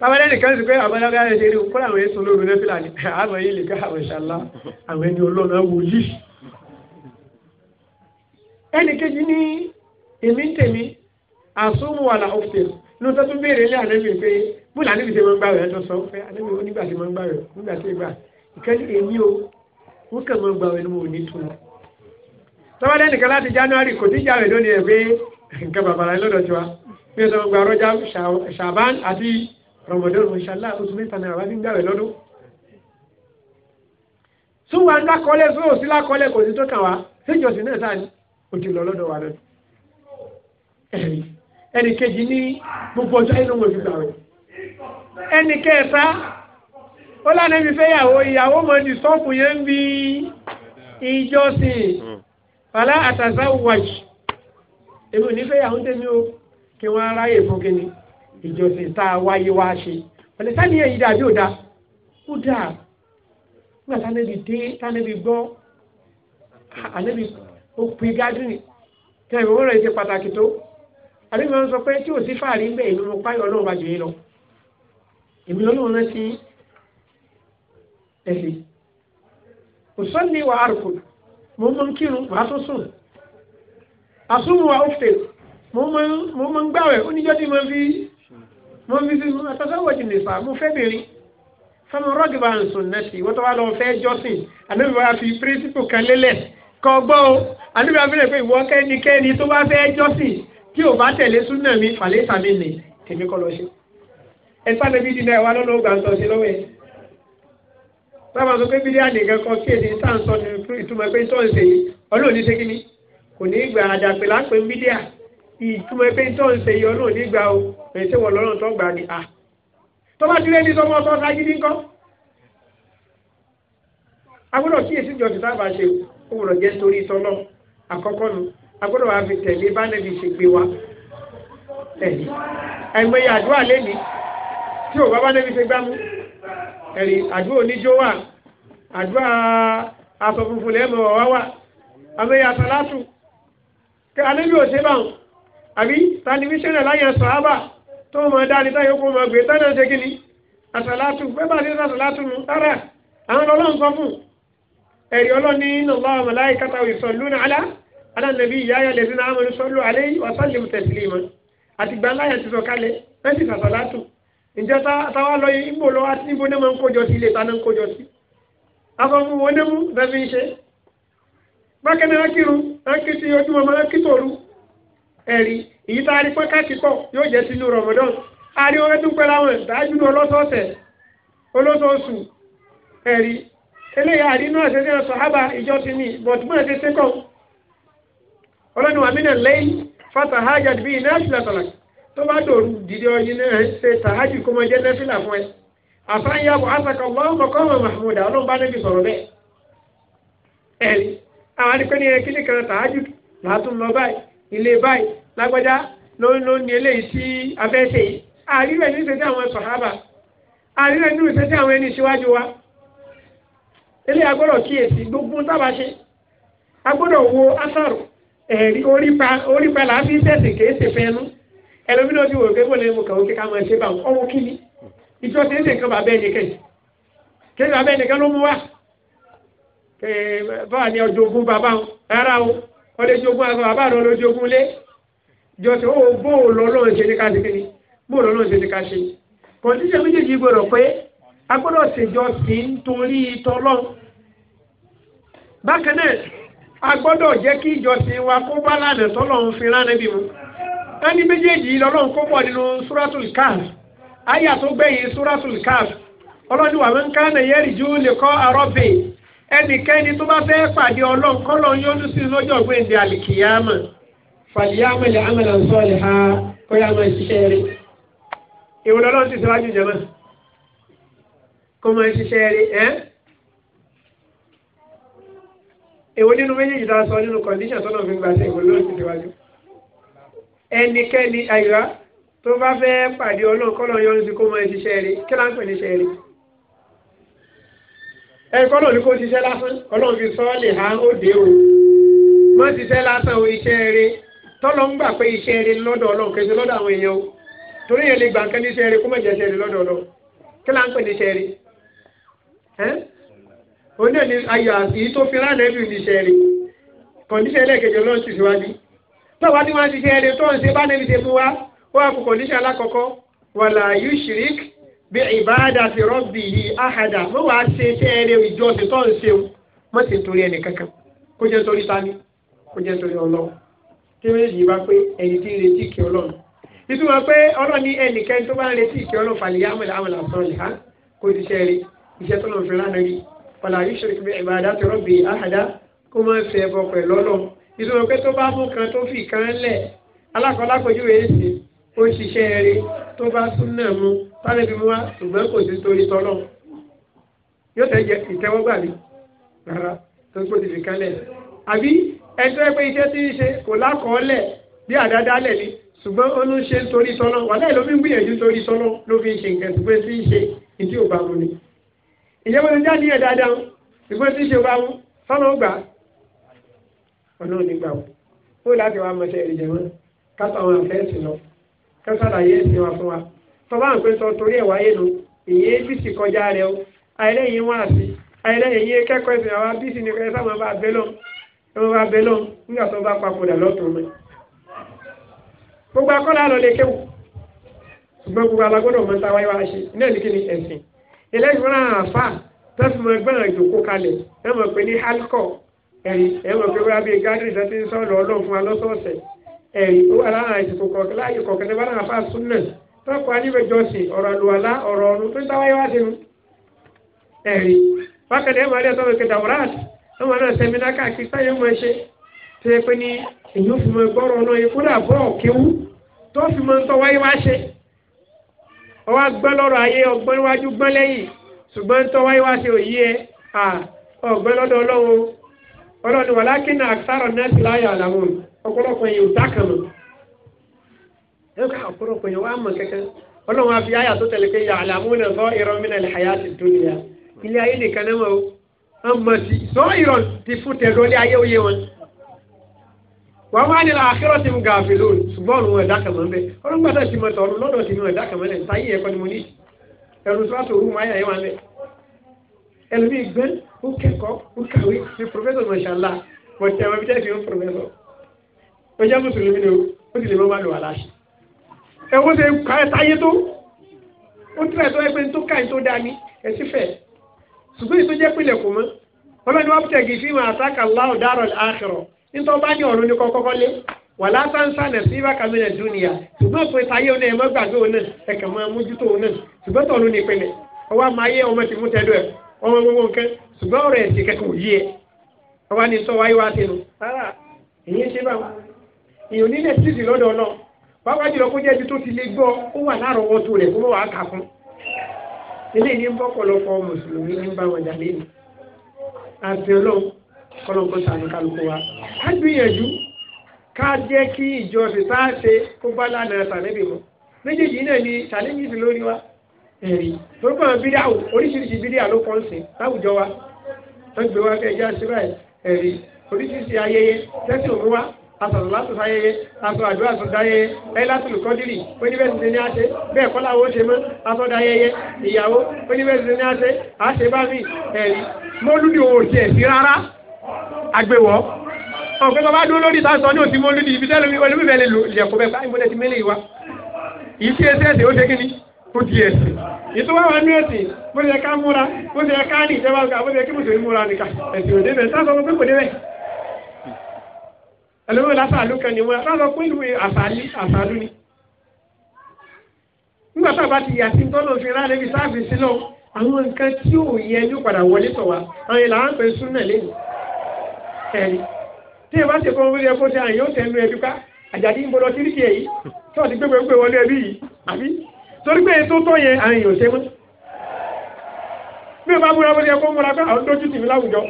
Tábàlẹ́ nìkan sì pé àbálágá ẹ̀ ṣe rí kó làwọn èso lóru lẹ́fìlà ni àwọn yìí lè ká àwọn ìṣàlá àwọn ẹni ọlọ́run wòlíì. Ẹnì kejì ní èmi ń tèmi àsùnwò àlà ọ̀fẹ́ ló tó tún béèrè lé ànẹ́bí pé bóòlù ànẹ́bí ṣe máa ń gbà rẹ̀ tó sọ pé ànẹ́bí onígbà ṣe máa ń gbà rẹ̀ nígbà tí gbà ìkẹ́lí èmi o wọ́n kàn máa ń gbà rẹ̀ ní mo ní tu. tọ́wọ́ lẹ́nìkan láti january kò tí jáwé lónìí ẹ̀ pé nǹkan bàbàrà lọ́dọ̀ tiwa pé sọ gba rọ́jà ṣàbán àti rọmọdé ìṣàlá oṣù mẹ́ta náírà wá ní gbà rẹ̀ lọ́dún. súnwà ńlá kọ́lé sóòsì lákọ́lé ẹnì kejì ní gbogbo ọjọ́ inú wọn fi gbà wẹ̀ ẹnì kẹta ó lánàá mi fẹ́yàwó ìyàwó mọ̀ ní sọ́ọ̀fù yẹn ń bi ìjọsìn fàlà àtàzà wàjì èmi ò ní fẹ́yàwó ń tẹ̀mí o kí wọ́n aráyè fún kínní ìjọsìn tá a wáyé wá ṣe ọ̀lẹ́ sáníyàn yìí dàbí ò dáa ó dáa nígbà tánẹ́bí dé tánẹ́bí gbọ́ ànẹ́bí ó pin gádùnì tẹ̀wé ó rẹ̀ ṣe pàtàkì tó àbí wọn sọ pé tí ò sí fàárí ń bẹ èmi mo páyọ Ọlọ́run bá jù yín lọ èmi Ọlọ́run náà sí ẹsẹ kò sọ́ni wà àrùkù mo mọ ń kírun wàá tó sùn àsùnwò wa ó fè mo mọ ń gbàwẹ̀ oníjọ́ tí mo fi mo fi fi àtọ́sọ́wọ́ jù nìfà mo fẹ́ bìnrin fọmọ rọ́ọ̀gì bá ń sùn nẹ́sì wọ́n tó wá lọ fẹ́ jọ́sìn ànábì wa fi píríncípù kan lélẹ̀ kọ́ gbọ́ o ànábì wa fi lè pe ìwọ kẹ́nikẹ́ni tó bá fẹ́ jọ́sìn tí ò bá tẹ̀lé súnà mi fàlẹ́ ìsàmì nì tèmi kọ́ lọ ṣe ẹ sáré bíi dídá ìwà lọ́nà ògbà ń sọ sí lọ́wọ́ ẹ̀ sábà sọ pé bídíà nìkan kan kí èdè sáà ń sọ ìtumọ̀ pé tọ́ǹsì yìí ọlọ́run ní sékíní kò ní gbà àdàpè lápẹ́ bídíà ìtumọ̀ pé tọ́ǹsì yìí ọlọ́run ní gbà o èyí tí kíyèsí ìjọ ti sábà ṣe òwúrọ̀ jẹ́ torí tọ́lọ́ àkọ́kọ́ nu agbọ́dọ̀ wà fi tẹ̀lé bá nẹ́bí ṣe gbé wa ẹ̀rí ẹ̀gbẹ́ yà àdúrà lẹ́ni tí ò bá bá nẹ́bí ṣe gbá mú ẹ̀rí àdúrà oníjó wà àdúrà aṣọ funfun lẹ́mọ̀ wà wà àmẹ́yà sàlátù kí alẹ́bí ò ṣe báwọn àbí tẹlifíṣẹ̀nà láyẹn sàhábà tó mọ̀ dáadé táyé kó mọ̀ gbé tẹ́lẹ̀ ṣe kíni àsàlátù bẹ́ẹ̀ bá ṣe sàlátù rárá àwọn ọlọ́run sọ fún ẹ̀rí ọlọ́ni inna Allaha wa malaikatahu yusalluna ala alánàbí ìyáyà yaya lezi na sọ́lù alẹ́ wàsálì tẹ̀sílì mọ́ àtìgbà ńlá yẹn ti sọ kalẹ̀ ẹ̀ sì sàṣàlátù ǹjẹ́ táwa lọ yìí ń bò lọ́wọ́ àti níbo náà máa ń kójọ sí ilé ìtaná ń kójọ sí afọ́fún wọn ní mú bẹ́ẹ̀ ṣe bákan náà kírun ákí sí ojúmọ́ máa kí tòru ẹ̀rí èyí tá a rí pé kákìkọ̀ yóò jẹ́ sínú Ramadan a rí orí tó pẹ́ láwọn ìdájú ní ọlọ́sọ̀ọ̀sẹ̀ olóṣooṣù ẹ̀rí eléyà àrínú àṣẹṣẹ́ sọ̀hábà ìjọsìn ní bọ̀dúmọ̀ ọlọ́ni wà mínà lẹ́yìn fata hajj bíi nẹ́ẹ̀sìlẹ̀ tọ̀lá tó bá dòru dìde ọyìn náà ṣe tàhájì kó máa jẹ́ nẹ́fìlà fún ẹ àfáyàwó asaka ọlọ́mọ kọ́mọ mahmuda ọlọ́mọba níbi sọ̀rọ̀ bẹ́ẹ̀ ẹ̀rí àwọn adìpẹ́ ní kíní kan tàhájì látún lọ báyìí ilé báyìí lágbájá ló ń ní eléyìí sí abẹ́sẹ̀ yìí àríwẹ̀ ní ìṣẹ́jú àwọn sàhábà àríwẹ̀ ní ìṣẹ́jú àwọn ẹni síwájú ẹ̀rí orípa là á fi tẹ̀sìn kìí ṣe fẹ́nu ẹlòmínú ti wò pé mo lè mú kàwọn kíkà máa ṣe bá wọn ọwọ́ kí ni ìjọ ṣe é ṣe nǹkan bàbá ẹnìkan kí bàbá ẹnìkan ló mú wá báwa ni ọjọ́ ogun bàbá wọn rárá o wọ́n lè jogún aṣọ bàbá rẹ lójú ogun lé jọ ṣe ó bó o lọ lọ́run ṣe ní ká ṣe kíni bó o lọ lọ́run ṣe ní ká ṣe kọ̀ǹtíṣẹ́ méjèèjì gbọ́dọ̀ pé a gbọ́dọ̀ ṣèjọ sí nítorí tọ́lọ́run bákan náà a gbọ́dọ̀ jẹ́ kí ìjọsìn wa kó bá lànà tọ́lọ́run fi rán níbi mu ẹni méjèèjì lọ́lọ́run kó pọ̀ nínú suratul Kahf àyà tó gbẹ̀yìn suratul Kahf ọlọ́ni wa man kana yarju liqa'a rabbih ẹnikẹ́ni tó bá fẹ́ pàdé ọlọ́run kọ́lọ́ yọ́nú sí lọ́jọ́ gbèǹde àlìkìyàmà fal-ya'mal 'amalan salihan kó yá máa ṣiṣẹ́ rí ìwòlọ́lọ́run ti síwájú jẹ́ mọ́ kó èwo nínú méjèèjì tá a sọ nínú condition tọ́nà fi gbà sí èwo ló ti tẹ̀wájú. ẹnikẹ́ni àyíká tó bá fẹ́ pàdé ọlọ́run kọ́lọ̀ yọrù sí kó mọ ìṣiṣẹ́ rí kí láǹpẹ̀ níṣẹ́ rí. ẹ kọ́lọ̀ ni kó ṣiṣẹ́ lásán ọlọ́run fi sọ lè há òde o mọ́ ṣiṣẹ́ lásán o iṣẹ́ rí tọ́lọ́ ń gbà pé iṣẹ́ rí lọ́dọ̀ ọlọ́run kejì lọ́dọ̀ àwọn èèyàn o torí yẹn lè gbà ń kẹ́ níṣẹ́ rí kó mọ̀ jẹ́ ṣẹ́ rí lọ́dọ̀ ọlọ́run kí láǹpẹ̀ níṣẹ́ rí oní ẹni ayọ̀ àti tó fi ránlẹ̀ bí ìṣẹ́ rẹ̀ kọ̀ndíṣẹ́ ẹlẹ́gẹ̀jọ lọ́n sì síwájú tọ́wọ́ tí wọ́n ti ṣe ẹni tó ń ṣe bá nẹ́bí ṣe mú wá ó wà kó kọ̀ndíṣẹ́ alákọ̀ọ́kọ́ wàlà yushrik bí ìbáàdà ti rọ́bì yìí áhàdà mọ́ wàá ṣe ṣe ẹni ìjọ ti tọ́ ń ṣe mọ́ sì torí ẹni kankan kó jẹ́ torí tani kó jẹ́ torí ọlọ́run tí méjì bá pé ẹni tí ń fàlà yushrik bi ibadati rabbi ahada kó máa ṣe ẹbọ pẹ̀lú Ọlọ́run ìṣòro pé tó bá mú kan tó fi kan lẹ̀ alákọ̀ọ́lákọ̀ọ́júwe èsì ó ń ṣiṣẹ́ eré tó bá súnà mu tálẹ́bí mu wá ṣùgbọ́n kò sí torí tọ́lọ́ yóò tẹ́ jẹ ìtẹ́wọ́gbà mi rárá tó ń ti fi kan lẹ̀ àbí ẹjọ́ pé iṣẹ́ tí ṣe kò lákọọ́lẹ̀ bí àdádálẹ̀ ni ṣùgbọ́n ó ń ṣe torí tọ́lọ́ wàlẹ́ ló fi ń gbìyànjú torí tọ́lọ́ ló fi ń ṣe nǹkan ṣùgbọ́n tí ń ṣe ìdí òbámu ni. ìjọba ní jáde yẹn dáadáa ìgbọ́n tí ìṣe bá mú sọ́nà ọ̀nà ò ó láti wá mọṣẹ́ ìrìnjẹ̀ wọn kátó àwọn àfẹ́sì lọ kásàlàyé ẹ̀sìn wa fún wa ń pè sọ torí nu kọjá rẹ o àìlẹ́yìn wọn àti àìlẹ́yìn kẹ́kọ̀ọ́ ẹ̀sìn ní kẹ́kẹ́ bá bẹ́ bá bẹ́ nígbà tó bá papòdà eléyìí ràn án fà tẹ́sí mọ ẹgbẹ́ náà ìdòkó kalẹ̀ ẹ mọ̀ pé ní alcohol ẹ̀rí ẹ mọ̀ pé wíwá bíi gádìrì tẹ́sí ń sọ̀rọ̀ ọlọ́run fún wa lọ́sọ̀ọ̀sẹ̀ ẹ̀rí ó wà láwọn àìsàn kọ̀ọ̀kan láàyè kọ̀ọ̀kan tẹ́ bá náà fà súnlẹ̀ tọ́pọ̀ aníbẹ̀jọsìn ọ̀rọ̀ àlùwàlá ọ̀rọ̀ ọ̀run tó ń táwáyé wá sínú ẹ̀rí wákàtí ẹ̀mọ̀ adé sọ́wọ́ ìkẹta wọ́rát ẹ̀mọ̀ náà sẹ́mínà káàkiri sáyé mọ̀ ẹ̀ṣẹ́ tó yẹ pé ní èyí ó fi mọ gbọ́rọ̀ náà yẹ kó dà bọ́ ọ̀kéwú tó fi mọ ń tọ́ wáyé wá ṣe ọwọ́ gbọ́n lọ́rọ̀ ayé ọgbọ́n iwájú gbọ́n lẹ́yìn ṣùgbọ́n tó wáyé wá ṣe òye ẹ ọgbọ́n lọ́dọ̀ ọlọ́run ọlọ́run wà lákínà àkàrọ̀ nẹ́ẹ̀sì láyà làwọn ọ̀pọ̀lọpọ̀ èèyàn ò dákàmù ẹ̀ka ọ̀pọ̀lọpọ̀ èèyàn wà mọ̀ kẹ́kẹ́ ọlọ́run àfi àyà tó tẹ̀lé pé yàrá àmúnà sọ wà wá nílò àkérò tí mo gà àfẹ lónìí ṣùgbọ́n òun ẹ̀dá kan mọ́ ń bẹ ọdún gbàdá ti mọ̀ tọ́lú lọ́dọ̀ tí mo ẹ̀dá kan mọ́ lẹ̀ nta yìí ẹ̀kọ́ ni mo ní ẹ̀rù tó aṣọ òru máyà yẹn wà lẹ̀ ẹlòmíì gbẹ́ ó kẹ́kọ̀ọ́ ó kàwé ní pòfẹ́sọ̀ mọ̀ṣálá bọ̀tẹ̀ àwọn abijá ìfihàn pòfẹ́sọ̀ ó jẹ́ mùsùlùmí ni ó ti lè mọ́ máa lò wà láṣẹ. ẹ wọ́n ṣe nítorí bá ní ọ̀run ní kọ́kọ́kọ́ lé wà lásán sànà sí ibà kan lóyè dúnìyà ṣùgbọ́n òpin táyé òun náà ẹ̀mọ́ gbàgbé òun náà ẹ̀kàn máa mójútó òun náà ṣùgbọ́n tọ̀run ní ìpínlẹ̀ ọwọ́ àmàyé ọmọ ti mú tẹ́lú ẹ̀ ọmọ gbogbo nǹkan ṣùgbọ́n ọ̀rọ̀ ẹ̀sìn kẹ́kọ̀ọ́ yí ẹ̀ ọwọ́ ni sọ wáyé wá sínú rárá èyí ṣe bá wọn èèyàn nílẹ̀ títì lọ́dọ̀ náà pàápàá jùlọ kó jẹ́ tó ti lè gbọ́ ó wà lárọ̀ọ́wọ́tó kọ́lọ́n kó sànù kálukú wa á gbìyànjú ká jẹ́ kí ìjọsìn tá a ṣe kó bá lánàá sànẹ́bì mọ́ méjèèjì náà ni challenge ti lórí wa ẹ̀rí torúkọ àwọn bídíà oríṣiríṣi bídíà ló kọ́ ń sìn láwùjọ wa wọ́n gbé wa kẹjá sí báyìí ẹ̀rí oríṣiríṣi ayẹyẹ tẹ́sí òun wa asọ̀rọ̀ láti sáyẹyẹ aṣọ àdúrà tó dáyẹyẹ ẹ láti lù kọ́dìrì oníbẹ̀sìtì ní àṣẹ bẹ́ẹ̀ kọ́ láwo ṣe mọ́ aṣọ dáyẹyẹ ìyàwó oníbẹ̀sìtì ní àṣẹ àṣẹ bá mi ẹ̀rí mọ́lúdì òòṣẹ̀ sí rárá agbéwọ́ ọ̀pẹ́ tó bá dúró lórí ìtàsọ ní òtí mọ́lúdì ibi tẹ́lẹ̀ olúmífẹ́ lè lò ìyẹ̀kọ́ bẹ́ẹ̀ báyìí mọ́lẹ̀ ti mẹ́lẹ̀ ìwá yìí tí ẹsẹ̀ ẹsẹ̀ ó ṣe kíní ó di ẹsẹ̀ ètò wà wọn ní ẹsẹ̀ bó ṣe ká múra bó ṣe ká ní ìjọba ọgá bó ṣe kí mùsùlùmí múra nìka ẹsẹ̀ òde bẹ̀ sáà sọ pé kò débẹ̀ ẹlòmíràn lásà ló kàn ní múra sáà sọ pé ìlú àṣàlí àṣàlú ni nígbà tá a bá ti yà sí tọ́lọ̀ fi rárẹ̀ bí sáà fi sílọ̀ àwọn nǹkan tí ò yẹ ní padà wọlé tọ̀ wá àwọn ìlànà pẹ̀ sún náà lẹ́yìn ẹ̀yìn tí ìbá ṣe fún orí ẹkọ́ ṣe àyìn ó tẹ̀lú ẹbí ká àjàdí ń bọ́lọ́ síríkì èyí tó ti gbégbé gbé wọlé ẹbí yìí àbí torí pé tó tọ́ yẹn àyìn ò ṣe mọ́ bí o bá múra bó ṣe kó múra pé àwọn dójú tì mí láwùjọ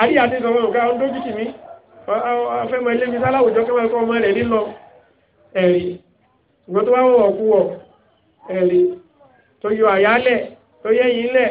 àrí àti ìsọ̀rọ̀ ọ̀gá àwọn dójú tì mí afẹ́mọ̀ ilé mi sáláwùjọ kí wọ́n kọ́ ọmọ rẹ̀ nílọ ẹ̀rí ìgbọ́n tó wá wọ̀ ọ̀kú wọ̀ ẹ̀rí tó yọ àyálẹ̀ tó yẹ́yìn lẹ̀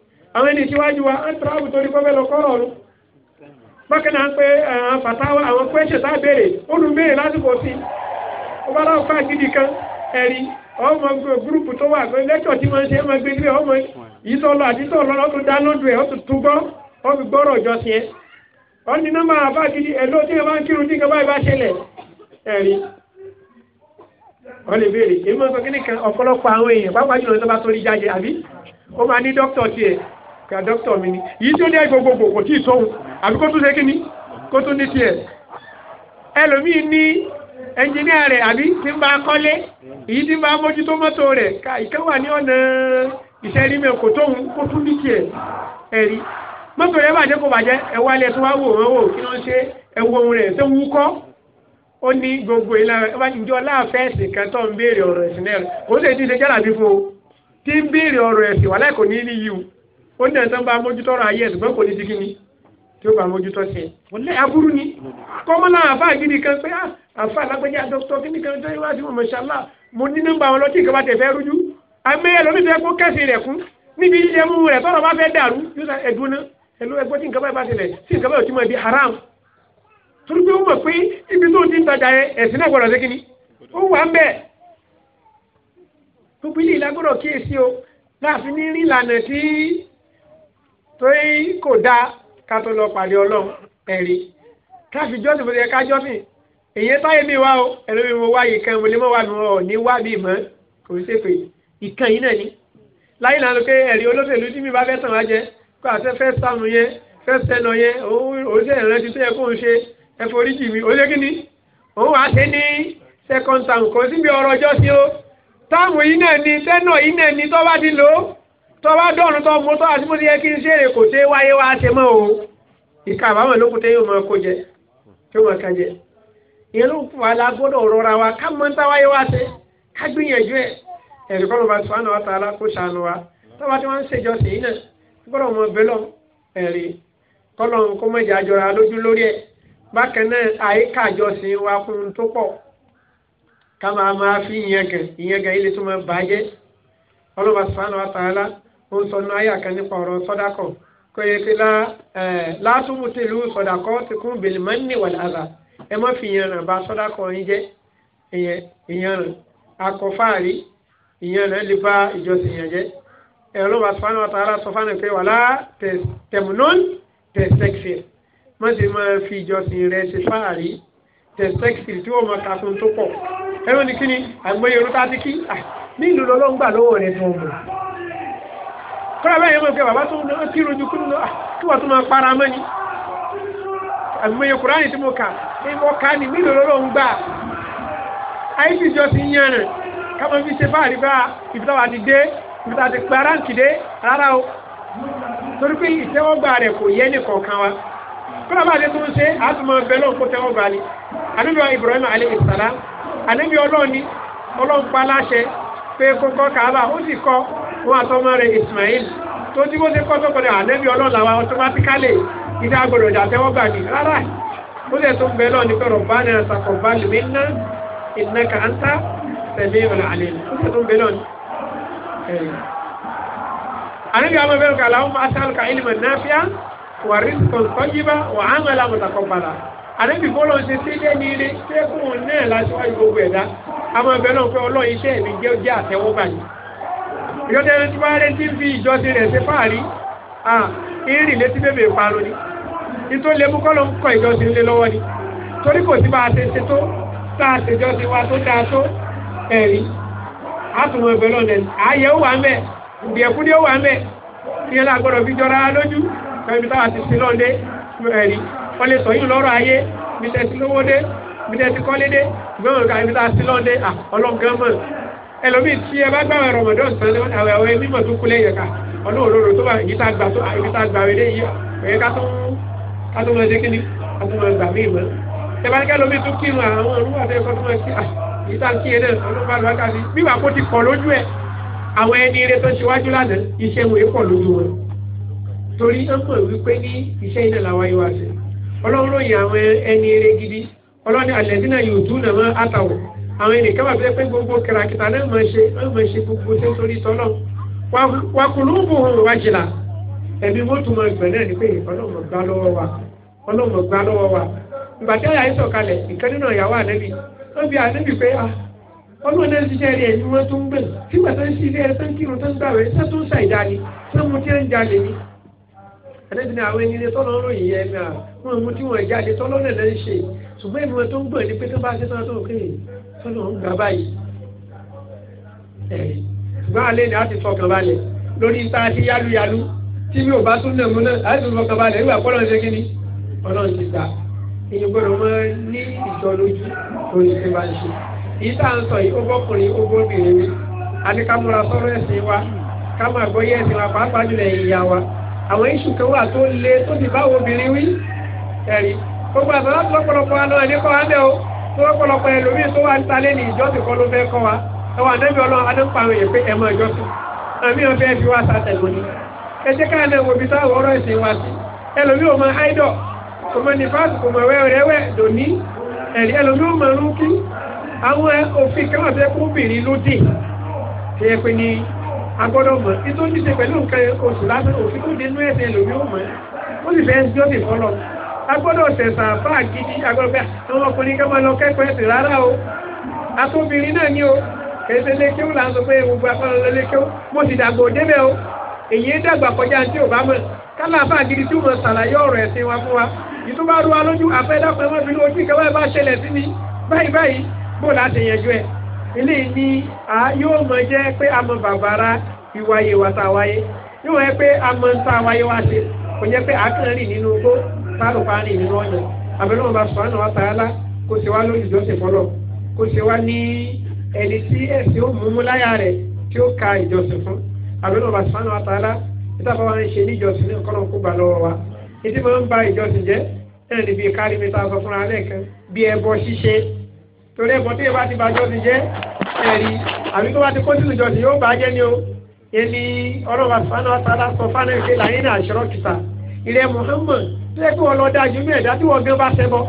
àwọn ẹni síwájú wa ń tọ́wọ́ torí kọ́fẹ́ lọ kọ́rọ̀ ọ̀run bákan náà pé àwọn àwọn pẹ́ṣẹ̀ tá a béèrè olùbéèrè lásìkò sí ó bá láwọn fáà gidi kan ẹ̀rí ọmọ gúrùpù tó wà pé lẹ́tọ̀ tí wọ́n ṣe é máa gbé ọmọ yìí àti tó lọ lọ́ tó dá lọ́dún gidi bá ìjọba kí a dókítà mi ni yìí tí ó dé gbogbogbò kò tí ì àbí kó tún ṣe kí ni kó tún ní tiẹ̀ ẹlòmíì ní ẹnjìníà rẹ̀ àbí tí ń bá kọ́lé èyí tí ń bá mójútó mọ́tò rẹ̀ ká ìkẹwà ní ọ̀nà iṣẹ́ rí mẹ́kò tóhun kó tún ní tiẹ̀ ẹ̀rí mọ́tò rẹ̀ bàjẹ́ kò bàjẹ́ ẹ̀wọ́ alẹ́ tó wá wò wọ́n wò kí wọ́n ṣe ẹ̀wọ́ ohun rẹ̀ tó wú kọ́ ó ní gbogbo ìlànà ìjọ láàfẹ́ẹ̀sì kan tó ń ó ní ẹ̀sán bá mójútó ọ̀rọ̀ ayé ẹ̀sùn kò ní ti kíni tí ó bá mójútó sí i wọ́n lé aburú ni kọ́mọ́lá àfa àgídì kan pé ah, àfa alágbèjà dókítà ní kan tó yẹ wá sí mọ̀ ṣáláà mo ní nọ́mbà àwọn ọlọ́tí ìkọ́ba tẹ̀ fẹ́ rújú amẹ́yẹ lómi fẹ́ kó kẹ́sì rẹ̀ kún níbi yíyẹ mú rẹ̀ tọ́rọ̀ bá fẹ́ dàrú yóò ẹ̀dùn náà ẹ̀lú ẹgbẹ́ tí nǹkan bá bá tilẹ̀ tí nǹkan haram torí pé ó mọ̀ pé ibi tó ti ń tajà yẹ ẹ̀sìn náà gbọ́dọ̀ sékìní ó wà ń bẹ̀ gbogbo ilé ìlà gbọ́dọ̀ kíyèsí láàfin ní rí ìlànà tí torí kò dáa ká tó lọ pàdé ọlọ́run ẹ̀rí káfí jọ́sìn fún ẹ̀ka jọ́sìn èyí táyé mi wá o ẹlòmíì mo wá ìkan mo lè mọ̀ wá mi ọ̀ ní wá mi mọ́ kò sí pé ìkan yìí náà ni láyé náà ló pé ẹ̀rí olóṣèlú tí mi bá fẹ́ tàn wá jẹ kó àti fẹ́ sàmù yẹn fẹ́ sẹ́nà yẹn òun ṣe ìrántí tó yẹ kó ń ṣe ẹ forí jì mí ó lé kíni òun wàá ṣe ní second term kò síbi ọ̀rọ̀ ọjọ́ sí o táàmù yìí náà ni tẹ́nà yìí náà ni tó bá ti lò ó tó bá dọ̀rùn tó mú tó àti mú ní ẹ kí n ṣe èrè kò tẹ́ wáyé wá ṣe mọ́ o ìka àbámọ̀ ló kù tẹ́ yóò máa kó jẹ tí máa ka jẹ ìyẹn ló fà á lágbọ́dọ̀ rọra wa ká mọ́ tá wáyé wá ṣe ká gbìyànjú ẹ̀ ẹ̀rí kọ́ ló bá sùn àwọn àtàlà kó ṣàánú wa tó bá tí wọ́n ń ṣèjọ sí iná gbọ́dọ̀ mọ bẹ́lọ̀ ẹ̀rí kọ́lọ̀ kó mọ̀jà jọra lójú lórí ẹ̀ bákan náà àtàlà ó ń sọnù ayé àkàn nípa ọ̀rọ̀ sọ́dákọ̀ kò yẹ kí látúmù tí ìlú sọ̀dàkọ́ ti kún bèlìmọ́ ní wàlá àzà ẹ má fi ìyànràn bá sọ́dákọ̀ yín jẹ́ ìyànràn akọ̀fáàrí ìyànràn lè bá ìjọsìn yàn jẹ́ ẹ̀rọ wa sọ́fánà wa tààrà pé wàlá tẹ̀mùnún tẹ̀sẹ̀kìfì má ti máa fi ìjọsìn rẹ̀ ti fáàrí tẹ̀sẹ̀kìfì ah, tí wọ́n máa kà tó pọ̀ ẹ̀rọ ni kí ni àgbẹ̀yẹ̀ orúkọ àti kí ní ìlú lọ́lọ́ kọ́lá báyìí wọ́n fẹ́ bàbá tó ń náà kírun ju kúrú náà ah, kí wọ́n tó máa para mọ́ ni àgbẹ̀mọye kùránì tí mo kà ní mo kà ní mílò lọ́rọ̀ ń gbà àìsí ìjọ ti yan rẹ̀ káwọn fi ṣe báàrí bá ìfitàwà ti dé ìfitàwà ti pẹ́ aráǹkì dé rárá o torí pé ìtẹ́wọ́gbà rẹ̀ kò yẹ ní kọ̀ọ̀kan wa kọ́lá bá dé tó ń ṣe àtúmọ̀ bẹ́ẹ̀ lọ́n kó tẹ́wọ́gbà ni àníbi Ibrahim alayhi salam àníbi ọlọ́ọ̀ni ọlọ́ọ̀pá láṣẹ pé kókọ́ kàábà ó sì kọ́ wọn àtọmọ rẹ̀ Ismail tó tí wọ́n ti kọ́ tó kọ́lẹ̀ ànẹ́bí ọlọ́làwà automatically ìdá agbọ̀dọ̀ ìdàtẹ́wọ́ gbà ní rárá ó lè tó bẹ̀rẹ̀ lọ ní pẹ̀rọ̀ bá ní àtàkọ̀ bá lè mẹ́ná ìnáka àńtá tẹ̀lé ìrọ̀lẹ̀ àlẹ́ ó lè tó bẹ̀rẹ̀ lọ ní. ànẹ́bí ọmọ bẹ̀rẹ̀ kàlà ó máa sálùkà ilmọ̀ náfíà wà rí àdébì bọ́lọ̀ ṣe sí lẹ́ni ilé tẹ́kùn náà láṣíwájú gbogbo ẹ̀dá àmọ́ ẹ̀bẹ̀ náà fẹ́ ọlọ́run iṣẹ́ mi jẹ́ jẹ́ àtẹ́wọ́gbà yìí ìjọba ẹni tí wọ́n rẹ̀ ti fi ìjọsìn rẹ̀ ṣe fáàrí à ìrìn létí bèbè parun ni ìtò lè mú kọ́lọ́ ń kọ ìjọsìn lé lọ́wọ́ ni torí kò sí bá a ṣe ṣe tó tá a ṣe jọsìn wa tó dáa tó ẹ̀rí àtùmọ̀ ẹ̀bẹ̀ náà nẹ̀ ààyè ó wà mẹ́ ìgbìyànjú ó wà mẹ́ ìyẹn lágbọ́dọ̀ fi jọra lójú pẹ̀lú táwa ti sin lọ́ndé ẹ̀rí wọ́n lè sọ yín lọ́rọ̀ ayé bí tẹ́ ti lówó dé bí tẹ́ ti kọ́lé dé ṣùgbọ́n ọ̀gá ibi tá a sí lọ́dẹ ọlọ́gán mọ̀ ẹlòmíì tí ẹ bá gbàwé rọmọdé ọ̀sán àwẹ̀ àwẹ̀ mímọ̀ tó kúlẹ̀ yẹn ká ọlọ́run olóró tó bá ibi tá a gbà tó ibi tá a gbà wẹ̀lé yìí ọ̀yẹ́ ká tó ká tó máa ṣe kíni ká tó máa gbà mí mọ́ ẹ bá kẹ́ lómi tún kírun àwọn olúwa tó yẹ kó tó máa kí ibi tá a yẹn náà ọlọ́run bá àwọn ẹni eré tó ṣíwájú lánàá iṣẹ́ wọn pọ̀ lójú wọn torí ẹ mọ̀ wípé ní iṣẹ́ iná làwọn yóò wá ọlọ́run ròyìn àwọn ẹni eré gidi ọlọ́ni àlẹ́dínà yóò tún náà máa àtàwọ̀ àwọn ẹnì kan wà tó yẹ pé gbogbo kìràkìtà náà máa ṣe náà máa ṣe gbogbo tó torí tọ́lọ̀ ẹ̀mí máa gbẹ̀ náà ni pé ọlọ́run gbá lọ́wọ́ wa ìgbà tí àyà ìsọ̀ kalẹ̀ ìkan nínú ànẹ́bí wọ́n ànẹ́bí pé ah, ọlọ́run náà ṣiṣẹ́ ẹ̀yìn wọn tó ń gbẹ̀ tó ń ṣiṣẹ́ rẹ̀ tó àdébí ni àwọn ènìyàn tọ́lọ́ ń ròyìn yẹn náà wọn mú tí wọn jáde tọ́lọ́ náà lẹ́ ń ṣe ṣùgbọ́n ìmọ̀ tó ń gbọ̀n ni pé tó bá ṣe tọ́lọ́ tó ń kéwì tọ́lọ́ ń gbà báyìí. ṣùgbọ́n alẹ́ ni a ti fọkàn balẹ̀ lórí ta ti yáluyalu tí mi ò bá tún nà náà a ti fọkàn balẹ̀ nígbà kọ́ ṣe kí ni ọlọ́run ti gbà èyí gbọ́dọ̀ mọ́ ní ìjọ lójú lórí ti bá ń ṣe èyí tá à ń sọ yìí ó bọ́kùnrin ó àwọn iṣu kan wà tó le tó ti báwo obìnrin wí ẹ̀rí gbogbo àtàlà tó lọ́pọ̀lọpọ̀ wa náà nípa wa bẹ́ẹ̀ o tó lọ́pọ̀lọpọ̀ ẹlòmíì tó wà níta lẹ́nu ìjọsìn kọ́ ló fẹ́ kọ́ wa ẹwà nẹ́bí ọlọ́run adépa àwọn èèyàn pé ẹ mọ ìjọsìn àmì ọ̀fẹ́ fi wá sátẹ̀lú ni ẹ jẹ́ káà náà wòbí táwọn ọ̀rọ̀ ìsìn wa sí ẹlòmíì ò mọ áìdọ̀ kò mọ nífàsì kò mọ wẹ́wẹ́rẹ́wẹ́ dòní ẹ̀rí ẹlòmíì ò mọ rúkí àwọn òfin kẹwàá tó yẹ kó bìnrin ló dì tó yẹ pé ní agbọ́dọ̀ mọ̀ tí tó jíṣe pẹ̀lú nǹkan oṣù lásán òfin ó dénú ẹ̀sẹ̀ lómi ó mọ̀ ó sì fẹ́ ẹ̀sìn ọ̀sìn fọlọ́ agbọ́dọ̀ tẹ̀sà fáà gidi agbọ́dọ̀ pé àwọn ọkùnrin kan máa lọ kẹ́kọ̀ọ́ ẹ̀sìn rárá o atóbìnrin náà ni o kẹsẹ̀ lékè ó là ń sọ pé gbogbo afárá lọ lékè ó mo sì dàgbò débẹ̀ o èyí dàgbà kọjá tí ò bá mọ̀ kálá fáà gidi tí ó mọ̀ sàlàyé ọ̀rọ̀ ẹ̀sìn wa fún wa ìtú bá rú wa lójú àfẹ́dàpẹ́ mọ́bìnrin ojú ìkẹ́wẹ́ bá ṣẹlẹ̀ sí mi báyìí báyìí bó láti yẹjú ẹ̀ ilé ní a yóò mọ̀ jẹ́ pé a mọ̀ bàbára ìwáyé wa tá a yóò wáyé pé a mọ̀ tá a ṣe kò jẹ́ pé a kàn rìn nínú igbó sáàrò pa rìn nínú ọ̀nà abẹ́rẹ́ wọn bá sọ àná wa tààlà kó ṣe wá lórí ìjọsìn fọlọ́ kó ṣe wá ní ẹni tí ẹ̀sìn ó mú mú láyà rẹ̀ tí ó ka ìjọsìn fún abẹ́rẹ́ wọn bá sọ àná wa tààlà ìtàbá wa ń ṣe ní ìjọsìn ní ọkọ́ náà kó gbà lọ́wọ́ wa ìdí máa ń ba ìjọsìn jẹ́ ẹ̀rìn torí ẹ̀kọ́ tí ìbá ti bàjọ́ ti jẹ́ ẹ̀rí àbí tó bá ti kó sínú ìjọsìn yóò bàjẹ́ ni o èmi ọlọ́wà sanu asada sọ fánà ìfẹ́ láyé ní àṣírọ́ kìtà ilẹ̀ Muhammad tó yẹ kí wọ́n lọ dájú mí ẹ̀dá tí wọ́n gán bá ṣẹbọ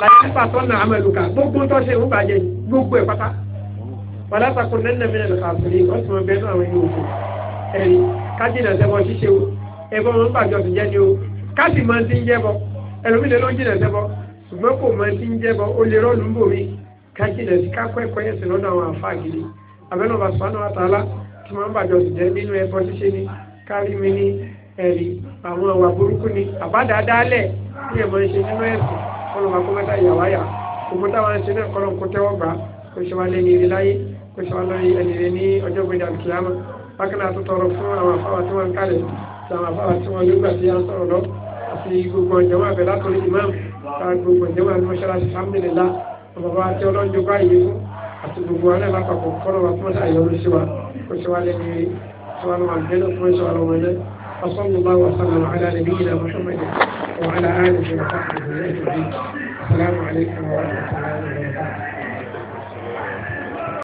láyé nípa sọ́nà amẹ́lùkà gbogbo tó ṣe ń bàjẹ́ gbogbo ẹ̀ pátá pàdásàkùn nẹ́nà mi nà kàfìrí ọ̀sùn ọ̀bẹ náà wọ́n yóò fún ẹ̀rí kájínà ṣẹbọ ṣíṣe o ẹ̀bọ wọn bàjọ́ ti jẹ́ ni o káàsì ló ń jìnà ṣẹbọ ṣùgbọ́n kò máa ti ń jẹ́bọ ó lè rọ́ọ̀lù ń bò mí kájìnà sí kákọ́ ẹ̀kọ́ yẹn sìn lọ́dọ̀ àwọn àfa gidi abẹ́nú bá sọ́nà àtàlá tí wọ́n bá jọ jẹ́ nínú ẹbọ ṣíṣe ni kárí mi ní ẹ̀rí àwọn àwà burúkú ni àbádáadáalẹ̀ ní ẹ̀mọ́ ṣe nínú ẹ̀sìn kọlọ́mà kó mẹ́ta ìyàwó àyà òkúta wa ń ṣe náà kọlọ́m kó tẹ́wọ́ gbà kó ṣe wá lé ní ìrì láyé kó ṣe wá lórí ẹni rẹ ní ọjọ́ gbẹdà kìlámà bákan náà tó tọrọ fún àwọn afáwà tí wọ́n ń kalẹ̀ àti àwọn yóò gbà bàbá àti ọlọ́njọ́ báyìí ó àti gbogbo alẹ́ lápapọ̀ kọ́lọ́wà tó dá ìyọrù sí wa kó sí wa lẹ́nu rí sí wa lọ́wọ́ àgbẹ̀lẹ̀ fún ìṣọ́ àwọn ọmọdé وصلى الله وسلم على نبينا محمد وعلى اله وصحبه اجمعين السلام عليكم ورحمه الله